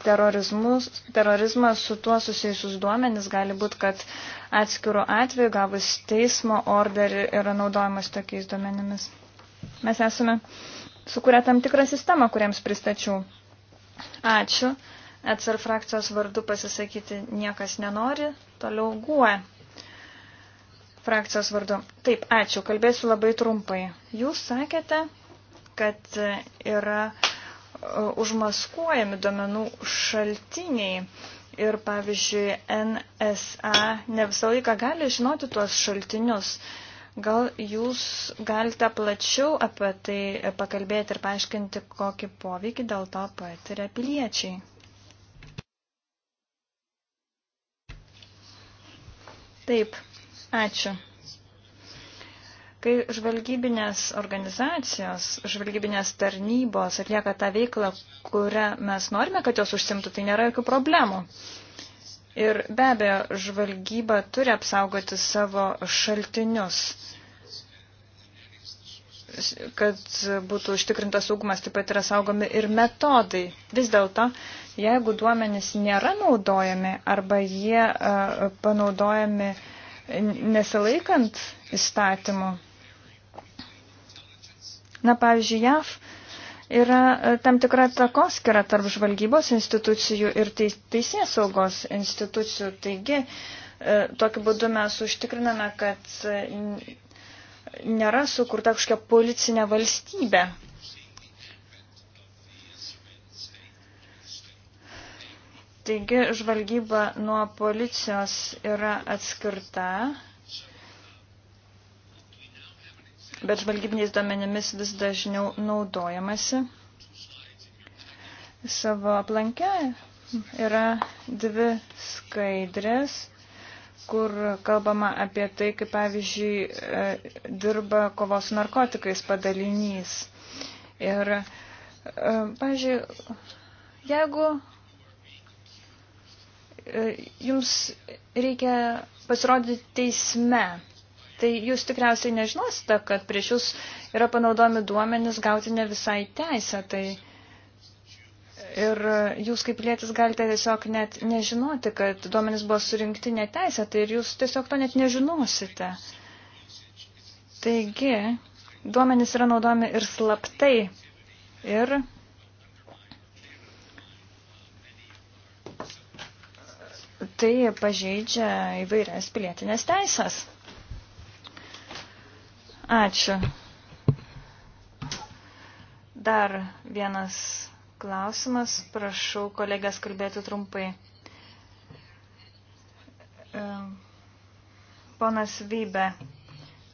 terorizmą, su tuo susijusius duomenys. Gali būti, kad atskirų atveju gavus teismo orderį yra naudojamas tokiais duomenimis. Mes esame sukūrę tam tikrą sistemą, kuriems pristačiau. Ačiū. ECR frakcijos vardu pasisakyti niekas nenori, toliau guoja. Frakcijos vardu. Taip, ačiū, kalbėsiu labai trumpai. Jūs sakėte, kad yra e, užmaskuojami duomenų šaltiniai ir, pavyzdžiui, NSA ne visą laiką gali žinoti tuos šaltinius. Gal jūs galite plačiau apie tai pakalbėti ir paaiškinti, kokį poveikį dėl to patiria piliečiai? Taip, ačiū. Kai žvalgybinės organizacijos, žvalgybinės tarnybos atlieka tą veiklą, kurią mes norime, kad jos užsimtų, tai nėra jokių problemų. Ir be abejo, žvalgyba turi apsaugoti savo šaltinius kad būtų užtikrintas saugumas, taip pat yra saugomi ir metodai. Vis dėlto, jeigu duomenys nėra naudojami arba jie panaudojami nesilaikant įstatymų, na, pavyzdžiui, JAV yra tam tikra takoskira tarp žvalgybos institucijų ir teisės saugos institucijų. Taigi, tokiu būdu mes užtikriname, kad nėra sukurta kažkokia policinė valstybė. Taigi žvalgyba nuo policijos yra atskirta, bet žvalgybiniais duomenimis vis dažniau naudojamasi. Savo aplankę yra dvi skaidrės kur kalbama apie tai, kaip pavyzdžiui e, dirba kovos narkotikais padalinys. Ir, e, pavyzdžiui, jeigu e, jums reikia pasirodyti teisme, tai jūs tikriausiai nežinosite, kad prieš jūs yra panaudojami duomenys gauti ne visai teisę. Tai, uh, Ir jūs kaip lietis galite tiesiog net nežinoti, kad duomenys buvo surinkti neteisėtai ir jūs tiesiog to net nežinosite. Taigi, duomenys yra naudojami ir slaptai. Ir tai pažeidžia įvairias pilietinės teisės. Ačiū. Dar vienas klausimas. Prašau kolegės kalbėti trumpai. E, ponas Vybė,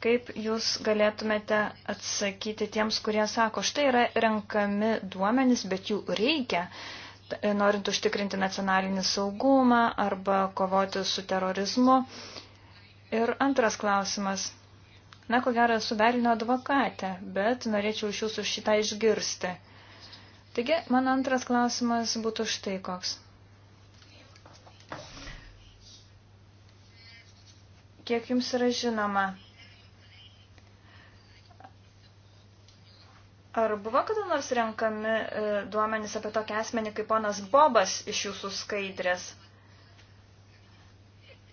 kaip jūs galėtumėte atsakyti tiems, kurie sako, štai yra renkami duomenys, bet jų reikia, norint užtikrinti nacionalinį saugumą arba kovoti su terorizmu. Ir antras klausimas. Na, ko gero, esu velnio advokatė, bet norėčiau iš jūsų šitą išgirsti. Taigi, mano antras klausimas būtų štai koks. Kiek jums yra žinoma? Ar buvo kada nors renkami e, duomenys apie tokį asmenį kaip ponas Bobas iš jūsų skaidrės?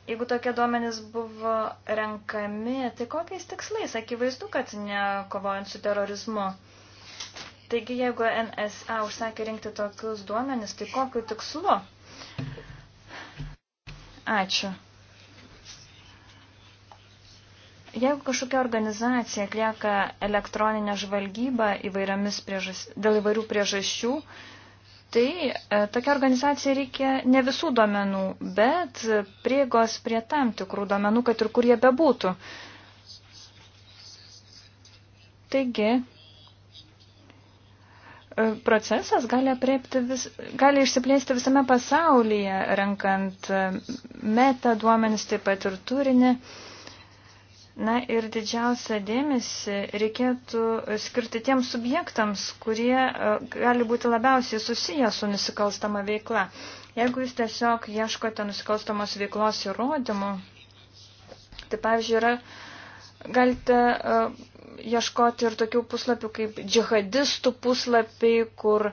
Jeigu tokie duomenys buvo renkami, tai kokiais tikslais? Akivaizdu, kad ne kovojant su terorizmu. Taigi, jeigu NSA užsakė rinkti tokius duomenis, tai kokiu tikslu? Ačiū. Jeigu kažkokia organizacija atlieka elektroninę žvalgybą priežas, dėl įvairių priežasčių, tai e, tokia organizacija reikia ne visų duomenų, bet prieigos prie tam tikrų duomenų, kad ir kur jie bebūtų. Taigi, procesas gali, vis, gali išsiplėsti visame pasaulyje, renkant e, meta duomenis, taip pat ir turinį. Na ir didžiausią dėmesį reikėtų skirti tiems subjektams, kurie e, gali būti labiausiai susiję su nusikalstama veikla. Jeigu jūs tiesiog ieškote nusikalstamos veiklos įrodymų, tai pavyzdžiui yra uh, Galite uh, ieškoti ir tokių puslapių kaip džihadistų puslapiai, kur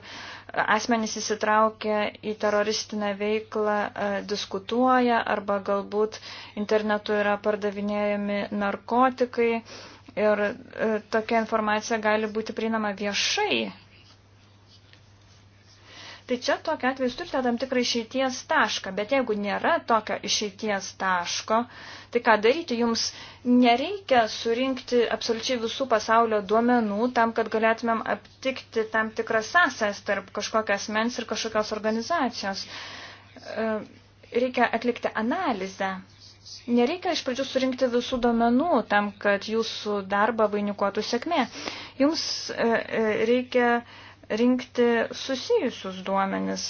asmenys įsitraukia į teroristinę veiklą, e, diskutuoja arba galbūt internetu yra pardavinėjami narkotikai ir e, tokia informacija gali būti prieinama viešai. Tai čia tokia atveju jūs turite tam tikrą išeities tašką, bet jeigu nėra tokio išeities taško, tai ką daryti, jums nereikia surinkti absoliučiai visų pasaulio duomenų tam, kad galėtumėm aptikti tam tikras sąsas tarp kažkokios mens ir kažkokios organizacijos. E, reikia atlikti analizę. Nereikia iš pradžių surinkti visų domenų tam, kad jūsų darbą vainikuotų sėkmė. Jums e, e, reikia rinkti susijusius duomenis.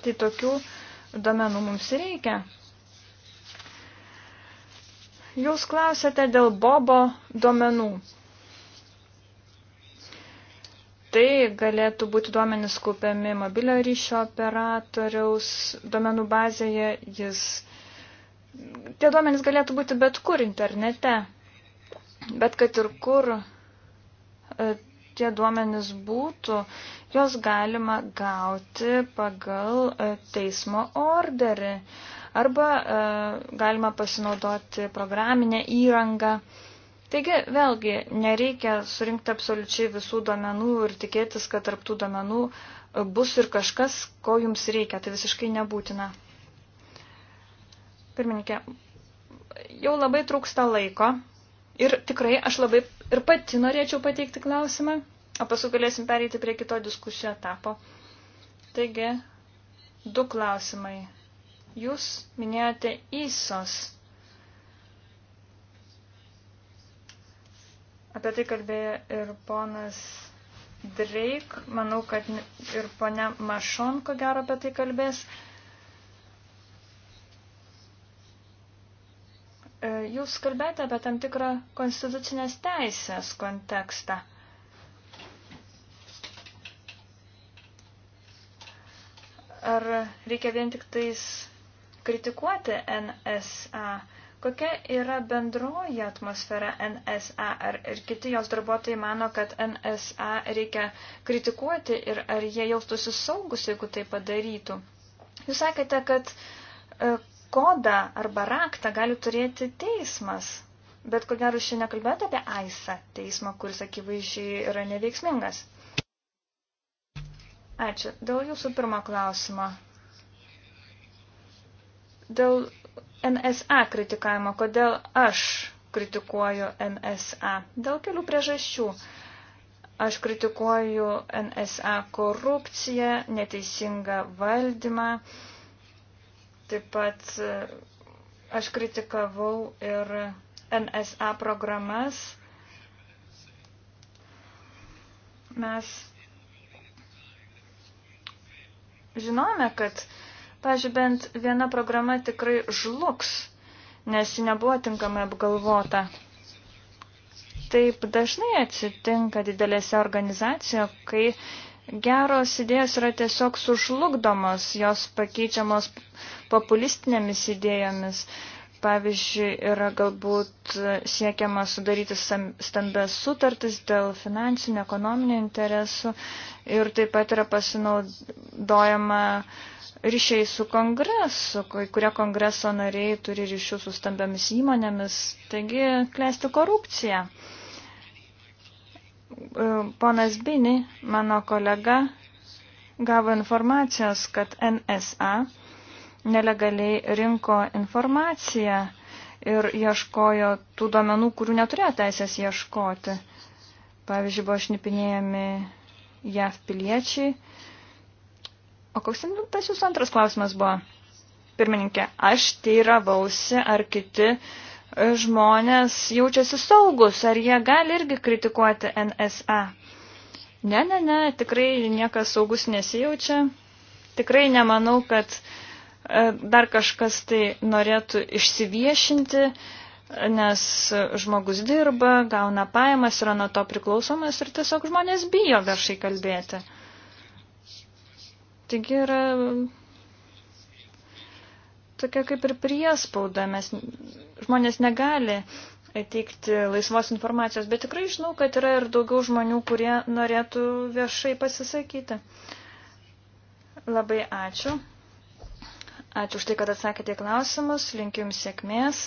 Tai tokių duomenų mums reikia. Jūs klausėte dėl Bobo duomenų. Tai galėtų būti duomenys kaupiami mobilio ryšio operatoriaus duomenų bazėje. Jis, tie duomenys galėtų būti bet kur internete. Bet kad ir kur E, tie duomenys būtų, jos galima gauti pagal e, teismo orderį arba e, galima pasinaudoti programinę įrangą. Taigi, vėlgi, nereikia surinkti absoliučiai visų duomenų ir tikėtis, kad tarptų duomenų bus ir kažkas, ko jums reikia. Tai visiškai nebūtina. Pirmininkė, jau labai trūksta laiko. Ir tikrai aš labai ir pati norėčiau pateikti klausimą, o paskui galėsim pereiti prie kito diskusijų etapo. Taigi, du klausimai. Jūs minėjote įsos. Apie tai kalbėjo ir ponas Drake, manau, kad ir ponia Mašon, ko gero, apie tai kalbės. Uh, E, jūs kalbėjote apie tam tikrą konstitucinės teisės kontekstą. Ar reikia vien tik tais kritikuoti NSA? Kokia yra bendroji atmosfera NSA? Ar ir kiti jos darbuotojai mano, kad NSA reikia kritikuoti ir ar jie jaustųsi saugus, jeigu tai padarytų? Jūs sakėte, kad e, kodą arba raktą gali turėti teismas. Bet ko gero šiandien nekalbėjote apie AISA teismą, kuris akivaizdžiai yra neveiksmingas. Ačiū. Dėl jūsų pirmo klausimo. Dėl NSA kritikavimo, kodėl aš kritikuoju NSA? Dėl kelių priežasčių. Aš kritikuoju NSA korupciją, neteisingą valdymą, uh, Taip pat e, aš kritikavau ir NSA programas. Mes žinome, kad, pažiūrėjau, bent viena programa tikrai žlugs, nes ji nebuvo tinkamai apgalvota. Taip dažnai atsitinka didelėse organizacijoje, kai Geros idėjos yra tiesiog sužlugdomos, jos pakeičiamos populistinėmis idėjomis. Pavyzdžiui, yra galbūt siekiama sudaryti stambės sutartis dėl finansinių, ekonominių interesų ir taip pat yra pasinaudojama ryšiai su kongresu, kai kurie kongreso nariai turi ryšių su stambiamis įmonėmis, taigi klesti korupcija. E, ponas Bini, mano kolega, gavo informacijos, kad NSA nelegaliai rinko informaciją ir ieškojo tų duomenų, kurių neturėjo teisės ieškoti. Pavyzdžiui, buvo šnipinėjami JAV piliečiai. O koks tas jūsų antras klausimas buvo? Pirmininkė, aš teiravausi, ar kiti uh, žmonės jaučiasi saugus, ar jie gali irgi kritikuoti NSA. Ne, ne, ne, tikrai niekas saugus nesijaučia. Tikrai nemanau, kad e, dar kažkas tai norėtų išsiviešinti, nes žmogus dirba, gauna pajamas, yra nuo to priklausomas ir tiesiog žmonės bijo viešai kalbėti. Taigi yra tokia kaip ir priespauda. Mes, žmonės negali teikti laisvos informacijos, bet tikrai žinau, kad yra ir daugiau žmonių, kurie norėtų viešai pasisakyti. Labai ačiū. Ačiū už tai, kad atsakėte klausimus. Linkiu Jums sėkmės.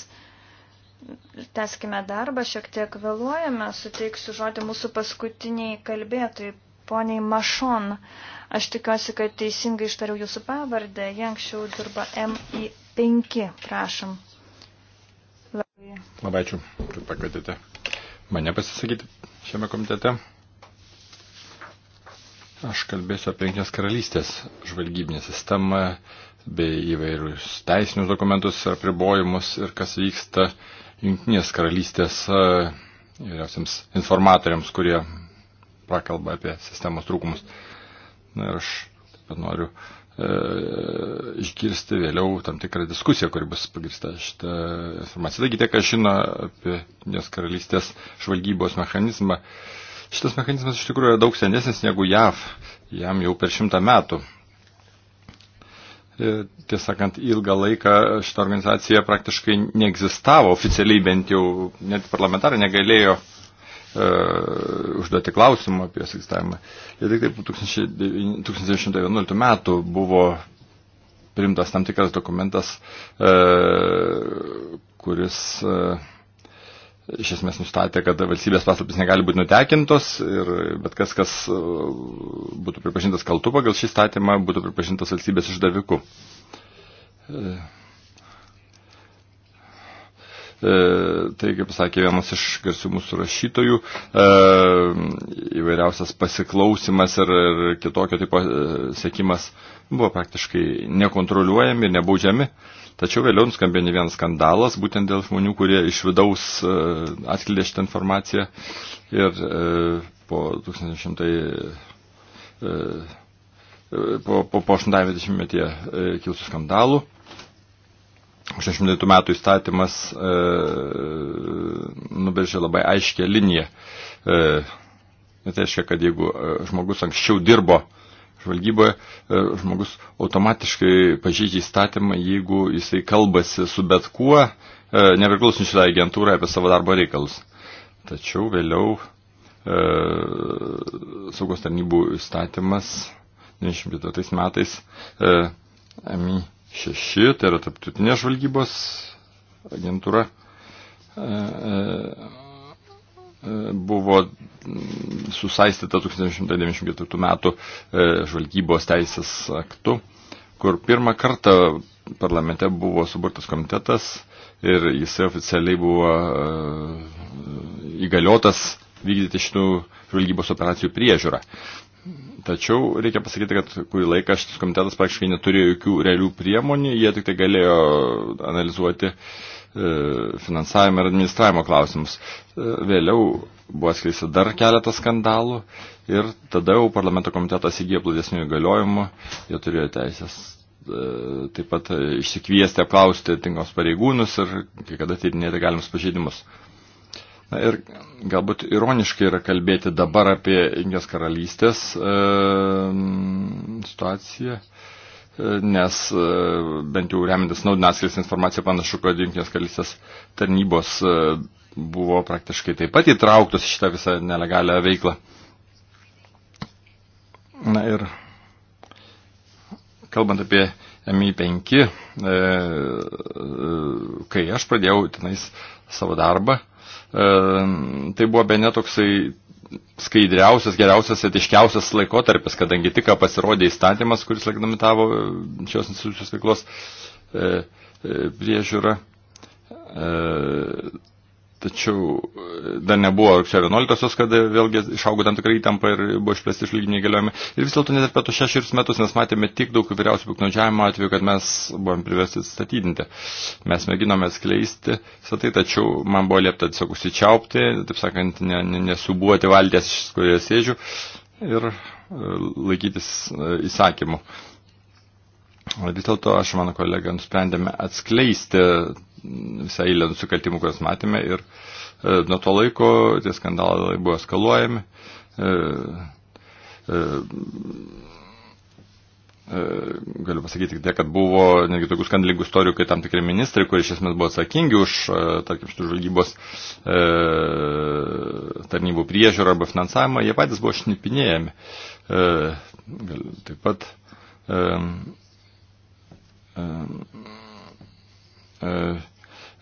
Teskime darbą, šiek tiek vėluojame. Suteiksiu žodį mūsų paskutiniai kalbėtojai, poniai Mašon. Aš tikiuosi, kad teisingai ištariau Jūsų pavardę. Jie anksčiau dirba MIA. 5, prašom. Labai. Labai ačiū, kad pakvietėte mane pasisakyti šiame komitete. Aš kalbėsiu apie Junktinės karalystės žvalgybinę sistemą bei įvairius teisinius dokumentus ir pribojimus ir kas vyksta Junktinės karalystės e, įvairiausiams informatoriams, kurie prakalba apie sistemos trūkumus. Na ir aš taip pat noriu E, išgirsti vėliau tam tikrą diskusiją, kuri bus pagrįsta šitą informaciją. Taigi tiek aš žino apie Nes karalystės žvalgybos mechanizmą. Šitas mechanizmas iš tikrųjų yra daug senesnis negu JAV, jam jau per šimtą metų. E, Tiesąkant, ilgą laiką šitą organizaciją praktiškai neegzistavo oficialiai, bent jau net parlamentarai negalėjo uh, E, užduoti klausimą apie jos egzistavimą. Ir tik taip 1911 metų buvo priimtas tam tikras dokumentas, e, kuris e, iš esmės nustatė, kad valstybės paslaptis negali būti nutekintos ir bet kas, kas būtų pripažintas kaltu pagal šį statymą, būtų pripažintas valstybės išdaviku. E, tai kaip sakė vienas iš garsių mūsų rašytojų, e, įvairiausias pasiklausimas ir, ir kitokio tipo e, sėkimas buvo praktiškai nekontroliuojami ir nebaudžiami. Tačiau vėliau nuskambė ne vienas skandalas, būtent dėl žmonių, kurie iš vidaus atskleidė šitą informaciją. Ir po 1100 po, po, po 80 metie kilusių skandalų. 62 metų įstatymas e, nubežė labai aiškę liniją. E, tai reiškia, kad jeigu e, žmogus anksčiau dirbo žvalgyboje, e, žmogus automatiškai pažeidžia įstatymą, jeigu jisai kalbasi su bet kuo, e, nepriklausančiu tai agentūrai apie savo darbo reikalus. Tačiau vėliau e, saugos tarnybų įstatymas 94 metais e, 6, tai yra taptutinė žvalgybos agentūra, e, e, e, buvo susaistyta 1994 metų žvalgybos teisės aktu, kur pirmą kartą parlamente buvo suburtas komitetas ir jisai oficialiai buvo įgaliotas vykdyti šitų žvalgybos operacijų priežiūrą. Tačiau reikia pasakyti, kad kurį laiką šitas komitetas praktiškai neturėjo jokių realių priemonių, jie tik tai galėjo analizuoti e, finansavimo ir administravimo klausimus. E, vėliau buvo atskleista dar keletas skandalų ir tada jau parlamento komitetas įgyjo platesnių įgaliojimų, jie turėjo teisės e, taip pat išsikviesti, apklausti tinkamos pareigūnus ir kai kada tyrinėti galimus pažeidimus. E, Na ir galbūt ironiškai yra kalbėti dabar apie Indijos karalystės ehm, e, situaciją, nes e, bent jau remintis naudinaskės informaciją panašu, kad Indijos karalystės tarnybos e, buvo praktiškai taip pat įtrauktos šitą visą nelegalią veiklą. Na ir kalbant apie MI5, e, e, kai aš pradėjau tenais savo darbą, e, E, tai buvo be netoksai skaidriausias, geriausias, etiškiausias laikotarpis, kadangi tik pasirodė įstatymas, kuris reglamentavo e, šios institucijos veiklos e, priežiūrą. Tačiau e, dar nebuvo rugsėjo 11-osios, kada vėlgi išaugo tam tikrai įtampa ir buvo išplėsti išlyginiai galiojami. Ir vis dėlto net per tos šešerius metus mes matėme tik daug įvairiausių piknaudžiavimo atvejų, kad mes buvom priversti atstatydinti. Mes mėginome skleisti visą tai, tačiau man buvo liepta tiesiog užsičiaupti, taip sakant, ne, ne, nesubuoti valdės, iš kurioje sėdžiu ir e, laikytis e, įsakymų. Vis dėlto aš mano kolega nusprendėme atskleisti visą eilę nusikaltimų, kurias matėme ir e, nuo to laiko tie skandalai buvo eskaluojami. E, e, e, galiu pasakyti tik tiek, kad buvo netgi tokių skandalingų istorijų, kai tam tikri ministrai, kurie iš esmės buvo atsakingi už, e, tarkim, šitų žvalgybos e, tarnybų priežiūrą arba finansavimą, jie patys buvo šnipinėjami. E, taip pat e, e, e,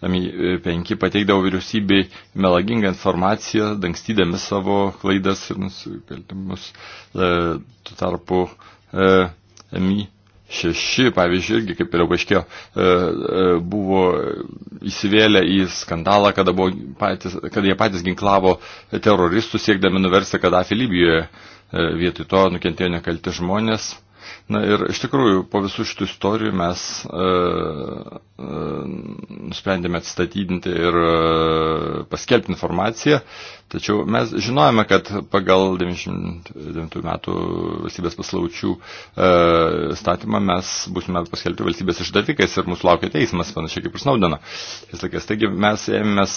5 e, pateikdavo vyriausybei melagingą informaciją, dangstydami savo klaidas ir nusikaltimus. E, tuo tarpu e, MI 6, pavyzdžiui, irgi, kaip ir paaiškėjo, buvo įsivėlę į skandalą, kada, buvo patys, kada jie patys ginklavo teroristus siekdami nuversti Kadafį Libijoje. Vietoj to nukentėjo nekalti žmonės Na ir iš tikrųjų, po visų šitų istorijų mes nusprendėme e, e, atstatydinti ir e, paskelbti informaciją, tačiau mes žinojame, kad pagal 99 metų valstybės paslaučių e, statymą mes būsime paskelbti valstybės išdavikais ir mūsų laukia teismas, panašiai kaip ir Snaudena. Taigi mes ėmėmės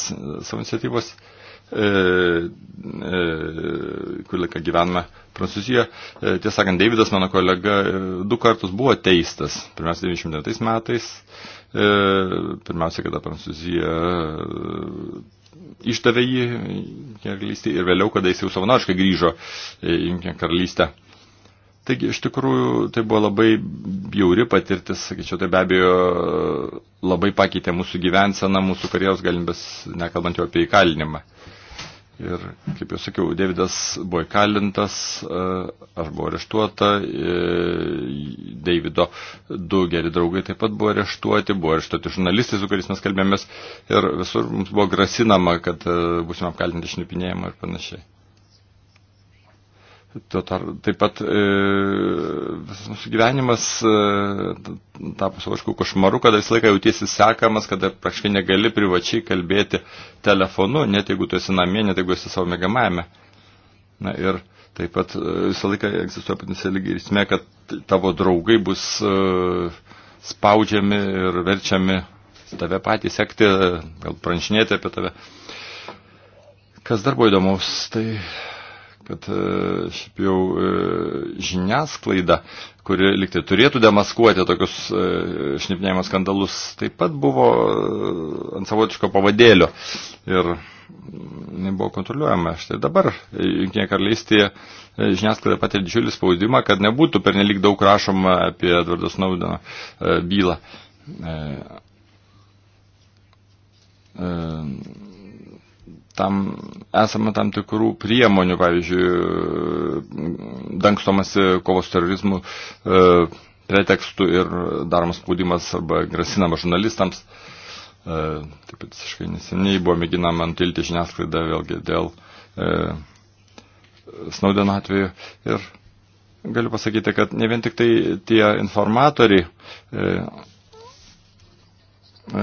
savo iniciatyvos E, e, kur laiką gyvename Prancūzijoje. E, tiesą sakant, Davidas, mano kolega, du kartus buvo teistas. Pirmiausia, 99 metais. Pirmiausia, kada Prancūzija išdavė jį karalystį ir vėliau, kada jis jau savanoriškai grįžo į karalystę. Taigi, iš tikrųjų, tai buvo labai bjauri patirtis, sakyčiau, tai be abejo labai pakeitė mūsų gyvenseną, mūsų karjeros galimybės, nekalbant jau apie įkalinimą. E, Ir, kaip jau sakiau, Davidas buvo įkalintas e, ar buvo areštuota, e, Davido du geri draugai taip pat buvo areštuoti, buvo areštuoti žurnalistai, su kuriais mes kalbėjomės ir visur mums buvo grasinama, kad e, būsime apkaltinti šnipinėjimą ir panašiai. Taip pat e, visas mūsų gyvenimas e, tapo savašku košmaru, kada visą laiką jautiesi sekamas, kada praktiškai negali privačiai kalbėti telefonu, net jeigu tu esi namie, net jeigu esi savo mėgamajame. Na ir taip pat e, visą laiką egzistuoja potencialiai grėsmė, kad tavo draugai bus spaudžiami ir verčiami tave patį sekti, gal pranešinėti apie tave. Kas dar buvo įdomaus, tai kad e, šiaip jau e, žiniasklaida, kuri liktai turėtų demaskuoti tokius e, šnipinėjimo skandalus, taip pat buvo ant savotiško pavadėlio ir nebuvo kontroliuojama. Štai dabar Junkinė karalystėje žiniasklaida patiria didžiulį spaudimą, kad nebūtų per nelik daug rašoma apie Edvardo Snaudino bylą tam esame tam tikrų priemonių, pavyzdžiui, dangstomasi kovos terorizmų e, pretekstų ir daromas spaudimas arba grasinama žurnalistams. E, taip pat visiškai neseniai buvo mėginama antilti žiniasklaidą vėlgi dėl e, Snauden atveju. Ir galiu pasakyti, kad ne vien tik tai tie informatoriai e, E,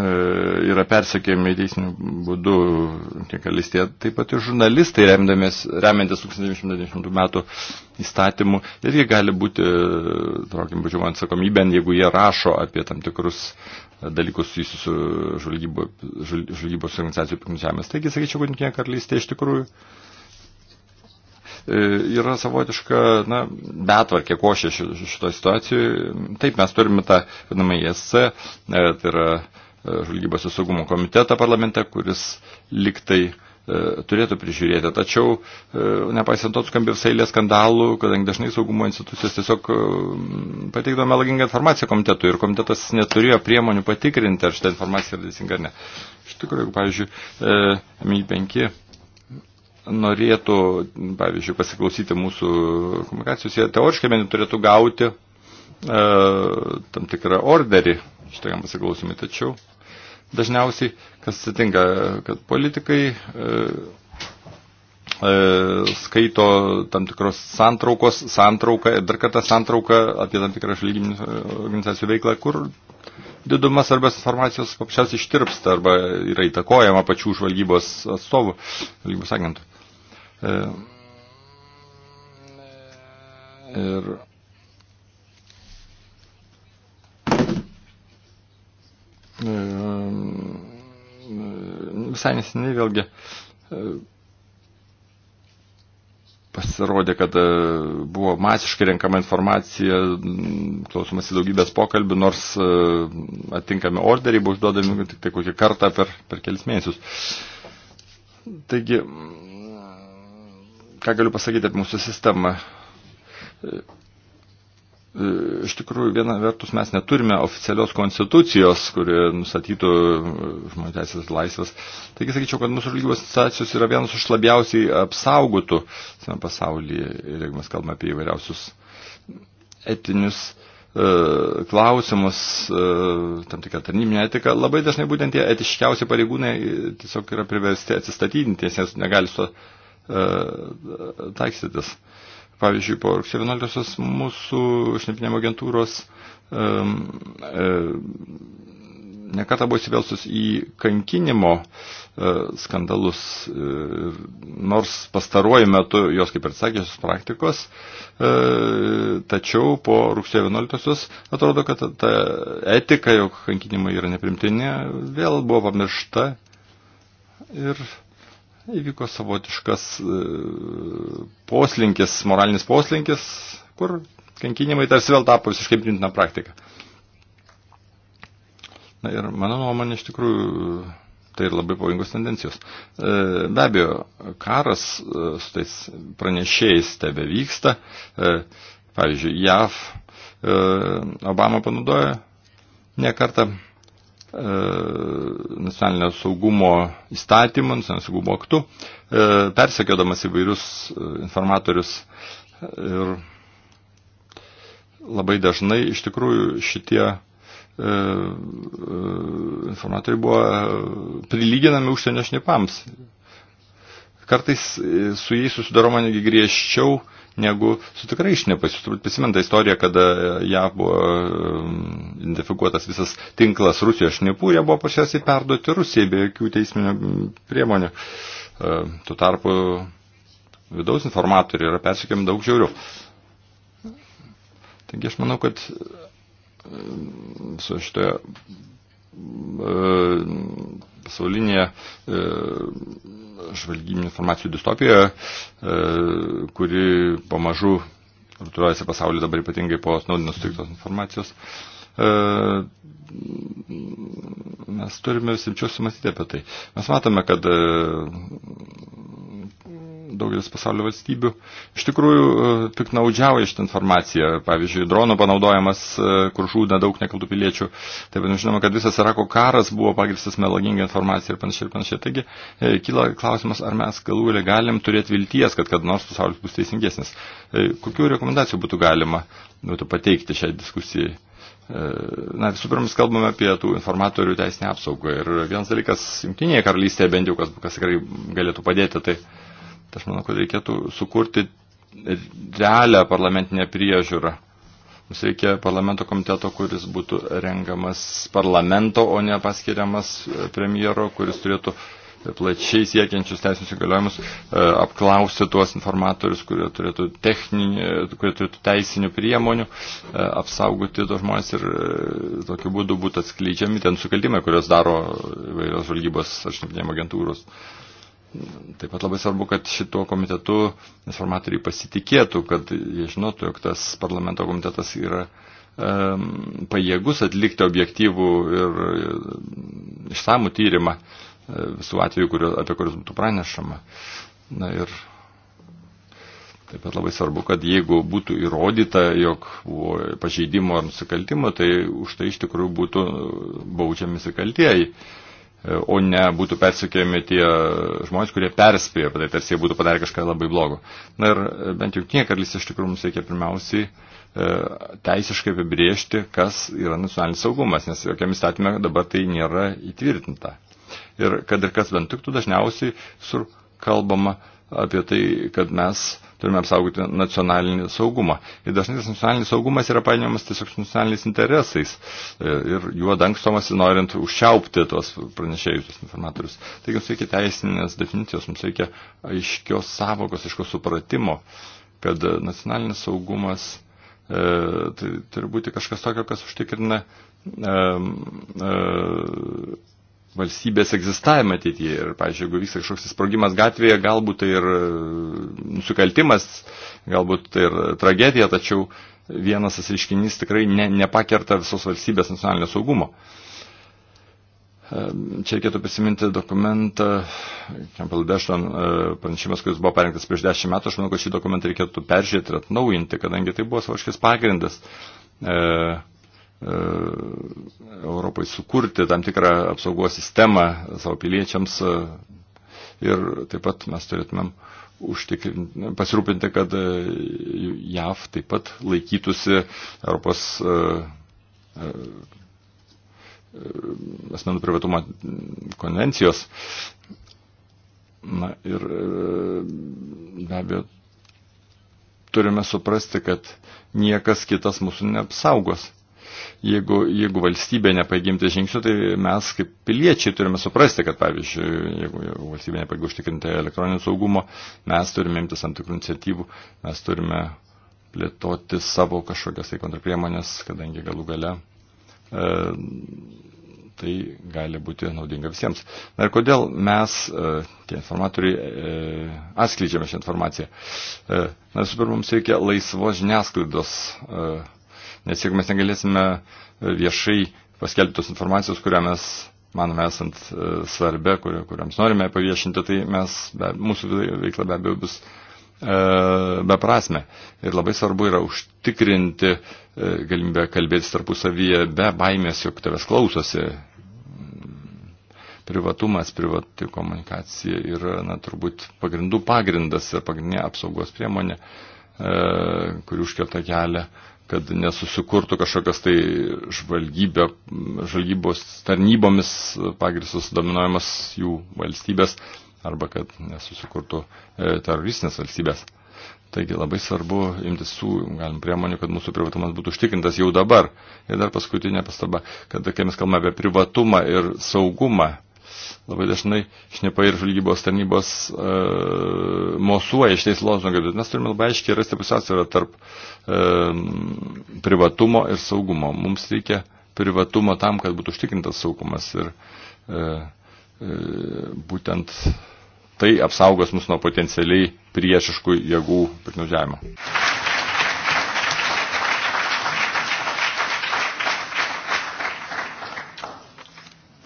yra persekėjami teisinių būdų tiek alistė, taip pat ir žurnalistai remiantis 1990 metų įstatymų irgi gali būti, e, traukim, būčiau atsakomybę, jeigu jie rašo apie tam tikrus e, dalykus susijusius su žvalgybo, žvalgybos organizacijų piknučiavimas. Taigi, sakyčiau, kad Junktinė karalystė iš tikrųjų yra savotiška, na, betvarkė košė šitoje situacijoje. Taip, mes turime tą, vadinamą, ESC, tai yra E, žvalgybos ir saugumo komitetą parlamente, kuris liktai e, turėtų prižiūrėti. Tačiau, e, nepaisant to, skambė visai eilė skandalų, kadangi dažnai saugumo institucijos tiesiog pateikdavo melagingą informaciją komitetui ir komitetas neturėjo priemonių patikrinti, ar šitą informaciją yra teisinga ar ne. Iš tikrųjų, jeigu, pavyzdžiui, MI5 norėtų, pavyzdžiui, pasiklausyti mūsų komunikacijos, jie teoriškai bent turėtų gauti e, tam tikrą orderį šitą pasiklausimą. Tačiau dažniausiai, kas atsitinka, kad politikai e, e, skaito tam tikros santraukos, santrauką, dar kartą santrauką apie tam tikrą šalyginių e, organizacijų veiklą, kur didumas arba informacijos paprasčiausiai ištirpsta arba yra įtakojama pačių žvalgybos atstovų, žvalgybos agentų. E, ir Ehm, visai nesiniai vėlgi ehm, pasirodė, kad ehm, buvo masiškai renkama informacija, klausomasi daugybės pokalbių, nors atinkami orderiai buvo užduodami tik tai kokį kartą per, per kelis mėnesius. Taigi, ką galiu pasakyti apie mūsų sistemą? iš tikrųjų viena vertus mes neturime oficialios konstitucijos, kuri nustatytų e, žmonių teisės laisvės. Taigi sakyčiau, kad mūsų žvalgybos institucijos yra vienas iš labiausiai apsaugotų visame pasaulyje, ir jeigu mes kalbame apie įvairiausius etinius e, klausimus, e, tam tikrą tarnybinę etiką, labai dažnai būtent tie etiškiausi pareigūnai e, tiesiog yra priversti atsistatydinti, nes negali su to e, taiksytis. E, Pavyzdžiui, po rugsėjo 11 mūsų šnipinėmo agentūros um, e, nekata buvo įsivelsus į kankinimo e, skandalus, e, nors pastaruoju metu jos kaip ir sakėsios praktikos, e, tačiau po rugsėjo 11-osios atrodo, kad ta, ta etika, jog kankinimai yra neprimtini, vėl buvo pamiršta ir įvyko savotiškas e, poslinkis, moralinis poslinkis, kur kankinimai tarsi vėl tapo visiškai priimtina praktika. Na ir mano nuomonė iš tikrųjų tai ir labai pavojingos tendencijos. E, be abejo, karas e, su tais pranešėjais tebe vyksta. Pavyzdžiui, JAV Obama panaudoja ne kartą E, nacionalinio saugumo įstatymų, nacionalinio saugumo aktų, e, persekiodamas įvairius e, informatorius ir labai dažnai iš tikrųjų šitie informatoriai buvo prilyginami užsienio šnipams. Kartais su jais susidaroma negi griežčiau negu su tikrai išnipais. Jūs prisimenate istoriją, kada e, ją buvo e, identifikuotas visas tinklas Rusijos šnipų, jie buvo pašiasi perduoti Rusijai be jokių teisminių priemonių. E, tuo tarpu vidaus informatoriai yra persikėmi daug žiaurių. Taigi aš manau, kad su šitoje pasaulinėje žvalgybinių informacijų distopijoje, kuri pamažu rutuliuojasi pasaulyje dabar ypatingai po Snowdino sutiktos informacijos. E, mes turime simčiau sumastyti apie tai. Mes matome, kad e, daugelis pasaulio valstybių iš tikrųjų e, piknaudžiauja šitą informaciją. Pavyzdžiui, dronų panaudojamas, e, kur žūda daug nekaltų piliečių. Taip pat žinoma, kad visas Irako karas buvo pagristas melaginga informacija ir panašiai ir panašiai. Taigi, e, kyla klausimas, ar mes galų galia galim turėti vilties, kad kad nors pasaulis bus teisingesnis. Kokių rekomendacijų būtų galima būtų pateikti šiai diskusijai? Na, visų pirma, mes kalbame apie tų informatorių teisinę apsaugą. Ir vienas dalykas, jungtinėje karalystėje bent jau, kas, kas tikrai galėtų padėti, tai Tai aš manau, kad reikėtų sukurti realią parlamentinę priežiūrą. Mums reikia parlamento komiteto, kuris būtų rengiamas parlamento, o ne paskiriamas e, premjero, kuris turėtų plačiai siekiančius teisinius įgaliojimus e, apklausti tuos informatorius, kurie turėtų, techninį, e, kurie turėtų teisinių priemonių, apsaugoti tos žmonės ir tokiu būdu būtų atskleidžiami ten sukeldimai, kurios daro įvairios žvalgybos ar šnipinėjimo agentūros. Uh, Taip pat labai svarbu, kad šituo komitetu informatoriai pasitikėtų, kad jie žinotų, jog tas parlamento komitetas yra um, pajėgus atlikti objektyvų ir e, išsamų tyrimą e, visų atvejų, kurio, apie kurius būtų pranešama. Na ir Taip pat labai svarbu, kad jeigu būtų įrodyta, jog buvo pažeidimo ar nusikaltimo, tai už tai iš tikrųjų būtų baudžiami nusikaltieji. E, o ne būtų persikėjami tie žmonės, kurie perspėjo, tai tarsi jie būtų padarę kažką labai blogo. Na ir e, bent jau kiek karalystė iš tikrųjų mums reikia pirmiausiai e, teisiškai apibriežti, kas yra nacionalinis saugumas, nes jokiam įstatymė dabar tai nėra įtvirtinta. Ir kad ir kas bent tiktų, dažniausiai sur kalbama apie tai, kad mes uh, turime apsaugoti nacionalinį saugumą. Ir dažnai tas nacionalinis saugumas yra painiamas tiesiog su nacionaliniais interesais e, ir juo dangstomasi norint užčiaupti tuos pranešėjus, tuos informatorius. Taigi mums reikia teisinės definicijos, mums reikia aiškios savokos, aiškios supratimo, kad nacionalinis saugumas e, tai turi būti kažkas tokio, kas užtikrina e, e, valstybės egzistavimą ateityje. Ir, pavyzdžiui, jeigu vyksta kažkoks sprogimas gatvėje, galbūt tai ir e, nusikaltimas, galbūt tai ir tragedija, tačiau vienas tas reiškinys tikrai ne, nepakerta visos valstybės nacionalinio saugumo. E, čia reikėtų prisiminti dokumentą, Campbell Dešton e, pranešimas, kuris buvo parengtas prieš dešimt metų, aš manau, kad šį dokumentą reikėtų peržiūrėti ir atnaujinti, kadangi tai buvo savaškis pagrindas. E, E, Europai sukurti tam tikrą apsaugos sistemą savo piliečiams e, ir taip pat mes turėtumėm pasirūpinti, kad e, JAV taip pat laikytųsi Europos asmenų privatumo konvencijos. Na ir be abejo, turime suprasti, kad niekas kitas mūsų neapsaugos jeigu, jeigu valstybė nepaigimti žingsnių, tai mes kaip piliečiai turime suprasti, kad pavyzdžiui, jeigu, jeigu valstybė nepaigų užtikrinti elektroninio saugumo, mes turime imtis tam tikrų iniciatyvų, mes turime plėtoti savo kažkokias tai kontrapriemonės, kadangi galų gale e, tai gali būti naudinga visiems. Na ir kodėl mes, e, tie informatoriai, e, atskleidžiame šią informaciją? E, na, visų pirma, mums reikia laisvos žiniasklaidos. E, Nes jeigu mes negalėsime e, viešai paskelbti tos informacijos, kurią mes manome esant e, svarbia, kur, kuriams norime paviešinti, tai mes, be, mūsų veikla be abejo bus e, beprasme. Ir labai svarbu yra užtikrinti galimybę kalbėtis tarpusavyje be baimės, jog tavęs klausosi. Privatumas, privati komunikacija yra, na, turbūt pagrindų pagrindas ir pagrindinė apsaugos priemonė, kuri užkerta kelią kad nesusikurtų kažkokios tai žvalgybė, žvalgybos tarnybomis pagrisus dominuojamas jų valstybės arba kad nesusikurtų e, teroristinės valstybės. Taigi labai svarbu imtis tų galim priemonių, kad mūsų privatumas būtų užtikrintas jau dabar. Ir dar paskutinė pastaba, kad kai mes kalbame apie privatumą ir saugumą, labai dažnai šnipai ir žvalgybos tarnybos e, mosuoja šitais lozungais, bet mes turime labai aiškiai rasti pusiausvyrą tarp e, privatumo ir saugumo. Mums reikia privatumo tam, kad būtų užtikrintas saugumas ir e, e, būtent tai apsaugos mus nuo potencialiai priešiškų jėgų piknaudžiavimo.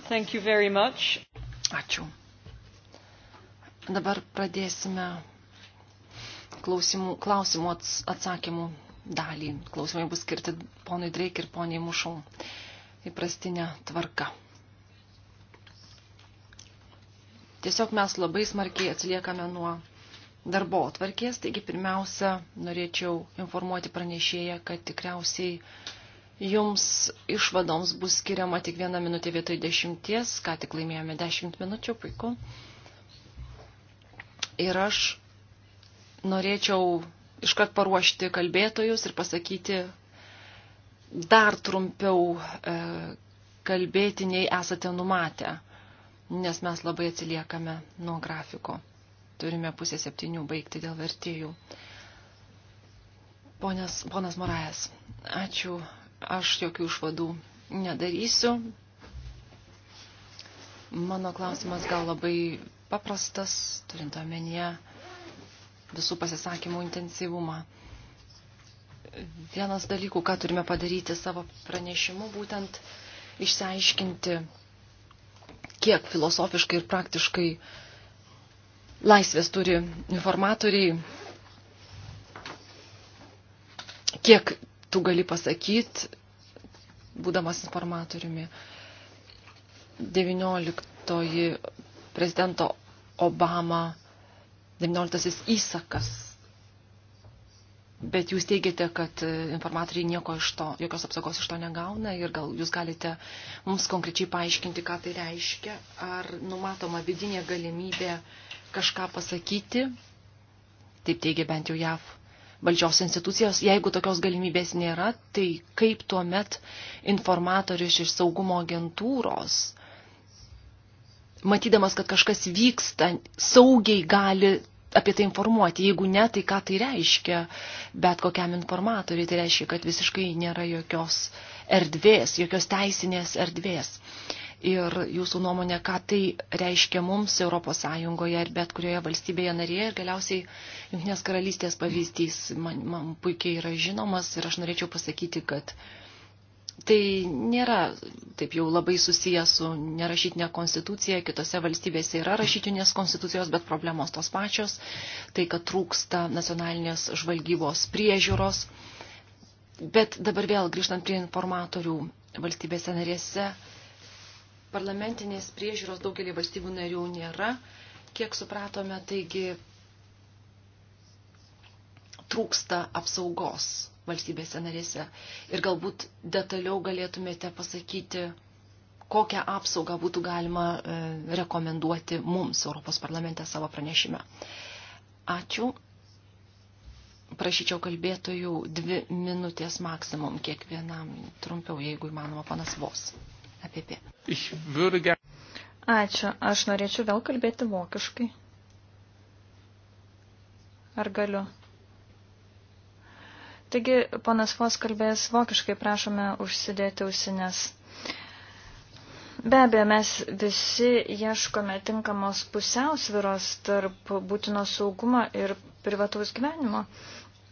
Thank you very much. Ačiū. Dabar pradėsime klausimų, klausimų ats, atsakymų dalį. Klausimai bus skirti ponui Dreik ir poniai Mušau įprastinė tvarka. Tiesiog mes labai smarkiai atsiliekame nuo darbo atvarkės, taigi pirmiausia norėčiau informuoti pranešėją, kad tikriausiai Jums išvadoms bus skiriama tik viena minutė vietoj dešimties, ką tik laimėjome dešimt minučių, puiku. Ir aš norėčiau iškart paruošti kalbėtojus ir pasakyti dar trumpiau e, kalbėti, nei esate numatę, nes mes labai atsiliekame nuo grafiko. Turime pusę septynių baigti dėl vertėjų. Ponas, ponas Morajas, ačiū Aš jokių išvadų nedarysiu. Mano klausimas gal labai paprastas, turint omenyje visų pasisakymų intensyvumą. Vienas dalykų, ką turime padaryti savo pranešimu, būtent išsiaiškinti, kiek filosofiškai ir praktiškai laisvės turi informatoriai, kiek tu gali pasakyti, būdamas informatoriumi. 19 prezidento Obama 19 įsakas. Bet jūs teigiate, kad informatoriai nieko iš to, jokios apsaugos iš to negauna ir gal jūs galite mums konkrečiai paaiškinti, ką tai reiškia, ar numatoma vidinė galimybė kažką pasakyti, taip teigia bent jau JAV valdžios institucijos. Jeigu tokios galimybės nėra, tai kaip tuomet informatorius iš saugumo agentūros, matydamas, kad kažkas vyksta, saugiai gali apie tai informuoti. Jeigu ne, tai ką tai reiškia bet kokiam informatoriui, tai reiškia, kad visiškai nėra jokios erdvės, jokios teisinės erdvės. Uh, ir jūsų nuomonė, ką tai reiškia mums ES ir bet kurioje valstybėje narėje ir galiausiai Junktinės karalystės pavyzdys man, man puikiai yra žinomas ir aš norėčiau pasakyti, kad tai nėra taip jau labai susiję su nerašytinė konstitucija, kitose valstybėse yra rašytinės konstitucijos, bet problemos tos pačios, tai kad trūksta nacionalinės žvalgybos priežiūros. Bet dabar vėl grįžtant prie informatorių valstybėse narėse, parlamentinės priežiūros daugelį valstybių narių nėra, kiek supratome, taigi trūksta apsaugos valstybėse narėse. Ir galbūt detaliau galėtumėte pasakyti, kokią apsaugą būtų galima e, rekomenduoti mums Europos parlamente savo pranešime. Ačiū. Prašyčiau kalbėtojų dvi minutės maksimum kiekvienam, trumpiau, jeigu įmanoma, panas vos. APP. Ačiū. Aš norėčiau vėl kalbėti vokiškai. Ar galiu? Taigi, ponas Fos kalbės vokiškai, prašome užsidėti ausines. Be abejo, mes visi ieškome tinkamos pusiausviros tarp būtino saugumo ir privataus gyvenimo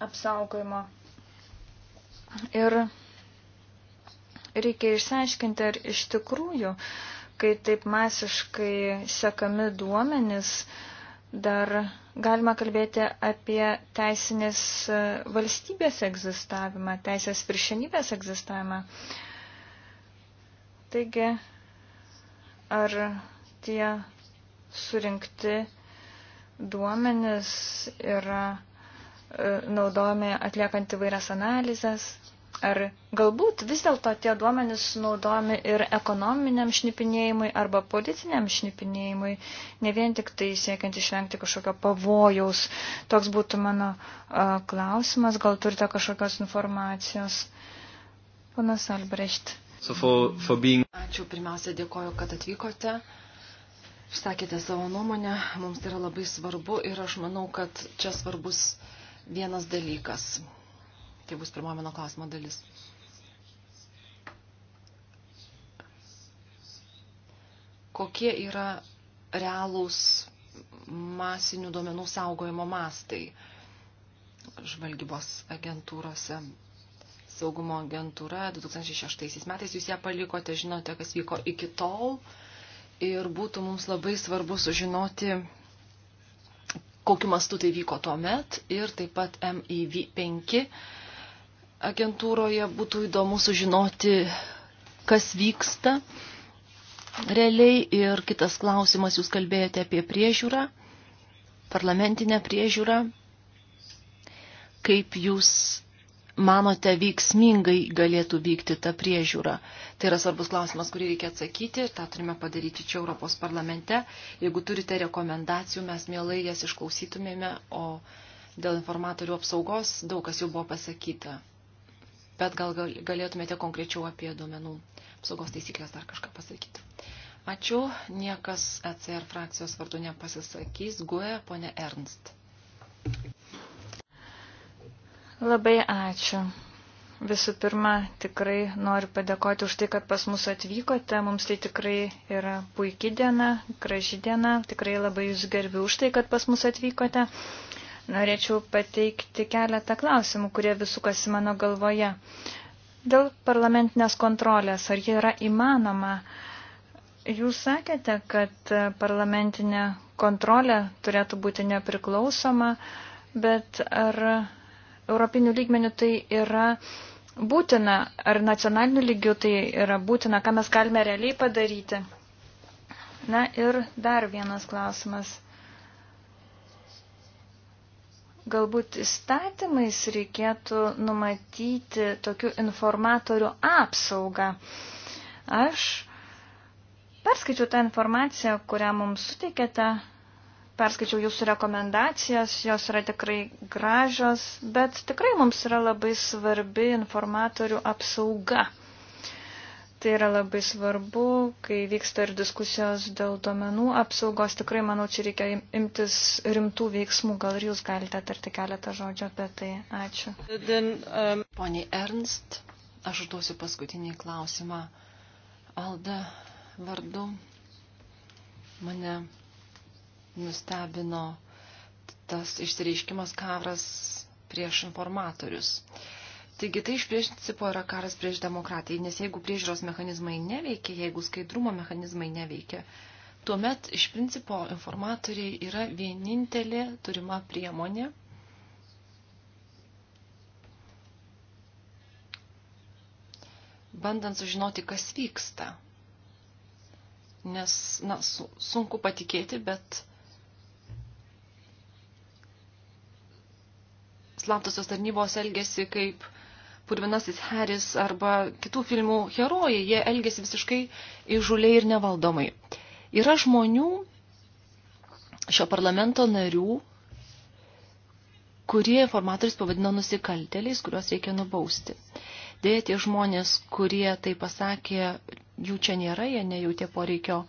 apsaugojimo. Ir Reikia išsiaiškinti, ar iš tikrųjų, kai taip masiškai sekami duomenys, dar galima kalbėti apie teisinės valstybės egzistavimą, teisės viršenybės egzistavimą. Taigi, ar tie surinkti duomenis yra e, naudojami atliekant įvairias analizės. Ar galbūt vis dėlto tie duomenys naudojami ir ekonominiam šnipinėjimui arba politiniam šnipinėjimui, ne vien tik tai siekiant išvengti kažkokio pavojaus. Toks būtų mano uh, klausimas, gal turite kažkokios informacijos. Panas Albrecht. So for, for being... Ačiū, pirmiausia, dėkoju, kad atvykote. Išsakėte savo nuomonę, mums tai yra labai svarbu ir aš manau, kad čia svarbus vienas dalykas Tai bus pirmoji mano klausimo dalis. Kokie yra realūs masinių duomenų saugojimo mastai žvalgybos agentūrose? Saugumo agentūra 2006 metais jūs ją palikote, žinote, kas vyko iki tol. Ir būtų mums labai svarbu sužinoti, kokiu mastu tai vyko tuo met ir taip pat MIV5 agentūroje būtų įdomu sužinoti, kas vyksta realiai. Ir kitas klausimas, jūs kalbėjote apie priežiūrą, parlamentinę priežiūrą. Kaip jūs manote, veiksmingai galėtų vykti ta priežiūra? Tai yra svarbus klausimas, kurį reikia atsakyti ir tą turime padaryti čia Europos parlamente. Jeigu turite rekomendacijų, mes mielai jas išklausytumėme, o dėl informatorių apsaugos daug kas jau buvo pasakyta bet gal galėtumėte konkrečiau apie duomenų apsaugos taisyklės dar kažką pasakyti. Ačiū, niekas ECR frakcijos vardu nepasisakys, guė ponė Ernst. Labai ačiū. Visų pirma, tikrai noriu padėkoti už tai, kad pas mus atvykote. Mums tai tikrai yra puikia diena, graži diena. Tikrai labai jūs gerbiu už tai, kad pas mus atvykote. Uh, norėčiau pateikti keletą klausimų, kurie visukasi mano galvoje. Dėl parlamentinės kontrolės, ar ji yra įmanoma? Jūs sakėte, kad parlamentinė kontrolė turėtų būti nepriklausoma, bet ar europinių lygmenių tai yra būtina, ar nacionalinių lygių tai yra būtina, ką mes galime realiai padaryti? Na ir dar vienas klausimas. Galbūt įstatymais reikėtų numatyti tokių informatorių apsaugą. Aš perskaičiau tą informaciją, kurią mums suteikėte, perskaičiau jūsų rekomendacijas, jos yra tikrai gražios, bet tikrai mums yra labai svarbi informatorių apsauga. Tai yra labai svarbu, kai vyksta ir diskusijos dėl duomenų apsaugos. Tikrai, manau, čia reikia imtis rimtų veiksmų. Gal ir jūs galite tarti keletą žodžių apie tai. Ačiū. Then, um... Pone Ernst, aš užduosiu paskutinį klausimą. Alda vardu mane nustebino tas išsireiškimas karas prieš informatorius. Uh, Taigi tai iš principo yra karas prieš demokratiją, nes jeigu priežiūros mechanizmai neveikia, jeigu skaidrumo mechanizmai neveikia, tuomet iš principo informatoriai yra vienintelė turima priemonė bandant sužinoti, kas vyksta. Nes, na, su, sunku patikėti, bet slaptosios tarnybos elgesi kaip Purvinasis Harris arba kitų filmų herojai, jie elgėsi visiškai įžuliai ir nevaldomai. Yra žmonių, šio parlamento narių, kurie informatorius pavadino nusikalteliais, kuriuos reikia nubausti. Dėja, tie žmonės, kurie tai pasakė, jų čia nėra, jie nejautė poreikio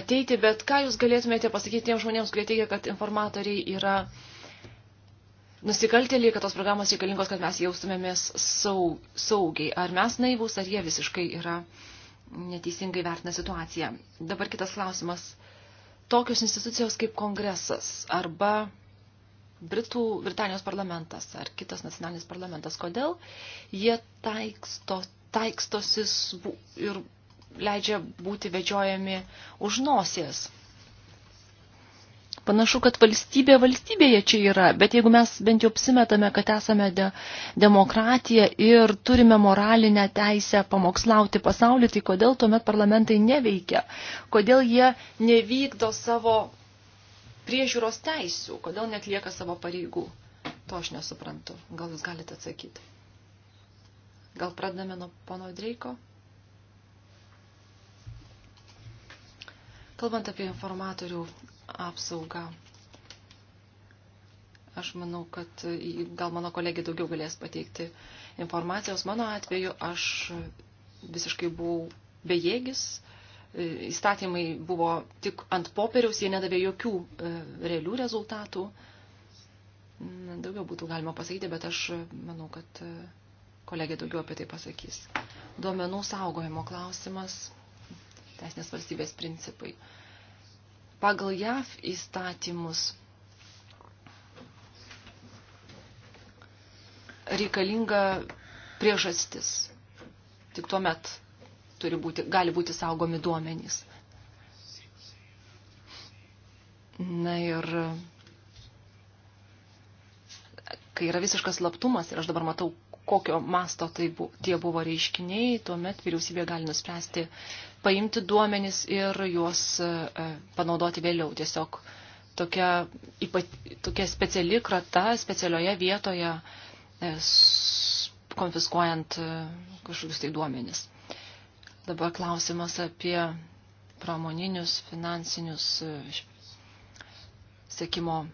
ateiti, bet ką jūs galėtumėte pasakyti tiems žmonėms, kurie teigia, kad informatoriai yra uh, nusikaltėliai, kad tos programos reikalingos, kad mes jaustumėmės saug, saugiai. Ar mes naivus, ar jie visiškai yra neteisingai vertina situaciją. Dabar kitas klausimas. Tokios institucijos kaip kongresas arba Britų, Britanijos parlamentas ar kitas nacionalinis parlamentas, kodėl jie taiksto, taikstosis bu, ir leidžia būti vedžiojami už nosies. Panašu, kad valstybė valstybėje čia yra, bet jeigu mes bent jau apsimetame, kad esame de demokratija ir turime moralinę teisę pamokslauti pasaulį, tai kodėl tuomet parlamentai neveikia? Kodėl jie nevykdo savo priežiūros teisių? Kodėl netlieka savo pareigų? To aš nesuprantu. Gal jūs galite atsakyti? Gal pradame nuo pono Dreiko? Kalbant apie informatorių apsaugą. Aš manau, kad gal mano kolegė daugiau galės pateikti informacijos. Mano atveju aš visiškai buvau bejėgis. E, įstatymai buvo tik ant popieriaus, jie nedavė jokių e, realių rezultatų. Daugiau būtų galima pasakyti, bet aš manau, kad e, kolegė daugiau apie tai pasakys. Duomenų saugojimo klausimas, teisinės valstybės principai pagal JAV įstatymus reikalinga priežastis. Tik tuomet turi būti, gali būti saugomi duomenys. Na ir kai yra visiškas slaptumas, ir aš dabar matau, kokio masto tai bu, tie buvo reiškiniai, tuomet vyriausybė gali nuspręsti paimti duomenis ir juos e, panaudoti vėliau. Tiesiog tokia, ypat, tokia speciali krata specialioje vietoje e, konfiskuojant e, kažkokius tai duomenis. Dabar klausimas apie pramoninius, finansinius sekimo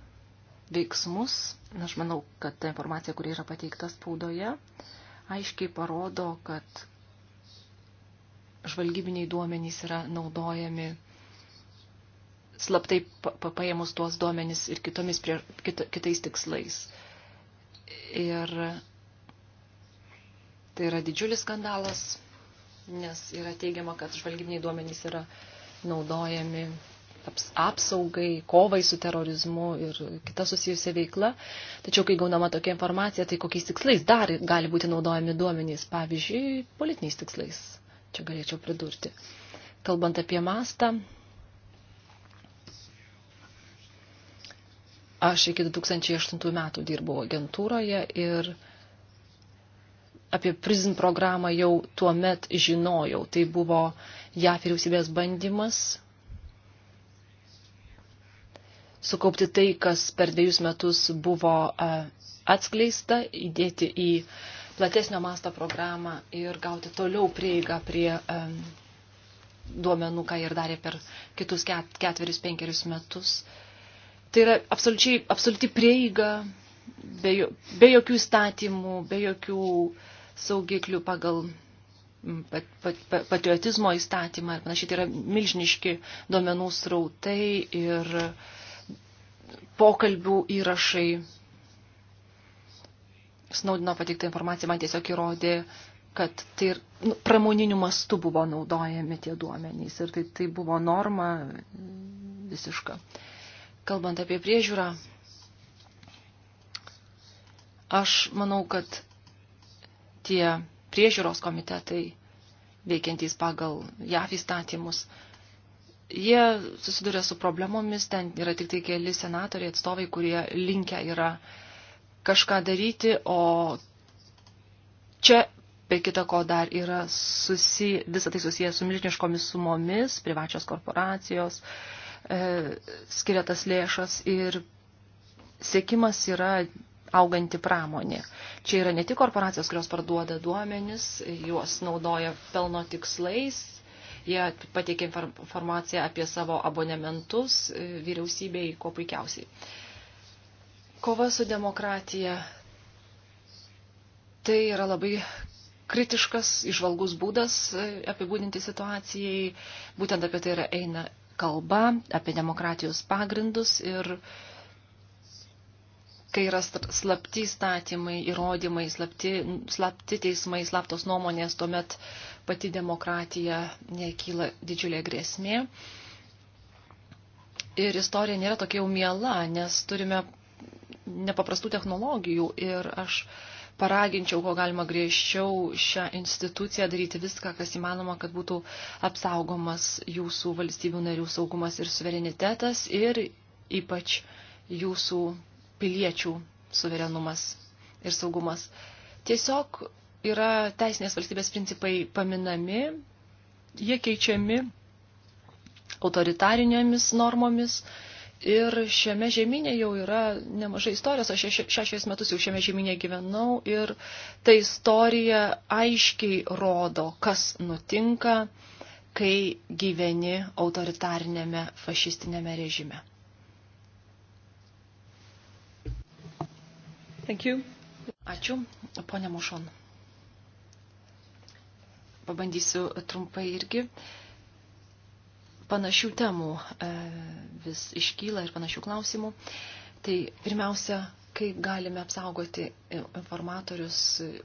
veiksmus. Aš manau, kad ta informacija, kuri yra pateikta spaudoje, aiškiai parodo, kad žvalgybiniai duomenys yra naudojami slaptai paėmus tuos duomenys ir kitomis prie, kita, kitais tikslais. Ir tai yra didžiulis skandalas, nes yra teigiama, kad žvalgybiniai duomenys yra naudojami apsaugai, kovai su terorizmu ir kita susijusia veikla. Tačiau, kai gaunama tokia informacija, tai kokiais tikslais dar gali būti naudojami duomenys, pavyzdžiui, politiniais tikslais. Čia galėčiau pridurti. Kalbant apie mastą, aš iki 2008 metų dirbau agentūroje ir apie PRISM programą jau tuo met žinojau. Tai buvo JAF vyriausybės bandymas sukaupti tai, kas per dviejus metus buvo e, atskleista, įdėti į platesnio masto programą ir gauti toliau prieigą prie e, duomenų, ką ir darė per kitus ketverius, penkerius metus. Tai yra absoliučiai, absoliuti prieiga, be, be jokių statymų, be jokių saugiklių pagal pat, pat, pat, patriotizmo įstatymą ir panašiai. Tai yra milžiniški duomenų srautai ir uh, pokalbių įrašai. Snaudino patikta informacija man tiesiog įrodė, kad tai ir nu, pramoniniu mastu buvo naudojami tie duomenys ir tai, tai buvo norma visiška. Kalbant apie priežiūrą, aš manau, kad tie priežiūros komitetai veikiantys pagal JAF įstatymus, uh, Jie susiduria su problemomis, ten yra tik tai keli senatoriai, atstovai, kurie linkia yra kažką daryti, o čia be kita ko dar yra susi, visą tai susiję su milžiniškomis sumomis, privačios korporacijos e, skiria tas lėšas ir sėkimas yra auganti pramonė. Čia yra ne tik korporacijos, kurios parduoda duomenis, juos naudoja pelno tikslais, Jie pateikė informaciją apie savo abonementus e, vyriausybei kuo puikiausiai. Kova su demokratija. Tai yra labai kritiškas, išvalgus būdas e, apibūdinti situacijai. Būtent apie tai yra eina kalba, apie demokratijos pagrindus ir kai yra slapti įstatymai, įrodymai, slapti, slapti teismai, slaptos nuomonės, tuomet pati demokratija nekyla didžiulė grėsmė. Ir istorija nėra tokia jau miela, nes turime nepaprastų technologijų ir aš paraginčiau, ko galima griežčiau šią instituciją daryti viską, kas įmanoma, kad būtų apsaugomas jūsų valstybių narių saugumas ir suverenitetas ir ypač jūsų piliečių suverenumas ir saugumas. Tiesiog yra teisinės valstybės principai paminami, jie keičiami autoritarinėmis normomis. Ir šiame žemynė jau yra nemažai istorijos, aš šešiais metus jau šiame žemynė gyvenau ir ta istorija aiškiai rodo, kas nutinka, kai gyveni autoritarnėme fašistinėme režime. Thank you. Ačiū, ponia Mušon pabandysiu trumpai irgi. Panašių temų e, vis iškyla ir panašių klausimų. Tai pirmiausia, kaip galime apsaugoti informatorius,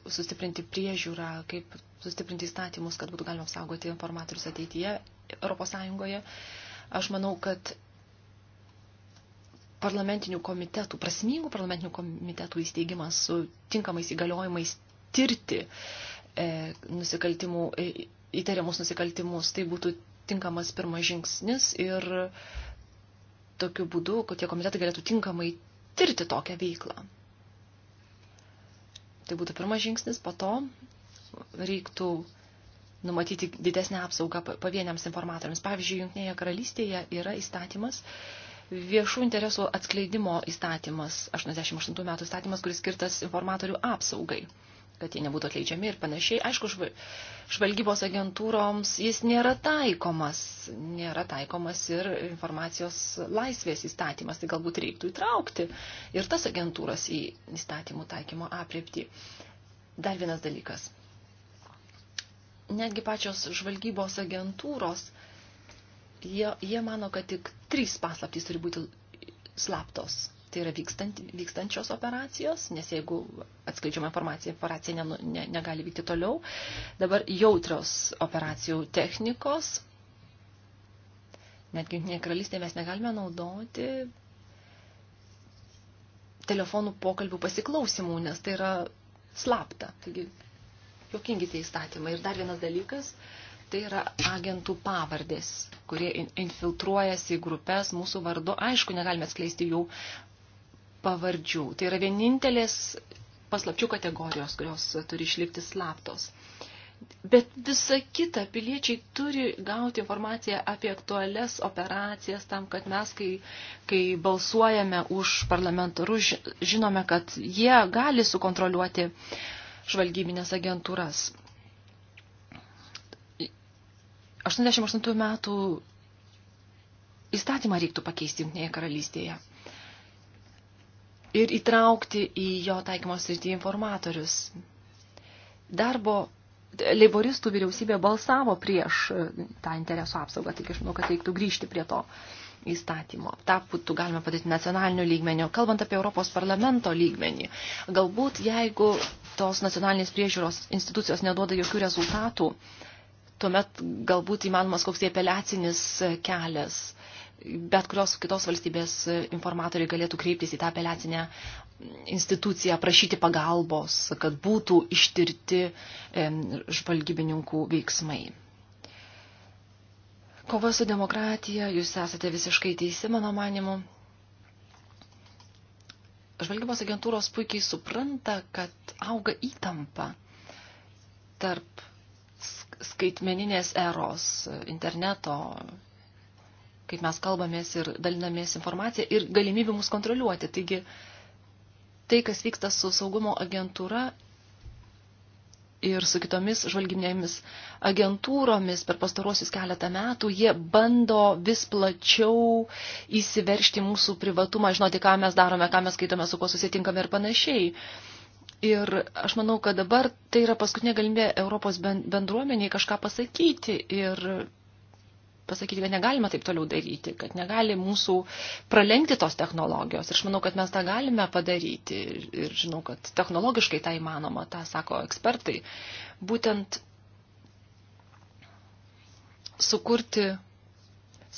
sustiprinti priežiūrą, kaip sustiprinti įstatymus, kad būtų galima apsaugoti informatorius ateityje Europos Sąjungoje. Aš manau, kad parlamentinių komitetų, prasmingų parlamentinių komitetų įsteigimas su tinkamais įgaliojimais tirti uh, E, nusikaltimų, e, įtariamus nusikaltimus. Tai būtų tinkamas pirmas žingsnis ir tokiu būdu, kad tie komitetai galėtų tinkamai tirti tokią veiklą. Tai būtų pirmas žingsnis, po to reiktų numatyti didesnę apsaugą pavieniams informatoriams. Pavyzdžiui, Junktinėje karalystėje yra įstatymas, viešų interesų atskleidimo įstatymas, 88 metų įstatymas, kuris skirtas informatorių apsaugai kad jie nebūtų atleidžiami ir panašiai. Aišku, žvalgybos agentūroms jis nėra taikomas, nėra taikomas ir informacijos laisvės įstatymas, tai galbūt reiktų įtraukti ir tas agentūras į įstatymų taikymo apriepti. Dar vienas dalykas. Netgi pačios žvalgybos agentūros, jie, jie mano, kad tik trys paslaptys turi būti slaptos tai yra vykstant, vykstančios operacijos, nes jeigu atskleidžiama informacija, operacija ne, ne, negali vykti toliau. Dabar jautrios operacijų technikos, netgi Junktinėje karalystėje mes negalime naudoti telefonų pokalbių pasiklausimų, nes tai yra slapta. Taigi, jokingi tie įstatymai. Ir dar vienas dalykas, tai yra agentų pavardės, kurie infiltruojasi į grupės mūsų vardu. Aišku, negalime atskleisti jų pavardžių. Tai yra vienintelės paslapčių kategorijos, kurios turi išlikti slaptos. Bet visa kita piliečiai turi gauti informaciją apie aktualias operacijas tam, kad mes, kai, kai balsuojame už parlamentarus, žinome, kad jie gali sukontroliuoti žvalgybinės agentūras. 88 metų įstatymą reiktų pakeisti Junktinėje karalystėje ir įtraukti į jo taikymos rytį informatorius. Darbo leiboristų vyriausybė balsavo prieš e, tą interesų apsaugą, tik aš manau, kad reiktų grįžti prie to įstatymo. Ta būtų galima padaryti nacionaliniu lygmeniu. Kalbant apie Europos parlamento lygmenį, galbūt jeigu tos nacionalinės priežiūros institucijos neduoda jokių rezultatų, tuomet galbūt įmanomas koks tai apeliacinis e, kelias bet kurios kitos valstybės informatoriai galėtų kreiptis į tą apeliacinę instituciją, prašyti pagalbos, kad būtų ištirti žvalgybininkų veiksmai. Kova su demokratija, jūs esate visiškai teisi, mano manimu. Žvalgybos agentūros puikiai supranta, kad auga įtampa tarp skaitmeninės eros, interneto, kaip mes kalbamės ir dalinamės informaciją ir galimybių mus kontroliuoti. Taigi tai, kas vyksta su saugumo agentūra ir su kitomis žvalginėmis agentūromis per pastaruosius keletą metų, jie bando vis plačiau įsiveršti mūsų privatumą, žinoti, ką mes darome, ką mes skaitome, su kuo susitinkame ir panašiai. Ir aš manau, kad dabar tai yra paskutinė galimybė Europos bendruomeniai kažką pasakyti ir pasakyti, kad negalime taip toliau daryti, kad negali mūsų pralenkti tos technologijos. Ir aš manau, kad mes tą galime padaryti ir, ir žinau, kad technologiškai tai įmanoma, tą sako ekspertai. Būtent sukurti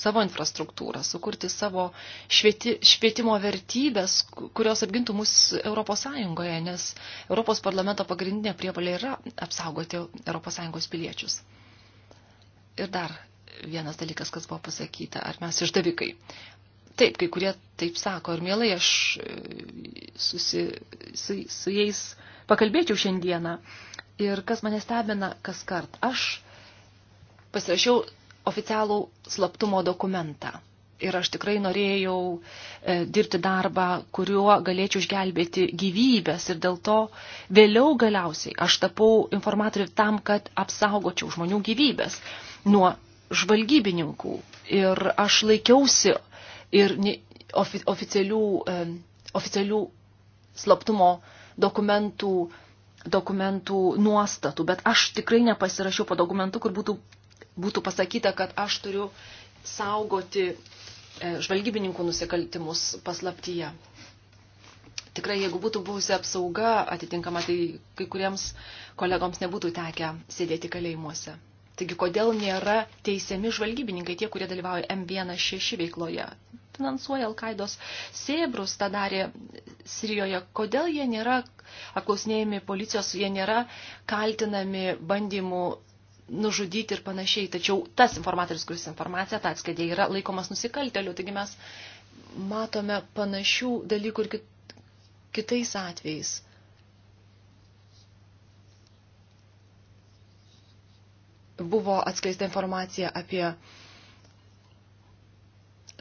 savo infrastruktūrą, sukurti savo švieti, švietimo vertybės, kurios apgintų mus Europos Sąjungoje, nes Europos parlamento pagrindinė prievalė yra apsaugoti Europos Sąjungos piliečius. Ir dar vienas dalykas, kas buvo pasakyta, ar mes išdavikai. Taip, kai kurie taip sako, ir mielai aš e, susi, su, su jais pakalbėčiau šiandieną. Ir kas mane stebina kas kart, aš pasirašiau oficialų slaptumo dokumentą. Ir aš tikrai norėjau e, dirbti darbą, kuriuo galėčiau išgelbėti gyvybės. Ir dėl to vėliau galiausiai aš tapau informatoriu tam, kad apsaugočiau žmonių gyvybės nuo žvalgybininkų ir aš laikiausi ir ofi, oficialių, e, oficialių slaptumo dokumentų, dokumentų nuostatų, bet aš tikrai nepasirašiau po dokumentu, kur būtų, būtų pasakyta, kad aš turiu saugoti e, žvalgybininkų nusikaltimus paslaptyje. Tikrai, jeigu būtų buvusi apsauga atitinkama, tai kai kuriems kolegoms nebūtų tekę sėdėti kalėjimuose. Taigi, kodėl nėra teisiami žvalgybininkai, tie, kurie dalyvauja M16 veikloje? Finansuoja Alkaidos sėbrus, tą darė Sirijoje. Kodėl jie nėra apklausinėjami policijos, jie nėra kaltinami bandymų nužudyti ir panašiai. Tačiau tas informatorius, kuris informaciją tą atskleidė, yra laikomas nusikalteliu. Taigi mes matome panašių dalykų ir kit kitais atvejais. buvo atskleista informacija apie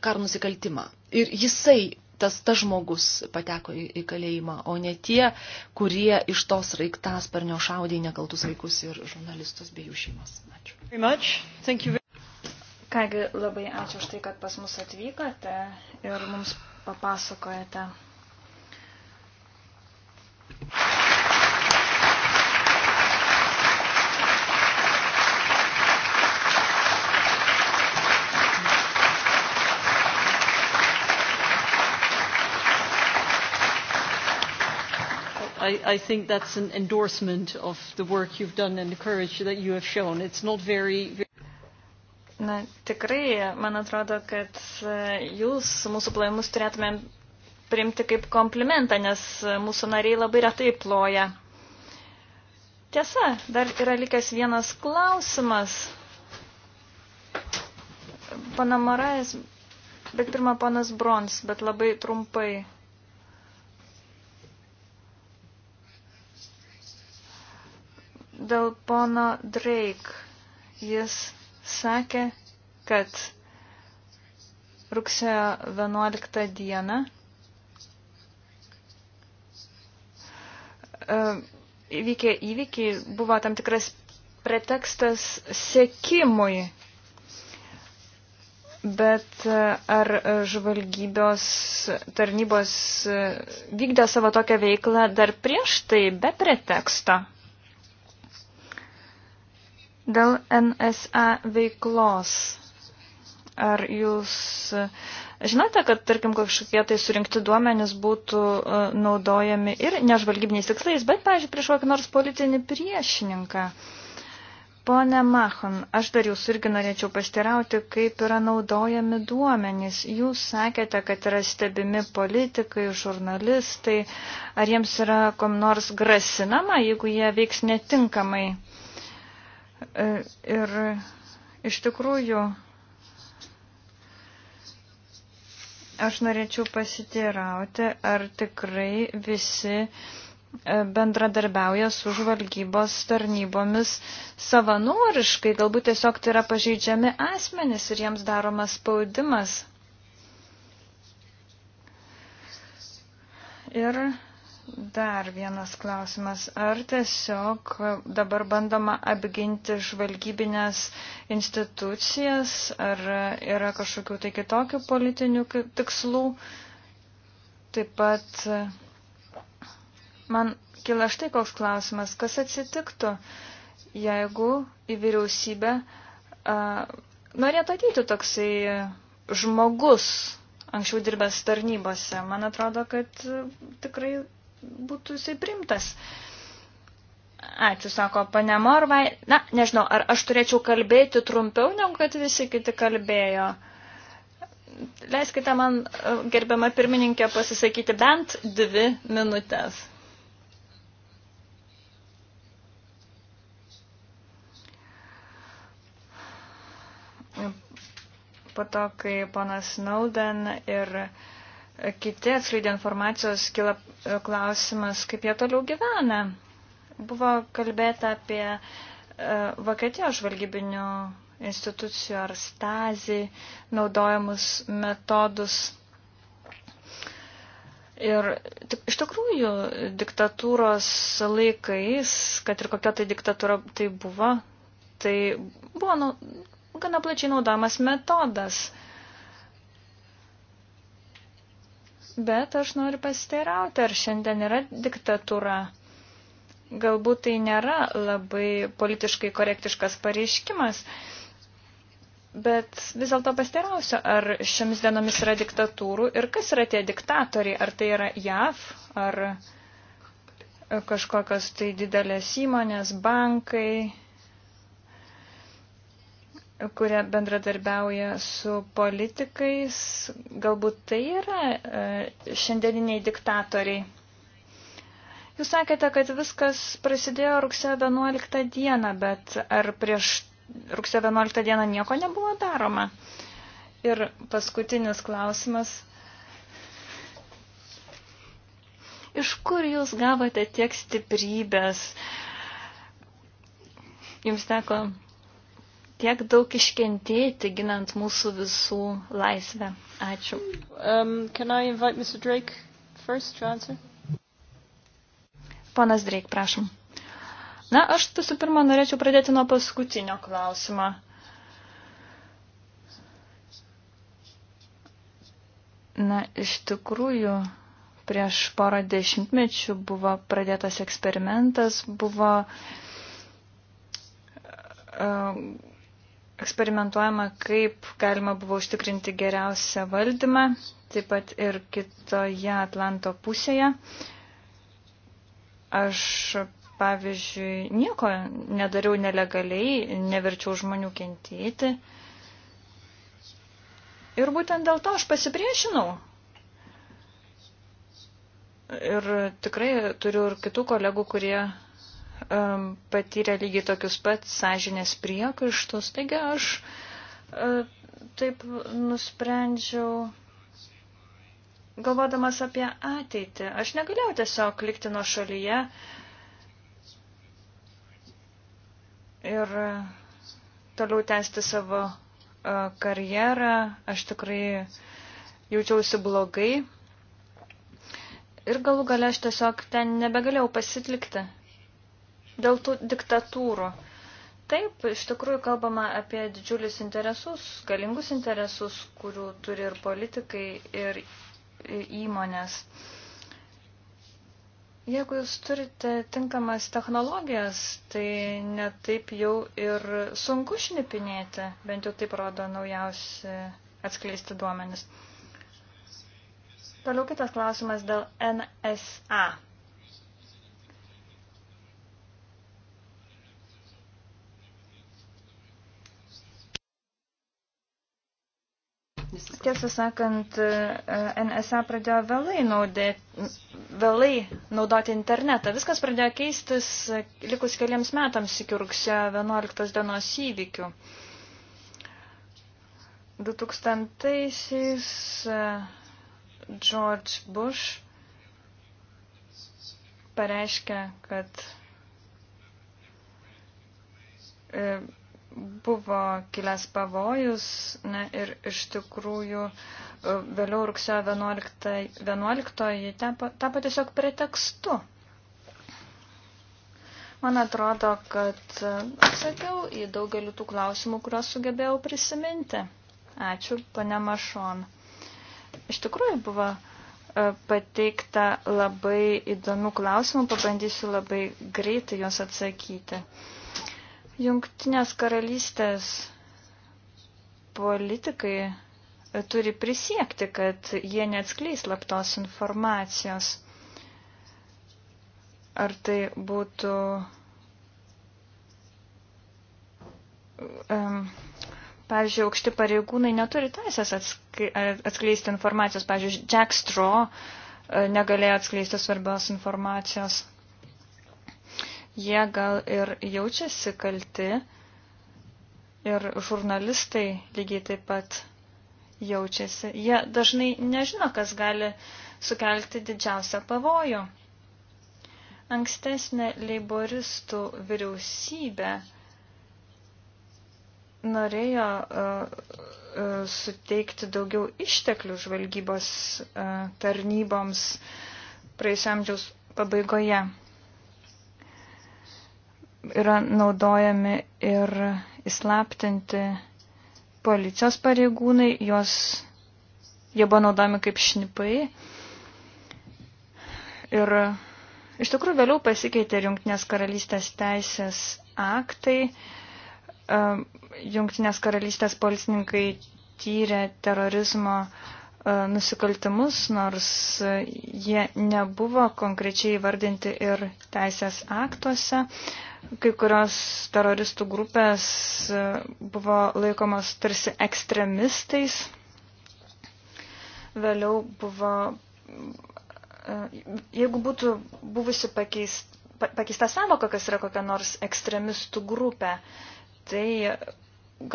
karo nusikaltimą. Ir jisai, tas, tas žmogus pateko į, į kalėjimą, o ne tie, kurie iš tos raiktas parnio šaudė nekaltus vaikus ir žurnalistus bei jų šeimas. Ačiū. Kągi, labai ačiū už tai, kad pas mus atvykote ir mums papasakojate I, I think that's an endorsement of the work you've done and the courage that you have shown. It's not very... very Na, tikrai, man atrodo, kad e, jūs mūsų plojimus turėtumėm priimti kaip komplimentą, nes e, mūsų nariai labai retai ploja. Tiesa, dar yra likęs vienas klausimas. Pana Morais, bet pirma ponas Brons, bet labai trumpai. dėl pono Drake. Jis sakė, kad rugsėjo 11 dieną e, įvykė įvykiai, buvo tam tikras pretekstas sekimui. Bet e, ar žvalgybos tarnybos e, vykdė savo tokią veiklą dar prieš tai be preteksto? Dėl NSA veiklos. Ar jūs e, žinote, kad, tarkim, kažkokie tai surinkti duomenys būtų e, naudojami ir nežvalgybiniais tikslais, bet, pavyzdžiui, prieš kokį nors politinį priešininką? Pone Machon, aš dar jūs irgi norėčiau pastirauti, kaip yra naudojami duomenys. Jūs sakėte, kad yra stebimi politikai, žurnalistai. Ar jiems yra kom nors grasinama, jeigu jie veiks netinkamai? E, ir iš tikrųjų aš norėčiau pasiteirauti, ar tikrai visi e, bendradarbiauja su žvalgybos tarnybomis savanoriškai, galbūt tiesiog tai yra pažeidžiami asmenys ir jiems daromas spaudimas. Ir Dar vienas klausimas. Ar tiesiog dabar bandoma apginti žvalgybinės institucijas, ar yra kažkokių tai kitokių politinių tikslų? Taip pat man kila štai koks klausimas, kas atsitiktų, jeigu į vyriausybę a, norėtų ateiti toksai žmogus, anksčiau dirbęs tarnybose. Man atrodo, kad tikrai būtų jisai primtas. Ačiū, sako pane Morvai. Na, nežinau, ar aš turėčiau kalbėti trumpiau, negu kad visi kiti kalbėjo. Leiskite man, e, gerbiama pirmininkė, pasisakyti bent dvi minutės. Po to, kai ponas Snowden ir uh, kiti atskleidė informacijos, kila e, klausimas, kaip jie toliau gyvena. Buvo kalbėta apie e, Vokietijos žvalgybinių institucijų ar stazį naudojamus metodus. Ir tik, iš tikrųjų diktatūros laikais, kad ir kokia tai diktatūra tai buvo, tai buvo nu, gana plačiai naudojamas metodas. Uh, Bet aš noriu pasiteirauti, ar šiandien yra diktatūra. Galbūt tai nėra labai politiškai korektiškas pareiškimas, bet vis dėlto pasiteirausiu, ar šiomis dienomis yra diktatūrų ir kas yra tie diktatoriai, ar tai yra JAV, ar kažkokios tai didelės įmonės, bankai, kuria bendradarbiauja su politikais, galbūt tai yra e, šiandieniniai diktatoriai. Jūs sakėte, kad viskas prasidėjo rugsėjo 11 dieną, bet ar prieš rugsėjo 11 dieną nieko nebuvo daroma? Ir paskutinis klausimas. Iš kur jūs gavote tiek stiprybės? Jums teko tiek daug iškentėti, ginant mūsų visų laisvę. Ačiū. Um, Ponas Dreik, prašom. Na, aš visų pirma norėčiau pradėti nuo paskutinio klausimo. Na, iš tikrųjų, prieš porą dešimtmečių buvo pradėtas eksperimentas, buvo uh, eksperimentuojama, kaip galima buvo užtikrinti geriausią valdymą, taip pat ir kitoje Atlanto pusėje. Aš, pavyzdžiui, nieko nedariau nelegaliai, neverčiau žmonių kentėti. Ir būtent dėl to aš pasipriešinau. Ir tikrai turiu ir kitų kolegų, kurie um, patyrė lygiai tokius pat sąžinės priekaištus. Taigi aš uh, taip nusprendžiau, galvodamas apie ateitį. Aš negalėjau tiesiog likti nuo šalyje. Ir toliau tęsti savo e, karjerą. Aš tikrai jaučiausi blogai. Ir galų gale aš tiesiog ten nebegalėjau pasitlikti. Dėl tų diktatūrų. Taip, iš tikrųjų kalbama apie didžiulius interesus, galingus interesus, kurių turi ir politikai, ir įmonės. Jeigu jūs turite tinkamas technologijas, tai netaip jau ir sunku šnipinėti, bent jau taip rodo naujausi atskleisti duomenis. Toliau kitas klausimas dėl NSA. Tiesą sakant, e, NSA pradėjo vėlai, naudė, vėlai naudoti internetą. Viskas pradėjo keistis e, likus keliams metams iki rugsėjo 11 dienos įvykių. 2000-aisiais e, George Bush pareiškė, kad buvo kilęs pavojus ne, ir iš tikrųjų e, vėliau rugsėjo 11, 11 tapo, tapo tiesiog pretekstu. Man atrodo, kad e, atsakiau į daugelį tų klausimų, kuriuos sugebėjau prisiminti. Ačiū, pane Mašon. Iš tikrųjų buvo e, pateikta labai įdomių klausimų, pabandysiu labai greitai juos atsakyti. Jungtinės karalystės politikai turi prisiekti, kad jie neatskleis slaptos informacijos. Ar tai būtų um, pavyzdžiui, aukšti pareigūnai neturi teisės atskleisti informacijos. Pavyzdžiui, Jack Straw e, negalėjo atskleisti svarbios informacijos jie gal ir jaučiasi kalti ir žurnalistai lygiai taip pat jaučiasi. Jie dažnai nežino, kas gali sukelti didžiausią pavojų. Ankstesnė leiboristų vyriausybė norėjo uh, uh, suteikti daugiau išteklių žvalgybos uh, tarnyboms praeisiamdžiaus pabaigoje yra naudojami ir įslaptinti policijos pareigūnai, jos, jie buvo naudojami kaip šnipai. Ir iš tikrųjų vėliau pasikeitė Junktinės karalystės teisės aktai. Junktinės karalystės policininkai tyrė terorizmo e, nusikaltimus, nors jie nebuvo konkrečiai įvardinti ir teisės aktuose. Kai kurios teroristų grupės e, buvo laikomos tarsi ekstremistais, vėliau buvo, e, jeigu būtų buvusi pakeist, pakeista savoka, kas yra kokia nors ekstremistų grupė, tai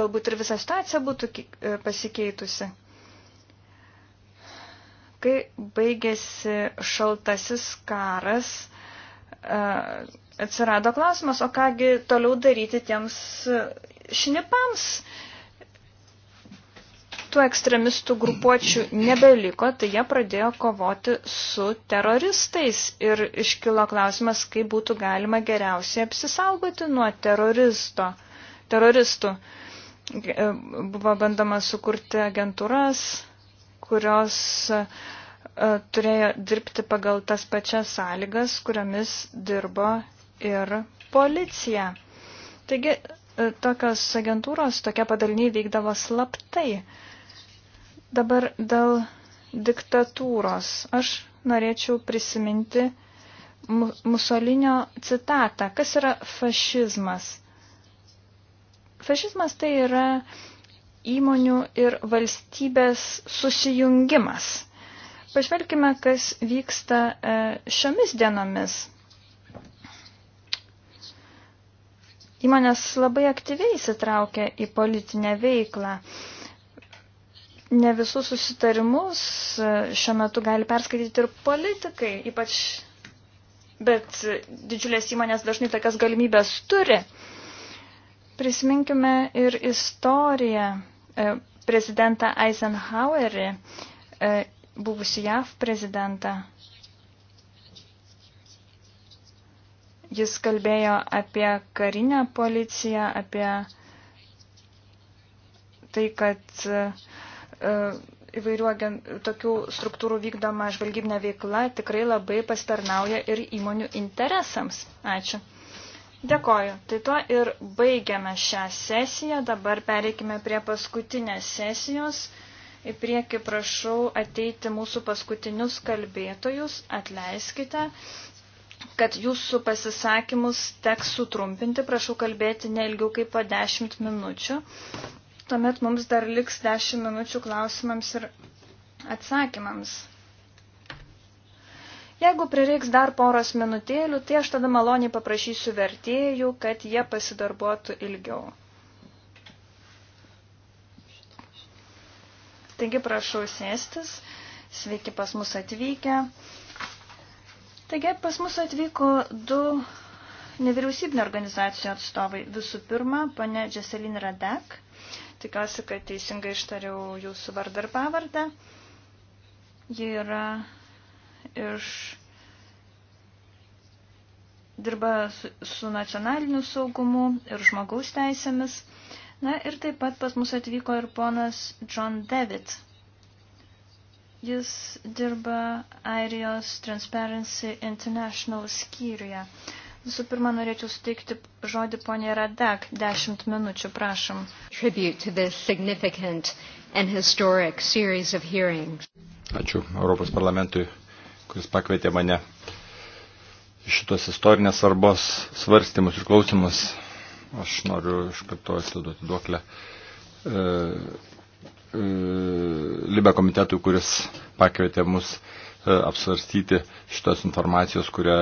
galbūt ir visa situacija būtų e, pasikeitusi. Kai baigėsi šaltasis karas, atsirado klausimas, o kągi toliau daryti tiems e, šnipams. Tų ekstremistų grupuočių nebeliko, tai jie pradėjo kovoti su teroristais ir iškilo klausimas, kaip būtų galima geriausiai apsisaugoti nuo teroristo, teroristų. E, buvo bandoma sukurti agentūras, kurios e, turėjo dirbti pagal tas pačias sąlygas, kuriomis dirbo ir policija. Taigi e, tokios agentūros, tokie padaliniai veikdavo slaptai. Dabar dėl diktatūros. Aš norėčiau prisiminti Musolinio citatą. Kas yra fašizmas? Fašizmas tai yra įmonių ir valstybės susijungimas. Pažvelkime, kas vyksta e, šiomis dienomis. Įmonės labai aktyviai įsitraukia į politinę veiklą. Ne visus susitarimus e, šiuo metu gali perskaityti ir politikai, ypač, bet didžiulės įmonės dažnai tokias galimybės turi. Prisiminkime ir istoriją e, prezidentą Eisenhowerį, e, buvusi JAV prezidentą. Jis kalbėjo apie karinę policiją, apie tai, kad e, įvairių tokių struktūrų vykdoma žvalgybinė veikla tikrai labai pasitarnauja ir įmonių interesams. Ačiū. Dėkoju. Tai tuo ir baigiame šią sesiją. Dabar pereikime prie paskutinės sesijos. Į priekį prašau ateiti mūsų paskutinius kalbėtojus. Atleiskite, kad jūsų pasisakymus teks sutrumpinti, prašau kalbėti neilgiau kaip po 10 minučių. Tuomet mums dar liks 10 minučių klausimams ir atsakymams. Jeigu prireiks dar poros minutėlių, tai aš tada maloniai paprašysiu vertėjų, kad jie pasidarbuotų ilgiau. Taigi prašau sėstis. Sveiki pas mus atvykę. Taigi pas mus atvyko du nevyriausybinio organizacijų atstovai. Visų pirma, pane Džeselin Radek. Tikiuosi, kad teisingai ištariau jūsų vardą ir pavardę. Ji yra iš. dirba su, su nacionaliniu saugumu ir žmogaus teisėmis. Na ir taip pat pas mus atvyko ir ponas John David. Jis dirba Airijos Transparency International skyriuje. Visų pirma, norėčiau suteikti žodį ponė Radak, dešimt minučių, prašom. Ačiū Europos parlamentui, kuris pakvietė mane šitos istorinės svarbos svarstymus ir klausimus. Aš noriu iš karto atiduoti duoklę. E, E, Libe komitetui, kuris pakvietė mus e, apsvarstyti šitos informacijos, kurią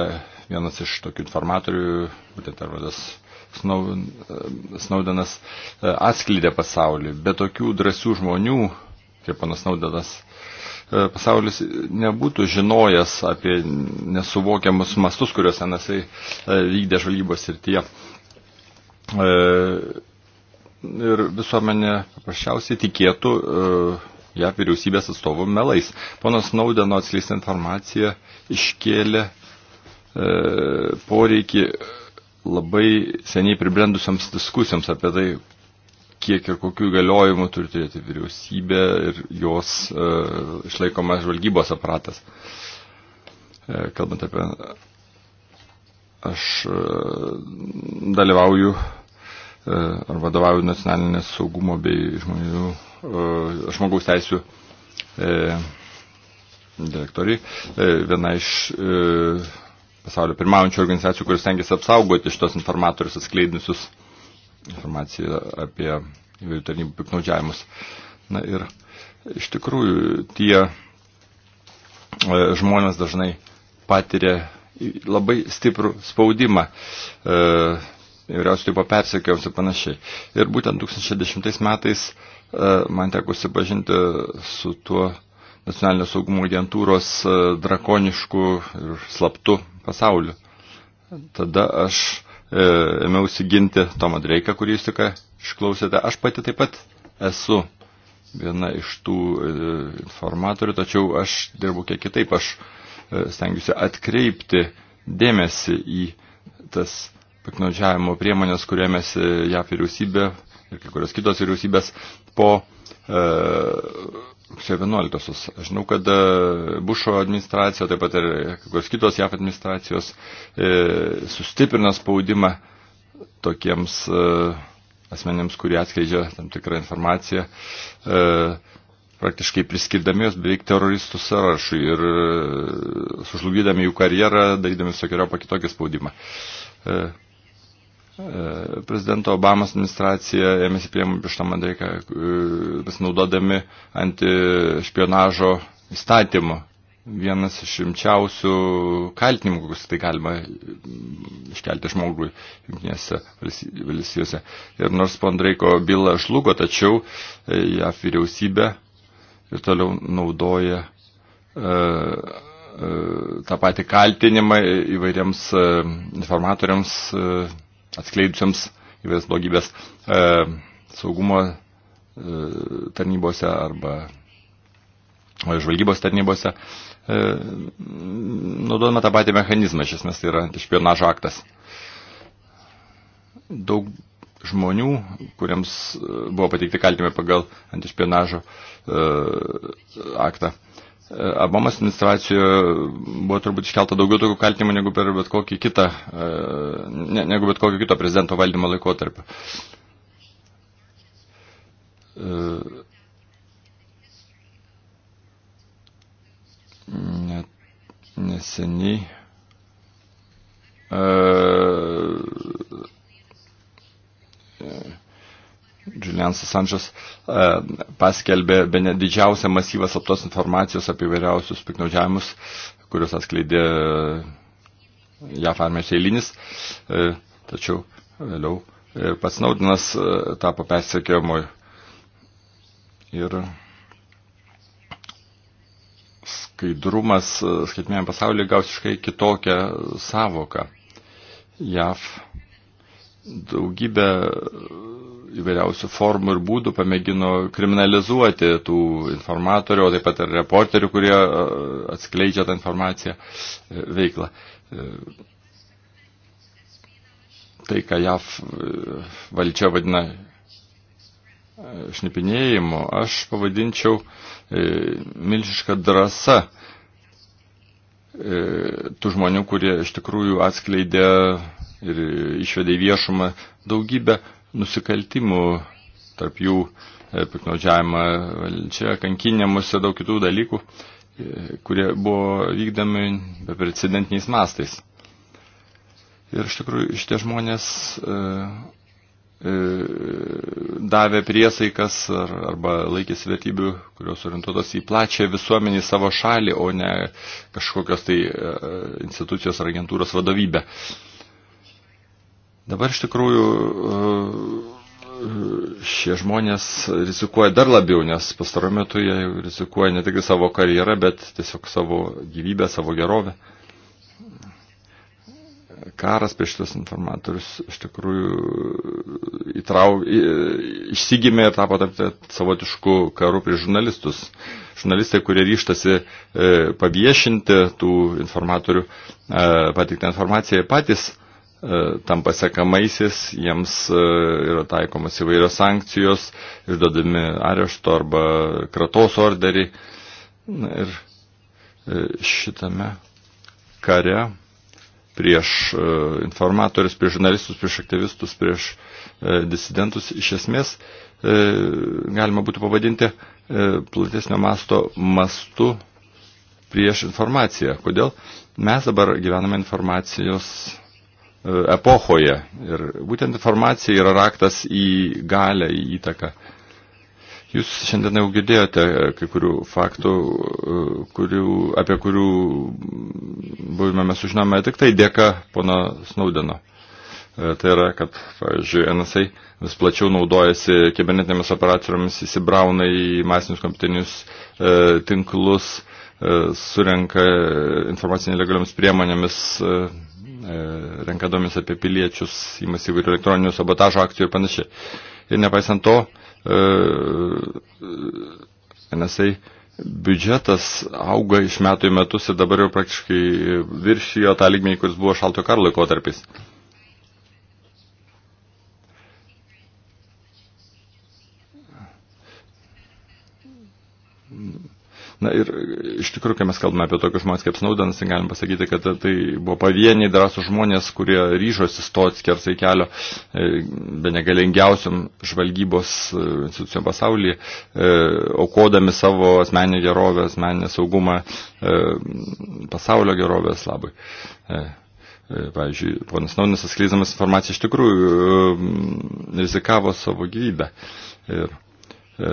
vienas iš tokių informatorių, būtent Arvadas e, Snaudenas, atskleidė pasaulį. Be tokių drąsių žmonių, kaip panas Snaudenas, pasaulis nebūtų žinojęs apie nesuvokiamus mastus, kuriuos NSA vykdė žvalgybos ir tie ir visuomenė paprasčiausiai tikėtų uh, e, ją ja, vyriausybės atstovų melais. Ponas Naudeno atskleista informacija iškėlė e, poreikį labai seniai pribrendusiams diskusijoms apie tai, kiek ir kokių įgaliojimų turi turėti vyriausybė ir jos e, išlaikomas žvalgybos aparatas. E, kalbant apie. Aš e, dalyvauju E, ar vadovauju nacionalinės saugumo bei žmonių, e, žmogaus teisų e, direktoriai, viena iš pasaulio pirmaujančių organizacijų, kuris stengiasi apsaugoti šitos informatorius atskleidinusius informaciją apie įvairių tarnybų piknaudžiavimus. Na ir iš tikrųjų tie žmonės dažnai patiria labai stiprų spaudimą. E, įvairiausių tipo persekiojimus ir panašiai. Ir būtent 2010 metais e, man teko susipažinti su tuo nacionalinio saugumo agentūros e, drakonišku ir slaptu pasauliu. Tada aš e, ėmiausi ginti Tomą Dreiką, kurį jūs tik išklausėte. Aš pati taip pat esu viena iš tų informatorių, tačiau aš dirbu kiek kitaip. Aš stengiuosi atkreipti dėmesį į tas piknaudžiavimo priemonės, kuriamės JAF vyriausybė ir kai kurios kitos vyriausybės po e, rugsėjo 11-osios. Aš žinau, kad e, Bušo administracija, taip pat ir kai kurios kitos JAF administracijos e, sustiprina spaudimą tokiems e, asmenėms, kurie atskleidžia tam tikrą informaciją, e, praktiškai priskirdami jos beveik teroristų sąrašui ir e, sužlugdydami jų karjerą, darydami visokiojo pakitokį spaudimą. E, E, prezidento Obamos administracija ėmėsi priemonių prieš tą mandreiką, e, pasinaudodami antišpionažo įstatymą. Vienas iš rimčiausių kaltinimų, kokius tai galima iškelti žmogui jungtinėse valstijose. Ir nors Pandreiko byla žlugo, tačiau e, JAF vyriausybė ir toliau naudoja uh, tą patį kaltinimą įvairiems informatoriams atskleidžiams įvairias blogybės e, saugumo e, tarnybose arba e, žvalgybos tarnybose. E, naudojame tą patį mechanizmą, iš esmės tai yra špionažo aktas. Daug žmonių, kuriems e, buvo pateikti kaltimai pagal antišpionažo e, aktą, Obamos administracijoje buvo turbūt iškelta daugiau tokių kaltimų negu per bet kokį kitą, ne, negu bet kokį kito prezidento valdymo laikotarpį. Net, neseniai uh, Julian Assange'as e, paskelbė bene didžiausią masyvą slaptos informacijos apie vairiausius piknaudžiavimus, kuriuos atskleidė JAF armijos eilinis. E, tačiau vėliau ir e, pats Naudinas tapo persekiojamoj. Ir skaidrumas skaitmėjame pasaulyje gausiškai kitokią savoką. JAF daugybę įvairiausių formų ir būdų pamėgino kriminalizuoti tų informatorių, o taip pat ir reporterių, kurie e, atskleidžia tą informaciją e, veiklą. E, tai, ką JAV valdžia vadina šnipinėjimu, aš pavadinčiau milžišką drąsą tų žmonių, kurie iš tikrųjų atskleidė ir e, išvedė į viešumą daugybę nusikaltimų, tarp jų e, piknaudžiavimą valdžia, kankinimus ir daug kitų dalykų, e, kurie buvo vykdami beprecedentiniais mastais. Ir iš tikrųjų šitie žmonės e, e, davė priesaikas ar, arba laikėsi vertybių, kurios orientuotos į plačią visuomenį savo šalį, o ne kažkokios tai e, institucijos ar agentūros vadovybę. E, Dabar iš tikrųjų e, šie žmonės rizikuoja dar labiau, nes pastaro metu jie rizikuoja ne tik savo karjerą, bet tiesiog savo gyvybę, savo gerovę. Karas prieš šitas informatorius iš tikrųjų e, įtrau, e, išsigimė ir tapo tapti savotišku karu prieš žurnalistus. Žurnalistai, kurie ryštasi e, paviešinti tų informatorių e, patiktą informaciją, patys e, E, tam pasiekamaisiais, jiems e, yra taikomas įvairios sankcijos, išduodami arešto arba kratos orderį. Ir e, šitame kare prieš informatorius, prieš žurnalistus, prieš aktyvistus, prieš disidentus iš esmės galima būtų pavadinti platesnio masto mastu prieš informaciją. Kodėl mes dabar gyvename informacijos E, epochoje. Ir būtent informacija yra raktas į galę, į įtaką. Jūs šiandien jau girdėjote e, kai kurių faktų, e, kurių, apie kurių buvime mes sužinome tik tai dėka pono Snaudeno. Tai yra, kad, pavyzdžiui, NSA vis plačiau naudojasi kibernetinėmis operacijomis, įsibrauna į masinius kompiuterinius e, tinklus, e, surenka informacinį legaliomis priemonėmis e, E, renka duomenis apie piliečius, įmasi įvairių elektroninių sabotažo akcijų ir panašiai. Ir nepaisant to, e, e, NSA biudžetas auga iš metų į metus ir dabar jau praktiškai viršijo tą lygmenį, kuris buvo šalto karo laikotarpis. tarpis. Na ir e, iš tikrųjų, kai mes kalbame apie tokius žmonės kaip Snaudenas, tai galim pasakyti, kad e, tai buvo pavieniai drąsų žmonės, kurie ryžosi stoti skersai kelio, e, be negalingiausiam žvalgybos institucijom pasaulyje, aukodami savo asmeninę gerovę, asmeninę saugumą pasaulio gerovės labai. Pavyzdžiui, ponas Naudinas atskleidamas informaciją iš tikrųjų rizikavo savo gyvybę. Ir, e,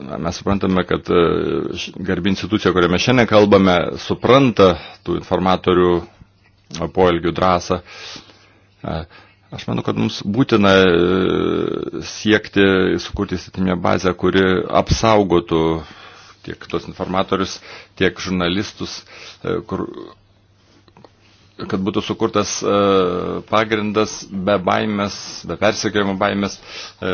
Mes suprantame, kad e, garbi institucija, kuriame šiandien kalbame, supranta tų informatorių e, poelgių drąsą. E, aš manau, kad mums būtina siekti sukurti įstatymę bazę, kuri apsaugotų tiek tos informatorius, tiek žurnalistus, kur kad būtų sukurtas e, pagrindas be baimės, be persekiojimo baimės e,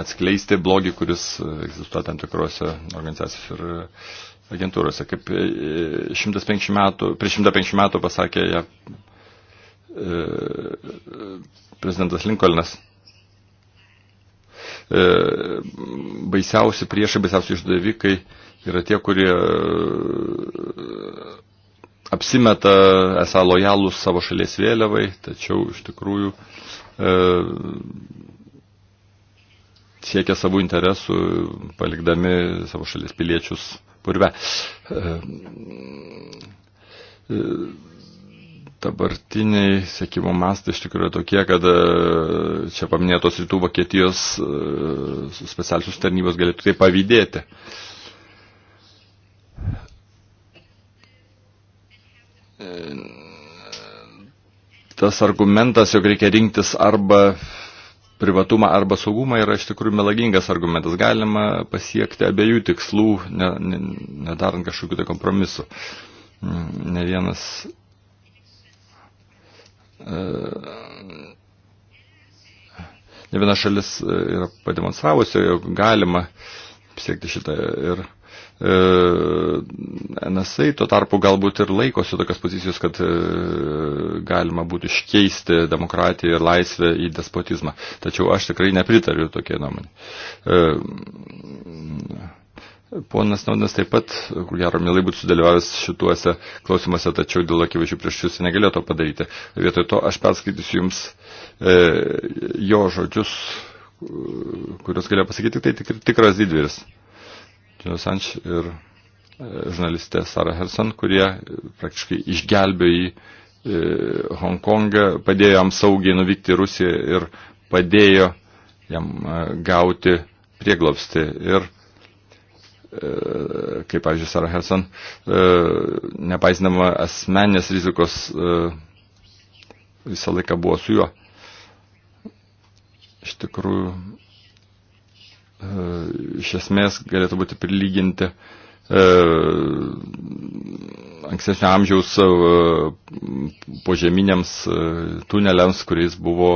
atskleisti blogį, kuris e, egzistuoja tam tikrose organizacijose ir agentūrose. Kaip 150 metų, prieš 150 metų pasakė ja, prezidentas Lincolnas, baisiausi priešai, baisiausi išdavikai yra tie, kurie apsimeta esą lojalūs savo šalies vėliavai, tačiau iš tikrųjų e, siekia savų interesų, palikdami savo šalies piliečius purve. E, e, dabartiniai sėkimo mastai iš tikrųjų tokie, kad e, čia paminėtos rytų Vokietijos e, specialiosios tarnybos galėtų tai pavydėti. E, Ehm, tas argumentas, jog reikia rinktis arba privatumą arba saugumą yra iš tikrųjų melagingas argumentas. Galima pasiekti abiejų tikslų, ne, ne, nedarant kažkokių tai kompromisų. Mm, ne vienas. Ehm, ne viena šalis e, yra pademonstravusi, jog galima siekti šitą ir E, NSA tuo tarpu galbūt ir laikosi tokios pozicijos, kad e, galima būtų iškeisti demokratiją ir laisvę į despotizmą. Tačiau aš tikrai nepritariu tokie nuomonė. E, Ponas Naudinas taip pat, kur gero mielai būtų sudalyvavęs šituose klausimuose, tačiau dėl akivaizdžių priešius negalėjo to padaryti. Vietoj to aš perskaitysiu jums e, jo žodžius, kuriuos galėjo pasakyti, tai tik, tikras didvyris. E, Julian Assange ir e, žurnalistė Sara Herson, kurie e, praktiškai išgelbėjo į e, Hongkongą, padėjo jam saugiai nuvykti į Rusiją ir padėjo jam gauti prieglobstį. Ir, kaip, pavyzdžiui, Sara Herson, nepaisydama asmeninės rizikos visą laiką buvo su juo. Iš tikrųjų, E, iš esmės galėtų būti prilyginti e, ankstesnio amžiaus e, požeminiams tuneliams, kuriais buvo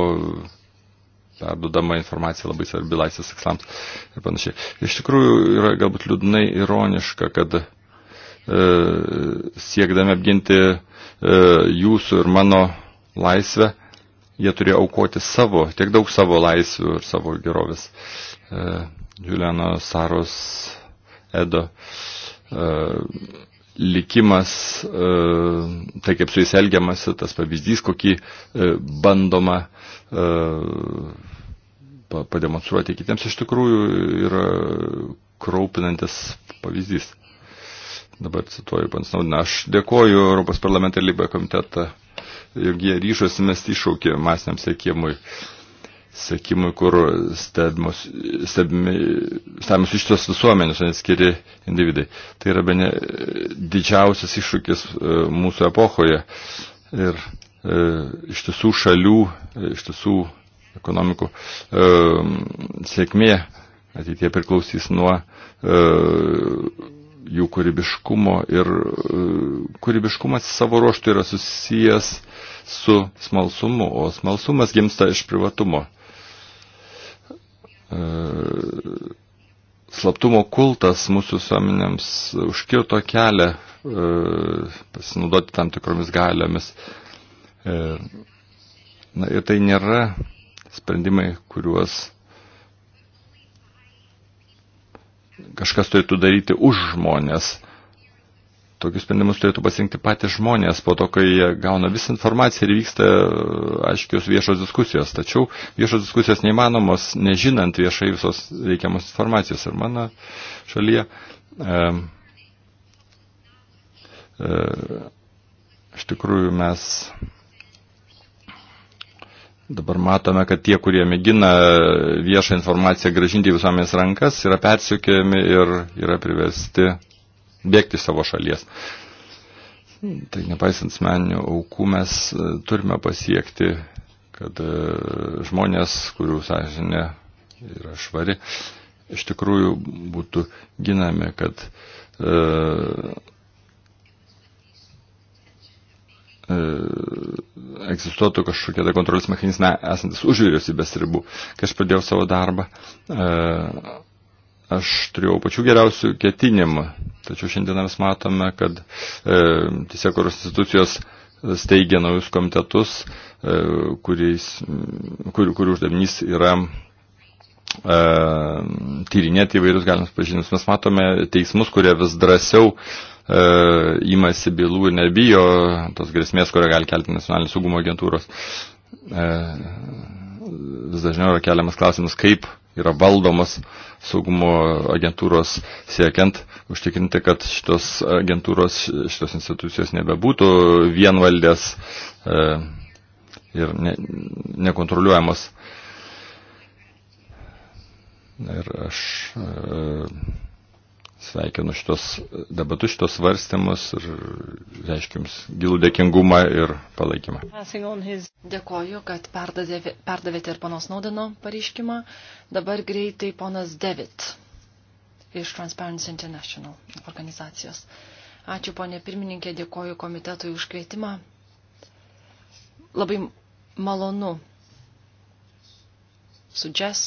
perdodama informacija labai svarbi laisvės tikslams ir panašiai. Iš tikrųjų yra galbūt liūdnai ironiška, kad e, siekdami apginti e, jūsų ir mano laisvę, jie turėjo aukoti savo, tiek daug savo laisvių ir savo gerovės. E, Juliano Saros Edo e, likimas, e, tai kaip su jais elgiamasi, tas pavyzdys, kokį e, bandoma e, pademonstruoti kitiems, iš tikrųjų yra kraupinantis pavyzdys dabar cituoju, pan Snaudiną, aš dėkoju Europos parlamentą ir Libę komitetą jog jie ryšosi mesti iššaukį masiniam sėkimui. Sėkimui, kur stebimus, stebimus iš tos visuomenės, o neskiri individai. Tai yra bene didžiausias iššūkis e, mūsų epochoje. Ir e, iš tiesų šalių, e, iš tiesų ekonomikų e, sėkmė ateitie priklausys nuo e, jų kūrybiškumo ir e, kūrybiškumas savo ruoštų yra susijęs su smalsumu, o smalsumas gimsta iš privatumo. E, slaptumo kultas mūsų visuomenėms užkirto kelią e, pasinaudoti tam tikromis galiomis. Na ir tai nėra sprendimai, kuriuos kažkas turėtų daryti už žmonės. Tokius sprendimus turėtų pasirinkti patys žmonės po to, kai jie gauna visą informaciją ir vyksta e, aiškios viešos diskusijos. Tačiau viešos diskusijos neįmanomos, nežinant viešai visos reikiamos informacijos. Ir mano šalyje e, e, iš tikrųjų mes Dabar matome, kad tie, kurie mėgina viešą informaciją gražinti į visuomenės rankas, yra persiūkiami ir yra priversti bėgti savo šalies. Tai nepaisant asmeninių aukų mes e, turime pasiekti, kad e, žmonės, kurių sąžinė yra švari, iš tikrųjų būtų ginami, kad e, E, egzistuotų kažkokie tai kontrolės mechanizmai esantis už vyriausybės ribų. Kai aš pradėjau savo darbą, e, aš turėjau pačių geriausių ketinimų, tačiau šiandien mes matome, kad e, tiesiog institucijos steigia naujus komitetus, kuriais, kur, kurių uždavinys yra tyrinėti įvairius galimus pažinimus. Mes matome teismus, kurie vis drąsiau uh, įmasi e, bylų ir nebijo tos grėsmės, kurią gali kelti nacionalinės saugumo agentūros. E, vis dažniau yra keliamas klausimas, kaip yra valdomas saugumo agentūros siekiant užtikrinti, kad šitos agentūros, šitos institucijos nebebūtų vienvaldės e, ir ne, nekontroliuojamos. Ir aš e, Sveikinu šitos debatus, šitos svarstymus ir reiškiu Jums gilų dėkingumą ir palaikymą. Dėkoju, kad perdavėte perdavė ir ponos Naudino pareiškimą. Dabar greitai ponas David iš Transparency International organizacijos. Ačiū, ponė pirmininkė, dėkoju komitetui už kvietimą. Labai malonu su Jess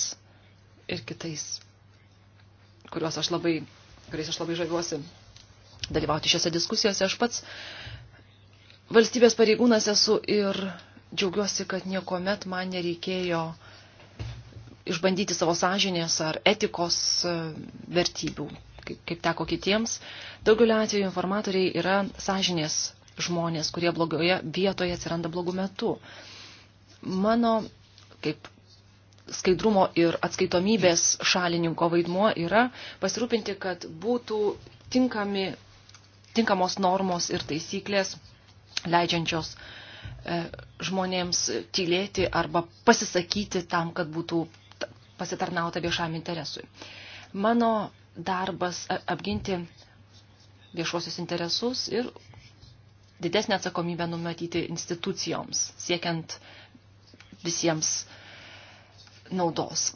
ir kitais, kuriuos aš labai kuriais aš labai žaviuosi dalyvauti šiose diskusijose. Aš pats valstybės pareigūnas esu ir džiaugiuosi, kad niekuomet man nereikėjo išbandyti savo sąžinės ar etikos e, vertybių, kaip, kaip teko kitiems. Daugeliu atveju informatoriai yra sąžinės žmonės, kurie blogoje vietoje atsiranda blogų metų. Mano, kaip skaidrumo ir atskaitomybės šalininko vaidmuo yra pasirūpinti, kad būtų tinkami, tinkamos normos ir taisyklės leidžiančios e, žmonėms tylėti arba pasisakyti tam, kad būtų pasitarnauta viešam interesui. Mano darbas apginti viešuosius interesus ir didesnę atsakomybę numatyti institucijoms, siekiant visiems uh, naudos.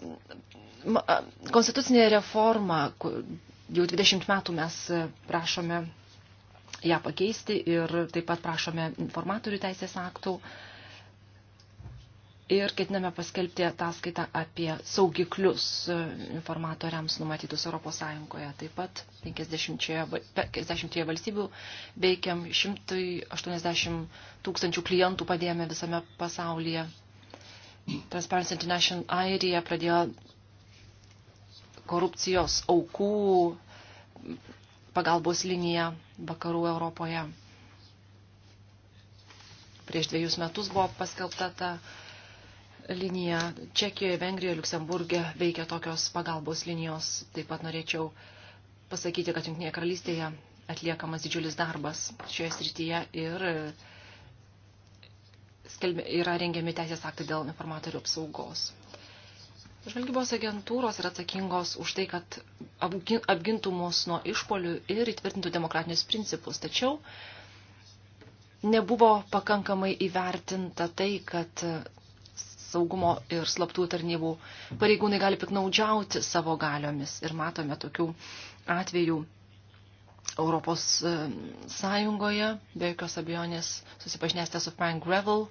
Konstitucinė reforma, jau 20 metų mes e, prašome ją pakeisti ir taip pat prašome informatorių teisės aktų ir ketiname paskelbti ataskaitą apie saugiklius e, informatoriams numatytus Europos Sąjungoje. Taip pat 50, 50 valstybių veikiam 180 tūkstančių klientų padėjome visame pasaulyje Transparency International Airija pradėjo korupcijos aukų pagalbos liniją vakarų Europoje. Prieš dviejus metus buvo paskelbta ta linija. Čekijoje, Vengrijoje, Luksemburgė veikia tokios pagalbos linijos. Taip pat norėčiau pasakyti, kad Junktinėje karalystėje atliekamas didžiulis darbas šioje srityje ir uh, yra rengiami teisės aktai dėl informatorių apsaugos. Žvalgybos agentūros yra atsakingos už tai, kad apgintų mus nuo išpolių ir įtvirtintų demokratinius principus. Tačiau nebuvo pakankamai įvertinta tai, kad saugumo ir slaptų tarnybų pareigūnai gali piknaudžiauti savo galiomis. Ir matome tokių atvejų Europos e, Sąjungoje, be jokios abejonės susipažinęsite su Frank Gravel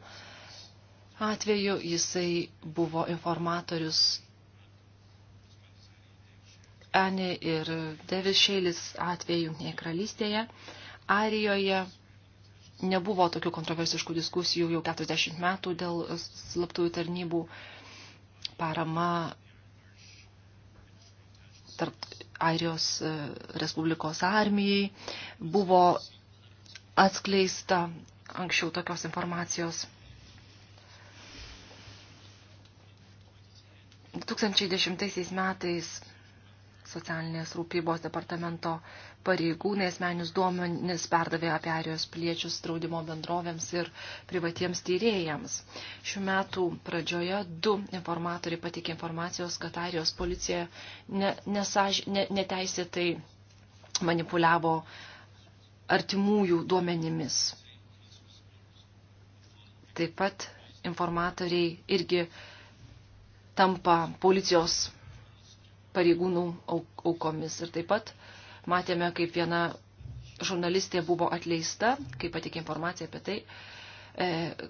atveju, jisai buvo informatorius Ani ir Davis Šeilis atveju Junktinėje karalystėje. Arijoje nebuvo tokių kontroversiškų diskusijų jau 40 metų dėl slaptųjų tarnybų parama tarp Airijos e, Respublikos armijai buvo atskleista anksčiau tokios informacijos. 2010 metais socialinės rūpybos departamento pareigūnai asmenius duomenis perdavė apie arijos piliečius draudimo bendrovėms ir privatiems tyrėjams. Šių metų pradžioje du informatoriai patikė informacijos, kad arijos policija ne, nesaž, ne, neteisėtai manipuliavo artimųjų duomenimis. Taip pat informatoriai irgi tampa policijos pareigūnų aukomis. Ir taip pat Matėme, kaip viena žurnalistė buvo atleista, kaip patikė informacija apie tai, e,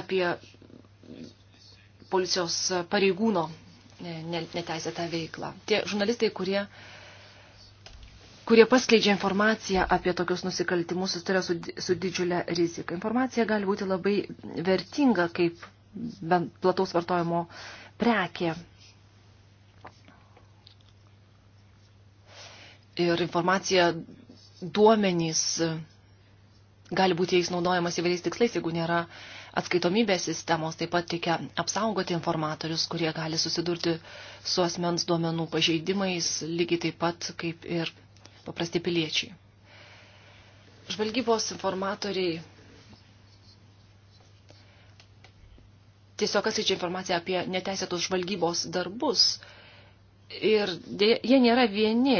apie policijos pareigūno e, neteisėtą veiklą. Tie žurnalistai, kurie, kurie paskleidžia informaciją apie tokius nusikaltimus, susiduria su, su didžiulė rizika. Informacija gali būti labai vertinga kaip bent plataus vartojimo prekė. ir informacija, duomenys gali būti jais naudojamas įvairiais tikslais, jeigu nėra atskaitomybės sistemos, taip pat reikia apsaugoti informatorius, kurie gali susidurti su asmens duomenų pažeidimais, lygiai taip pat kaip ir paprasti piliečiai. Žvalgybos informatoriai tiesiog atskaičia informaciją apie neteisėtus žvalgybos darbus. Ir jie nėra vieni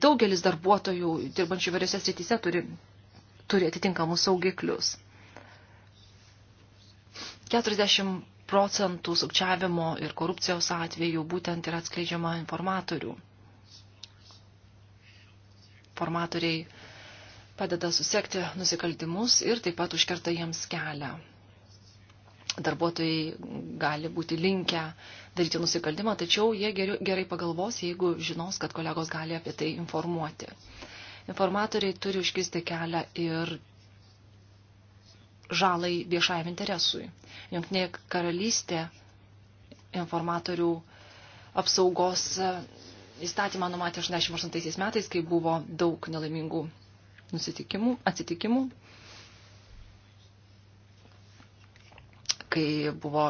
daugelis darbuotojų dirbančių įvairiose srityse turi, turi atitinkamus saugiklius. 40 procentų sukčiavimo ir korupcijos atvejų būtent yra atskleidžiama informatorių. Informatoriai padeda susekti nusikaltimus ir taip pat užkerta jiems kelią darbuotojai gali būti linkę daryti nusikaltimą, tačiau jie gerai pagalvos, jeigu žinos, kad kolegos gali apie tai informuoti. Informatoriai turi užkisti kelią ir žalai viešajam interesui. Junknė karalystė informatorių apsaugos įstatymą numatė 88 metais, kai buvo daug nelaimingų atsitikimų kai buvo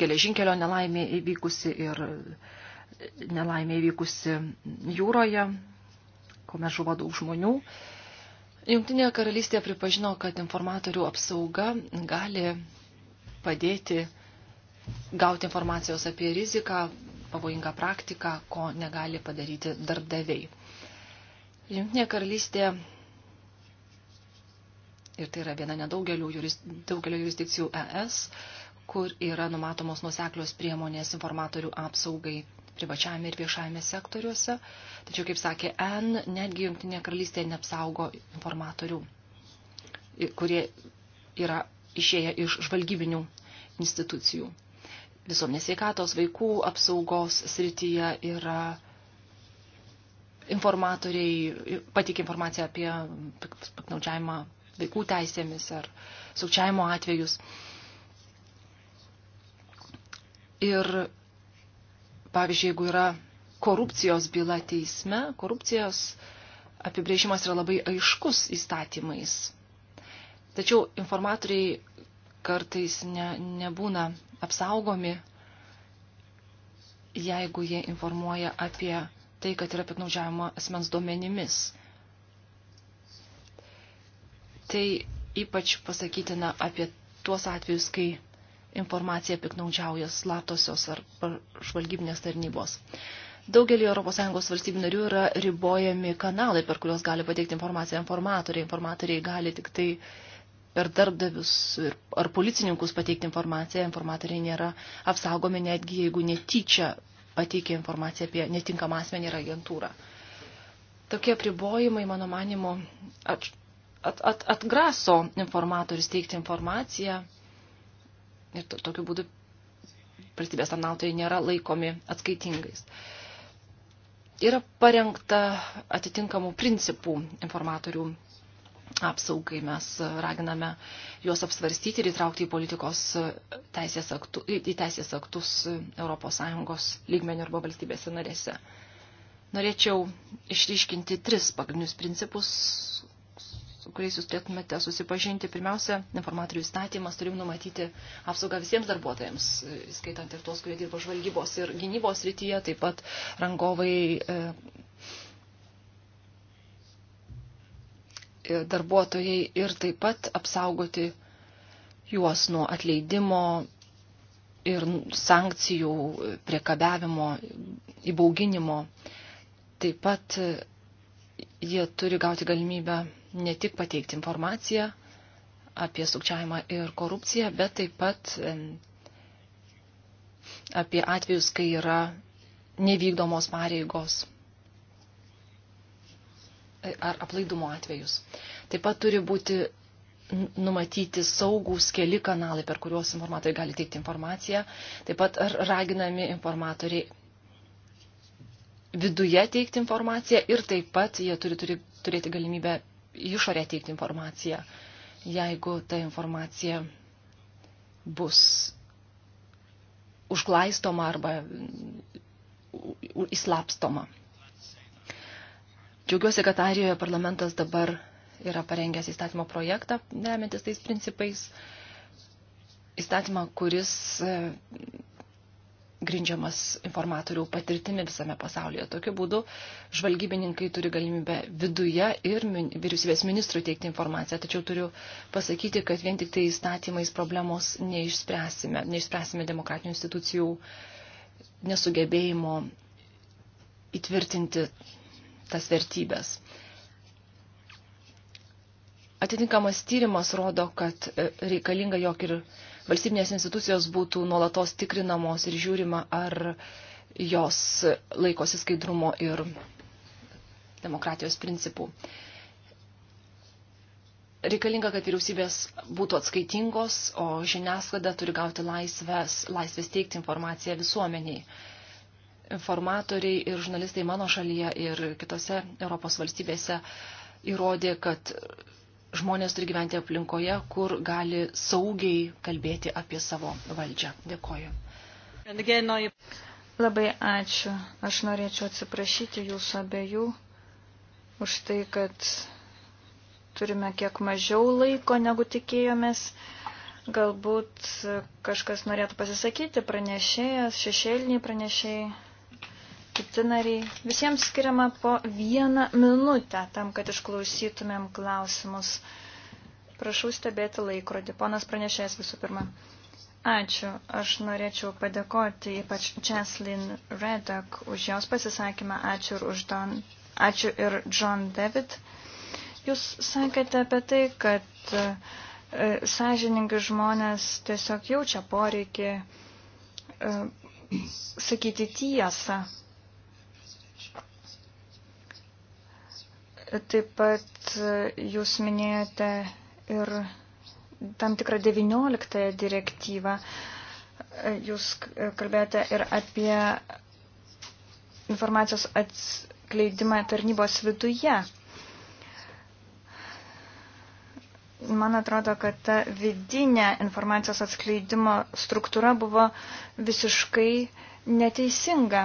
geležinkelio nelaimė įvykusi ir nelaimė įvykusi jūroje, kuomet žuvo daug žmonių. Jungtinė karalystė pripažino, kad informatorių apsauga gali padėti gauti informacijos apie riziką, pavojingą praktiką, ko negali padaryti darbdaviai. Jungtinė karalystė ir tai yra viena nedaugelio juris, jurisdikcijų ES, kur yra numatomos nuseklios priemonės informatorių apsaugai privačiajame ir viešajame sektoriuose. Tačiau, kaip sakė N, netgi Junktinė karalystė neapsaugo informatorių, kurie yra išėję iš žvalgybinių institucijų. Visuomenės sveikatos vaikų apsaugos srityje yra informatoriai, patik informaciją apie piknaudžiavimą vaikų teisėmis ar sukčiavimo atvejus. Uh, Ir, pavyzdžiui, jeigu yra korupcijos byla teisme, korupcijos apibrėžimas yra labai aiškus įstatymais. Tačiau informatoriai kartais ne, nebūna apsaugomi, jeigu jie informuoja apie tai, kad yra piknaudžiavimo asmens duomenimis. Tai ypač pasakytina apie tuos atvejus, kai informaciją piknaudžiauja slaptosios ar žvalgybinės tarnybos. Daugelį ES valstybių narių yra ribojami kanalai, per kuriuos gali pateikti informaciją informatoriai. Informatoriai gali tik tai per darbdavius ir, ar policininkus pateikti informaciją. Informatoriai nėra apsaugomi netgi, jeigu netyčia pateikia informaciją apie netinkamą asmenį ir agentūrą. Tokie pribojimai, mano manimo, at, at, at, atgraso informatorius teikti informaciją Ir to, tokiu būdu valstybės tarnautojai nėra laikomi atskaitingais. Yra parengta atitinkamų principų informatorių apsaugai. Mes raginame juos apsvarstyti ir įtraukti į politikos teisės, aktu, į teisės aktus ES lygmenių arba valstybėse narėse. Norėčiau išryškinti tris pagrindinius principus, kuriais jūs turėtumėte susipažinti. Pirmiausia, informatorių įstatymas turim numatyti apsaugą visiems darbuotojams, skaitant ir tuos, kurie dirba žvalgybos ir gynybos rytyje, taip pat rangovai e, e, darbuotojai ir taip pat apsaugoti juos nuo atleidimo ir sankcijų, e, priekabiavimo, įbauginimo. Taip pat jie turi gauti galimybę ne tik pateikti informaciją apie sukčiavimą ir korupciją, bet taip pat apie atvejus, kai yra nevykdomos pareigos ar aplaidumo atvejus. Taip pat turi būti numatyti saugūs keli kanalai, per kuriuos informatoriai gali teikti informaciją. Taip pat raginami informatoriai viduje teikti informaciją ir taip pat jie turi, turi turėti galimybę išorę teikti informaciją, jeigu ta informacija bus užglaistoma arba įslapstoma. Džiaugiuosi, kad Arijoje parlamentas dabar yra parengęs įstatymo projektą, remiantis tais principais. Įstatymą, kuris grindžiamas informatorių patirtimi visame pasaulyje. Tokiu būdu žvalgybininkai turi galimybę viduje ir vyriausybės ministrui teikti informaciją. Tačiau turiu pasakyti, kad vien tik tai įstatymais problemos neišspręsime. Neišspręsime demokratinių institucijų nesugebėjimo įtvirtinti tas vertybės. Atitinkamas tyrimas rodo, kad reikalinga jog ir valstybinės institucijos būtų nuolatos tikrinamos ir žiūrima, ar jos laikosi skaidrumo ir demokratijos principų. Reikalinga, kad vyriausybės būtų atskaitingos, o žiniasklaida turi gauti laisvės, laisvės teikti informaciją visuomeniai. Informatoriai ir žurnalistai mano šalyje ir kitose Europos valstybėse įrodė, kad žmonės turi gyventi aplinkoje, kur gali saugiai kalbėti apie savo valdžią. Dėkoju. Labai ačiū. Aš norėčiau atsiprašyti jūsų abiejų už tai, kad turime kiek mažiau laiko, negu tikėjomės. Galbūt kažkas norėtų pasisakyti, pranešėjas, šešėliniai pranešėjai kiti nariai. Visiems skiriama po vieną minutę tam, kad išklausytumėm klausimus. Prašau stebėti laikrodį. Ponas pranešėjas visų pirma. Ačiū. Aš norėčiau padėkoti ypač Jaslyn Redak už jos pasisakymą. Ačiū ir, už Don, ačiū ir John David. Jūs sakėte apie tai, kad e, sąžiningi žmonės tiesiog jaučia poreikį e, sakyti tiesą. Taip pat e, jūs minėjote ir tam tikrą 19 direktyvą. E, jūs e, kalbėjote ir apie informacijos atskleidimą tarnybos viduje. man atrodo, kad ta vidinė informacijos atskleidimo struktūra buvo visiškai neteisinga.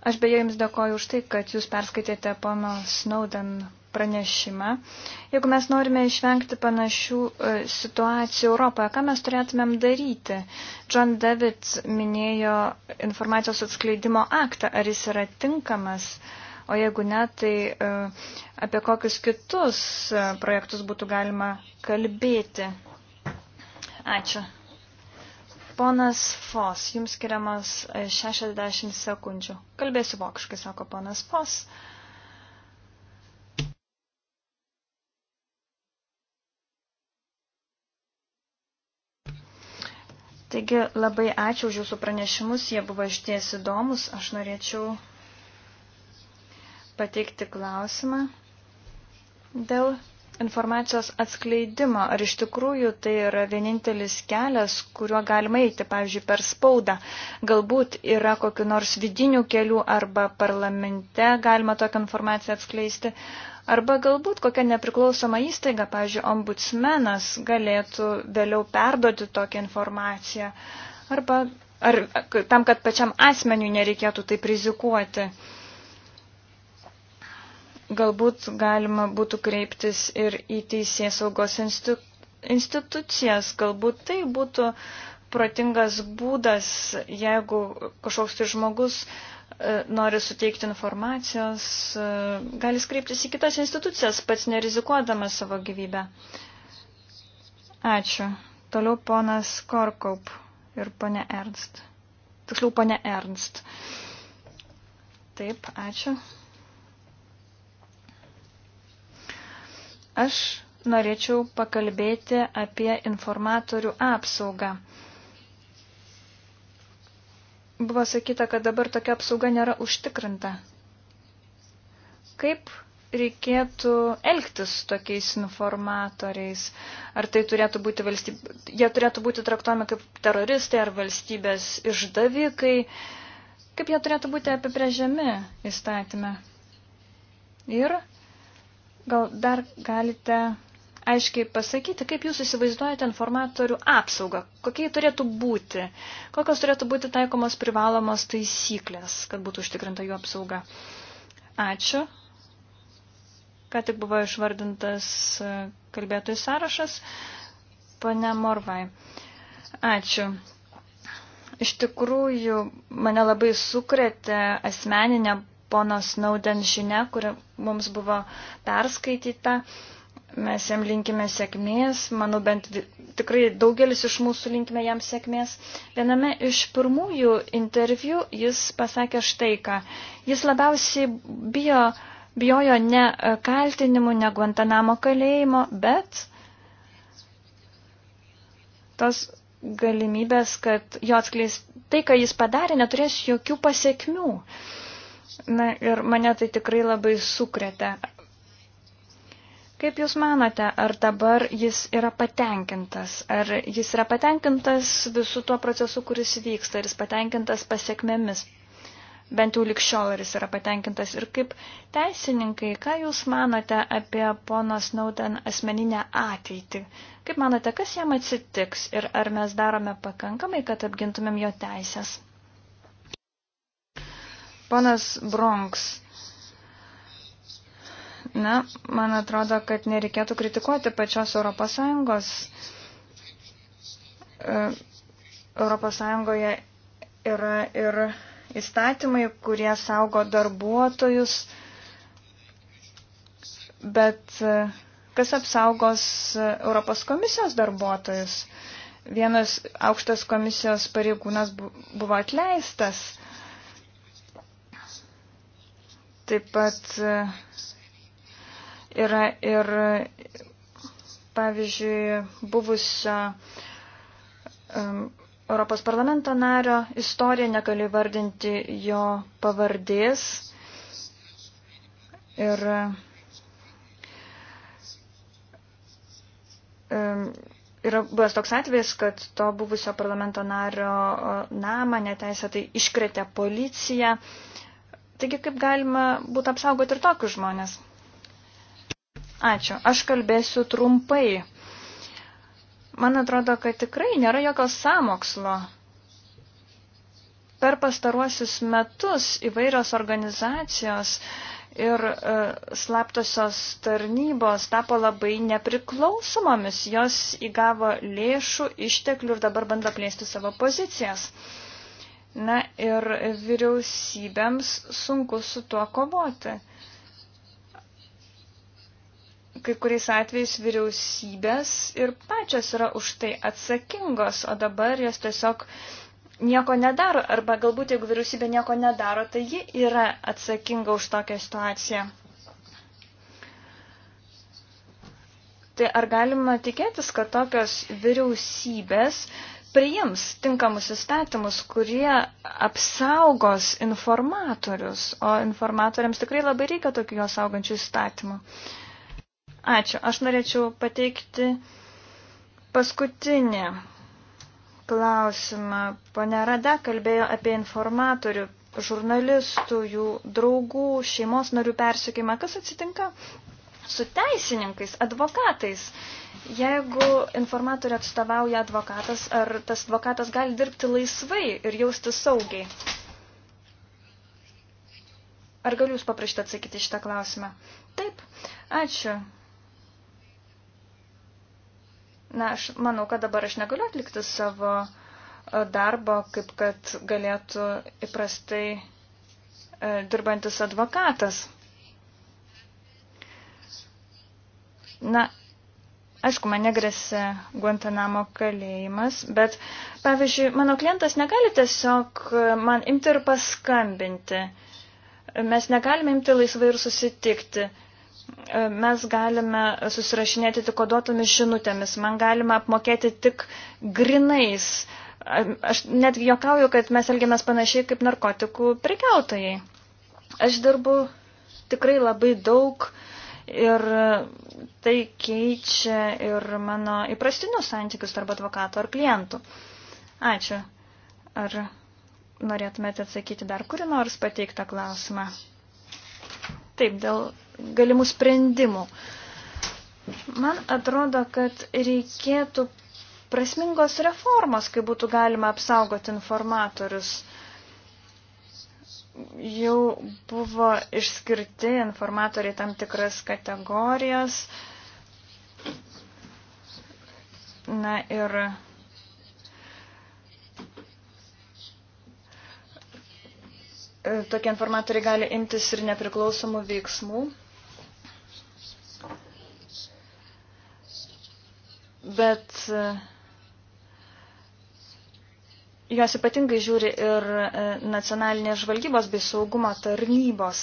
Aš beje Jums dėkoju už tai, kad Jūs perskaitėte pono Snowden pranešimą. Jeigu mes norime išvengti panašių e, situacijų Europoje, ką mes turėtumėm daryti? John David minėjo informacijos atskleidimo aktą, ar jis yra tinkamas, o jeigu ne, tai e, apie kokius kitus e, projektus būtų galima kalbėti. Ačiū. Ponas Fos, jums skiriamas 60 e, sekundžių. Kalbėsiu vokiškai, sako ponas Fos. Taigi labai ačiū už jūsų pranešimus, jie buvo išties įdomus. Aš norėčiau pateikti klausimą dėl informacijos atskleidimo, ar iš tikrųjų tai yra vienintelis kelias, kuriuo galima eiti, pavyzdžiui, per spaudą. Galbūt yra kokiu nors vidinių kelių arba parlamente galima tokią informaciją atskleisti, arba galbūt kokia nepriklausoma įstaiga, pavyzdžiui, ombudsmenas galėtų vėliau perduoti tokią informaciją, arba ar, tam, kad pačiam asmeniu nereikėtų taip rizikuoti galbūt galima būtų kreiptis ir į teisės saugos institu institucijas, galbūt tai būtų protingas būdas, jeigu kažkoks tai žmogus e, nori suteikti informacijos, e, gali skreiptis į kitas institucijas, pats nerizikuodamas savo gyvybę. Ačiū. Toliau ponas Korkaup ir ponė Ernst. Tiksliau, ponė Ernst. Taip, ačiū. Aš norėčiau pakalbėti apie informatorių apsaugą. Buvo sakyta, kad dabar tokia apsauga nėra užtikrinta. Kaip reikėtų elgtis tokiais informatoriais? Ar tai turėtų būti valstybė, jie turėtų būti traktuomi kaip teroristai ar valstybės išdavikai? Kaip jie turėtų būti apibrėžiami įstatymę? Ir Gal dar galite aiškiai pasakyti, kaip jūs įsivaizduojate informatorių apsaugą, kokie jie turėtų būti, kokios turėtų būti taikomos privalomos taisyklės, kad būtų užtikrinta jų apsauga. Ačiū. Ką tik buvo išvardintas e, kalbėtojų sąrašas. Pane Morvai. Ačiū. Iš tikrųjų, mane labai sukretė asmeninė ponos Nauden žinia, kuri mums buvo perskaityta. Mes jam linkime sėkmės, manau bent tikrai daugelis iš mūsų linkime jam sėkmės. Viename iš pirmųjų interviu jis pasakė štai ką. Jis labiausiai bijo, bijojo ne e, kaltinimų, ne Guantanamo kalėjimo, bet tos galimybės, kad jo atskleis tai, ką jis padarė, neturės jokių pasiekmių. Uh, Na ir mane tai tikrai labai sukretė. Kaip Jūs manote, ar dabar jis yra patenkintas? Ar jis yra patenkintas visų tuo procesu, kuris vyksta? Ar jis patenkintas pasiekmėmis? Bent jau likščiol ar jis yra patenkintas? Ir kaip teisininkai, ką Jūs manote apie pono Snowden asmeninę ateitį? Kaip manote, kas jam atsitiks ir ar mes darome pakankamai, kad apgintumėm jo teisės? Ponas Bronks. Na, man atrodo, kad nereikėtų kritikuoti pačios Europos Sąjungos. E, Europos Sąjungoje yra ir įstatymai, kurie saugo darbuotojus, bet e, kas apsaugos Europos komisijos darbuotojus? Vienas aukštas komisijos pareigūnas buvo atleistas Taip pat e, yra ir, pavyzdžiui, buvusio um, Europos parlamento nario istoriją, negaliu vardinti jo pavardės. Ir um, Yra buvęs toks atvejis, kad to buvusio parlamento nario namą neteisėtai iškretė policija. Uh, Taigi kaip galima būtų apsaugoti ir tokius žmonės? Ačiū. Aš kalbėsiu trumpai. Man atrodo, kad tikrai nėra jokios samokslo. Per pastaruosius metus įvairios organizacijos ir e, slaptosios tarnybos tapo labai nepriklausomomis. Jos įgavo lėšų, išteklių ir dabar bando plėsti savo pozicijas. E, Na ir vyriausybėms sunku su tuo kovoti. Kai kuriais atvejais vyriausybės ir pačios yra už tai atsakingos, o dabar jos tiesiog nieko nedaro, arba galbūt jeigu vyriausybė nieko nedaro, tai ji yra atsakinga už tokią situaciją. Tai ar galima tikėtis, kad tokios vyriausybės uh, priims tinkamus įstatymus, kurie apsaugos informatorius, o informatoriams tikrai labai reikia tokių jo saugančių įstatymų. Ačiū. Aš norėčiau pateikti paskutinį klausimą. Pone Rada kalbėjo apie informatorių, žurnalistų, jų draugų, šeimos narių persikimą. Kas atsitinka, su teisininkais, advokatais. Jeigu informatorių atstovauja advokatas, ar tas advokatas gali dirbti laisvai ir jausti saugiai? Ar galiu Jūs paprašyti atsakyti šitą klausimą? Taip, ačiū. Na, aš manau, kad dabar aš negaliu atlikti savo e, darbo, kaip kad galėtų įprastai e, dirbantis advokatas. Na, aišku, mane grėsia Guantanamo kalėjimas, bet, pavyzdžiui, mano klientas negali tiesiog e, man imti ir paskambinti. Mes negalime imti laisvai ir susitikti. E, mes galime susirašinėti tik koduotomis žinutėmis. Man galima apmokėti tik grinais. Aš netgi jokauju, kad mes elgiamės panašiai kaip narkotikų prekiautojai. Aš dirbu tikrai labai daug uh, Ir tai keičia ir mano įprastinius santykius tarp advokato ar klientų. Ačiū. Ar norėtumėte atsakyti dar kurį nors pateiktą klausimą? Taip, dėl galimų sprendimų. Man atrodo, kad reikėtų prasmingos reformos, kai būtų galima apsaugoti informatorius jau buvo išskirti informatoriai tam tikras kategorijas. Na ir e, tokie informatoriai gali imtis ir nepriklausomų veiksmų. Bet uh, juos ypatingai žiūri ir e, nacionalinės žvalgybos bei saugumo tarnybos.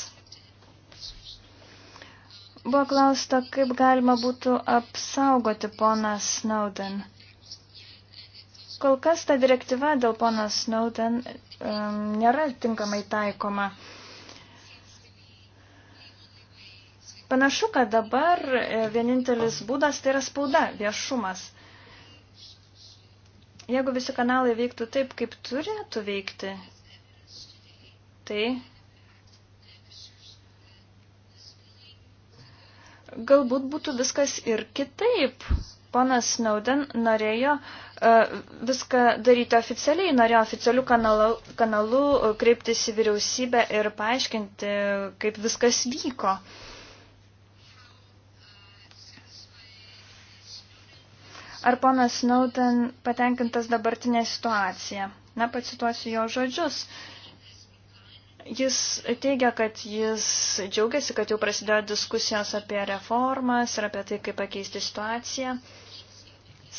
Buvo klausta, kaip galima būtų apsaugoti poną Snowden. Kol kas ta direktyva dėl pono Snowden um, nėra tinkamai taikoma. Panašu, kad dabar e, vienintelis būdas tai yra spauda, viešumas. Jeigu visi kanalai veiktų taip, kaip turėtų veikti, tai galbūt būtų viskas ir kitaip. Ponas Snowden norėjo uh, viską daryti oficialiai, norėjo oficialių kanalų, kanalų e, kreiptis į vyriausybę ir paaiškinti, kaip viskas vyko. Uh, Ar ponas Snowden patenkintas dabartinė situacija? Na, pacituosiu jo žodžius. Jis teigia, kad jis džiaugiasi, kad jau prasidėjo diskusijos apie reformas ir apie tai, kaip pakeisti situaciją.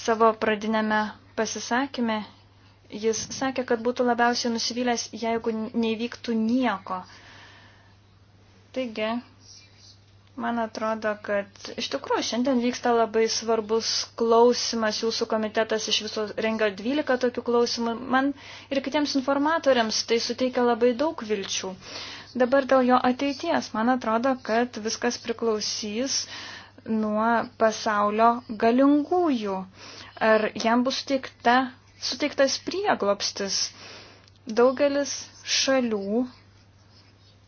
Savo pradinėme pasisakymė jis sakė, kad būtų labiausiai nusivylęs, jeigu nevyktų nieko. Taigi, Man atrodo, kad iš tikrųjų šiandien vyksta labai svarbus klausimas, jūsų komitetas iš viso rengia 12 tokių klausimų. Man ir kitiems informatoriams tai suteikia labai daug vilčių. Dabar dėl jo ateities, man atrodo, kad viskas priklausys nuo pasaulio galingųjų. Ar jam bus suteikta, suteiktas prieglopstis? Daugelis šalių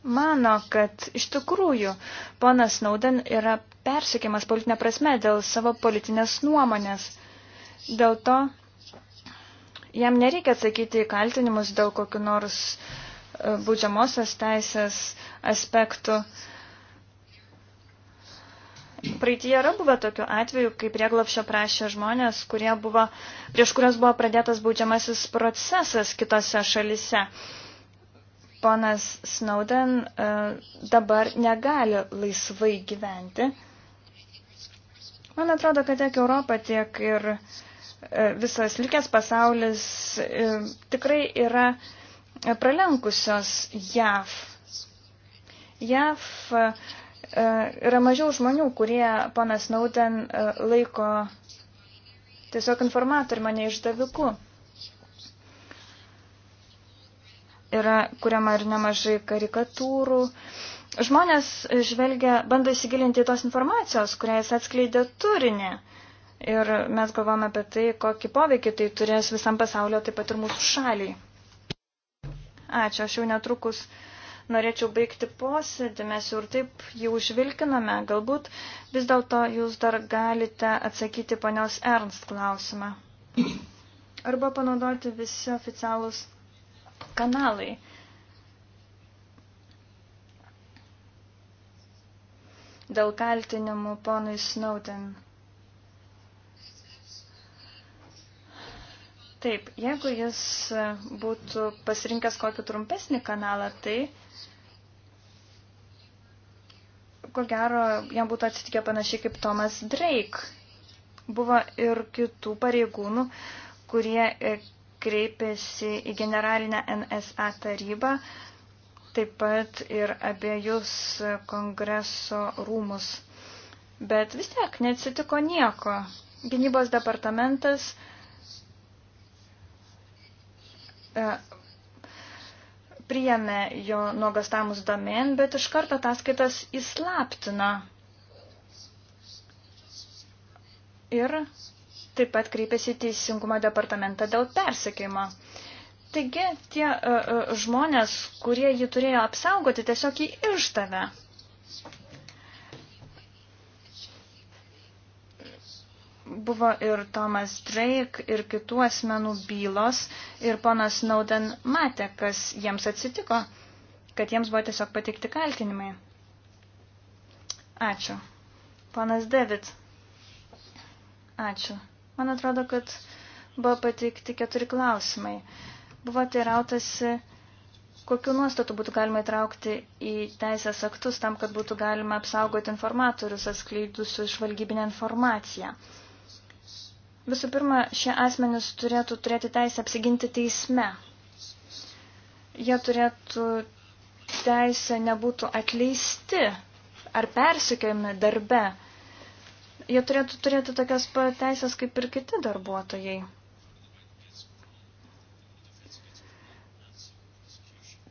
mano, kad iš tikrųjų ponas Snowden yra persikimas politinė prasme dėl savo politinės nuomonės. Dėl to jam nereikia atsakyti į kaltinimus dėl kokiu nors e, būdžiamosios teisės aspektų. Praeitie yra buvę tokių atvejų, kai prieglapšio prašė žmonės, kurie buvo, prieš kurios buvo pradėtas baudžiamasis procesas kitose šalise. Uh, ponas Snowden e, dabar negali laisvai gyventi. Man atrodo, kad tiek Europa, tiek ir e, visas likęs pasaulis e, tikrai yra pralenkusios JAV. JAV yra mažiau žmonių, kurie ponas Snowden laiko tiesiog informatorių mane išdaviku. yra kuriama ir nemažai karikatūrų. Žmonės žvelgia, bando įsigilinti į tos informacijos, kurią jis atskleidė turinį. Ir mes galvojame apie tai, kokį poveikį tai turės visam pasaulio, taip pat ir mūsų šaliai. Ačiū, aš jau netrukus norėčiau baigti posėdį, mes jau ir taip jau užvilkiname. Galbūt vis dėlto jūs dar galite atsakyti ponios Ernst klausimą. Arba panaudoti visi oficialūs kanalai. Dėl kaltinimų ponui Snowden. Taip, jeigu jis būtų pasirinkęs kokį trumpesnį kanalą, tai ko gero jam būtų atsitikę panašiai kaip Tomas Drake. Buvo ir kitų pareigūnų, kurie kreipėsi į generalinę NSA tarybą, taip pat ir abiejus kongreso rūmus. Bet vis tiek neatsitiko nieko. Gynybos departamentas e, priėmė jo nuogastamus domen, bet iš karto ataskaitas įslaptino. Ir taip pat kreipėsi į Teisingumo departamentą dėl persekėjimo. Taigi tie uh, uh, žmonės, kurie jį turėjo apsaugoti, tiesiog jį ištavė. Buvo ir Tomas Drake, ir kitų asmenų bylos, ir ponas Nauden matė, kas jiems atsitiko, kad jiems buvo tiesiog patikti kaltinimai. Ačiū. Panas David. Ačiū. Man atrodo, kad buvo pateikti keturi klausimai. Buvo teirautasi, kokiu nuostatu būtų galima įtraukti į teisės aktus tam, kad būtų galima apsaugoti informatorius atskleidusius žvalgybinę informaciją. Visų pirma, šie asmenys turėtų turėti teisę apsiginti teisme. Jie turėtų teisę nebūtų atleisti ar persikiojami darbe Jie turėtų turėti tokias pateisės kaip ir kiti darbuotojai.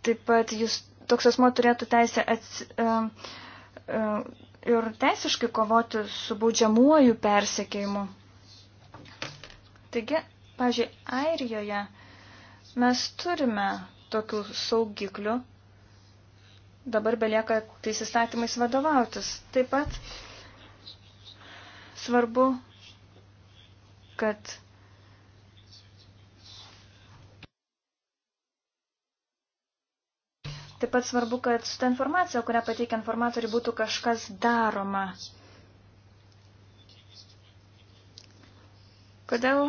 Taip pat jis, toks asmo turėtų teisę ats, uh, e, uh, e, ir teisiškai kovoti su baudžiamuoju persekėjimu. Taigi, pažiūrėjau, Airijoje mes turime tokių saugiklių, dabar belieka tais įstatymais vadovautis. Taip pat Svarbu, kad Taip pat svarbu, kad su ta informacija, kurią pateikia informatoriai, būtų kažkas daroma. Kodėl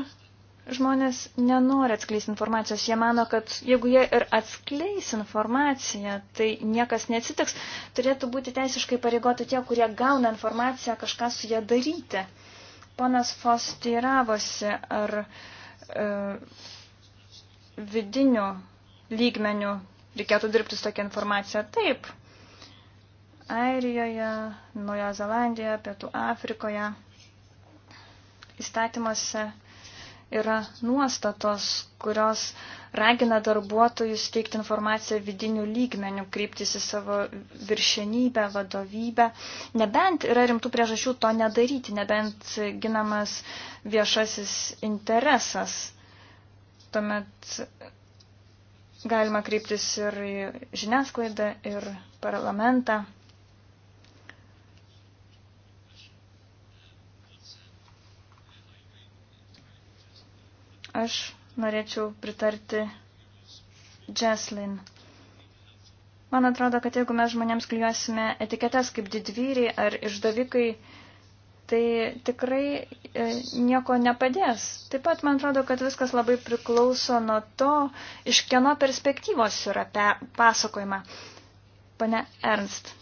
žmonės nenori atskleisti informacijos. Jie mano, kad jeigu jie ir atskleis informaciją, tai niekas neatsitiks. Turėtų būti teisiškai pareigoti tie, kurie gauna informaciją, kažką su ją daryti. Ponas Fos teiravosi, ar e, vidiniu lygmeniu reikėtų dirbti su tokia informacija. Taip. Airijoje, Naujojo Zelandijoje, Pietų Afrikoje įstatymuose yra nuostatos, kurios ragina darbuotojus teikti informaciją vidinių lygmenių, kryptis į savo viršenybę, vadovybę. Nebent yra rimtų priežasčių to nedaryti, nebent ginamas viešasis interesas. Tuomet galima kryptis ir į žiniasklaidą, ir parlamentą. Aš norėčiau pritarti Jaslin. Man atrodo, kad jeigu mes žmonėms klijuosime etiketes kaip didvyriai ar išdavikai, tai tikrai e, nieko nepadės. Taip pat man atrodo, kad viskas labai priklauso nuo to, iš kieno perspektyvos yra pe pasakojama. Pane Ernst,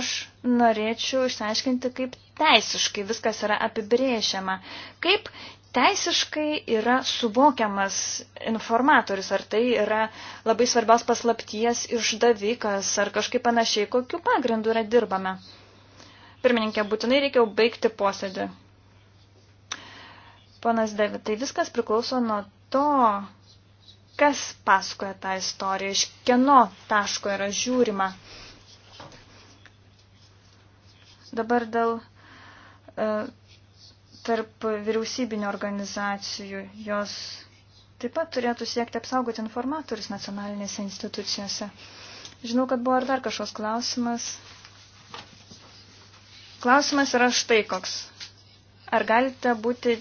aš norėčiau išsiaiškinti, kaip teisiškai viskas yra apibrėžiama. Kaip teisiškai yra suvokiamas informatorius, ar tai yra labai svarbios paslapties išdavikas, ar kažkaip panašiai, kokiu pagrindu yra dirbame. Pirmininkė, būtinai reikia baigti posėdį. Ponas Devi, tai viskas priklauso nuo to, kas pasakoja tą istoriją, iš kieno taško yra žiūrima. Dabar dėl uh, tarp vyriausybinio organizacijų. Jos taip pat turėtų siekti apsaugoti informatorius nacionalinėse institucijose. Žinau, kad buvo ir dar kažkoks klausimas. Klausimas yra štai koks. Ar galite būti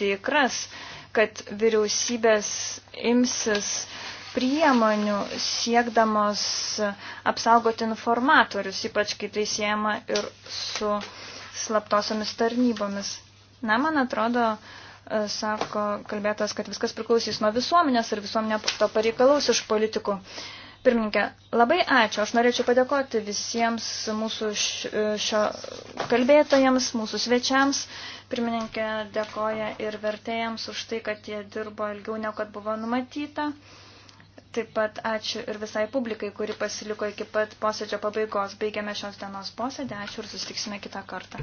tikras, kad vyriausybės imsis priemonių siekdamos apsaugoti informatorius, ypač kai tai siejama ir su slaptosiomis tarnybomis. Na, man atrodo, e, sako kalbėtas, kad viskas priklausys nuo visuomenės ir visuomenė to pareikalaus iš politikų. Pirmininkė, labai ačiū. Aš norėčiau padėkoti visiems mūsų e, šio kalbėtojams, mūsų svečiams. Pirmininkė dėkoja ir vertėjams už tai, kad jie dirbo ilgiau, negu kad buvo numatyta. Taip pat ačiū ir visai publikai, kuri pasiliko iki pat posėdžio pabaigos. Baigiame šios dienos posėdį. Ačiū ir susitiksime kitą kartą.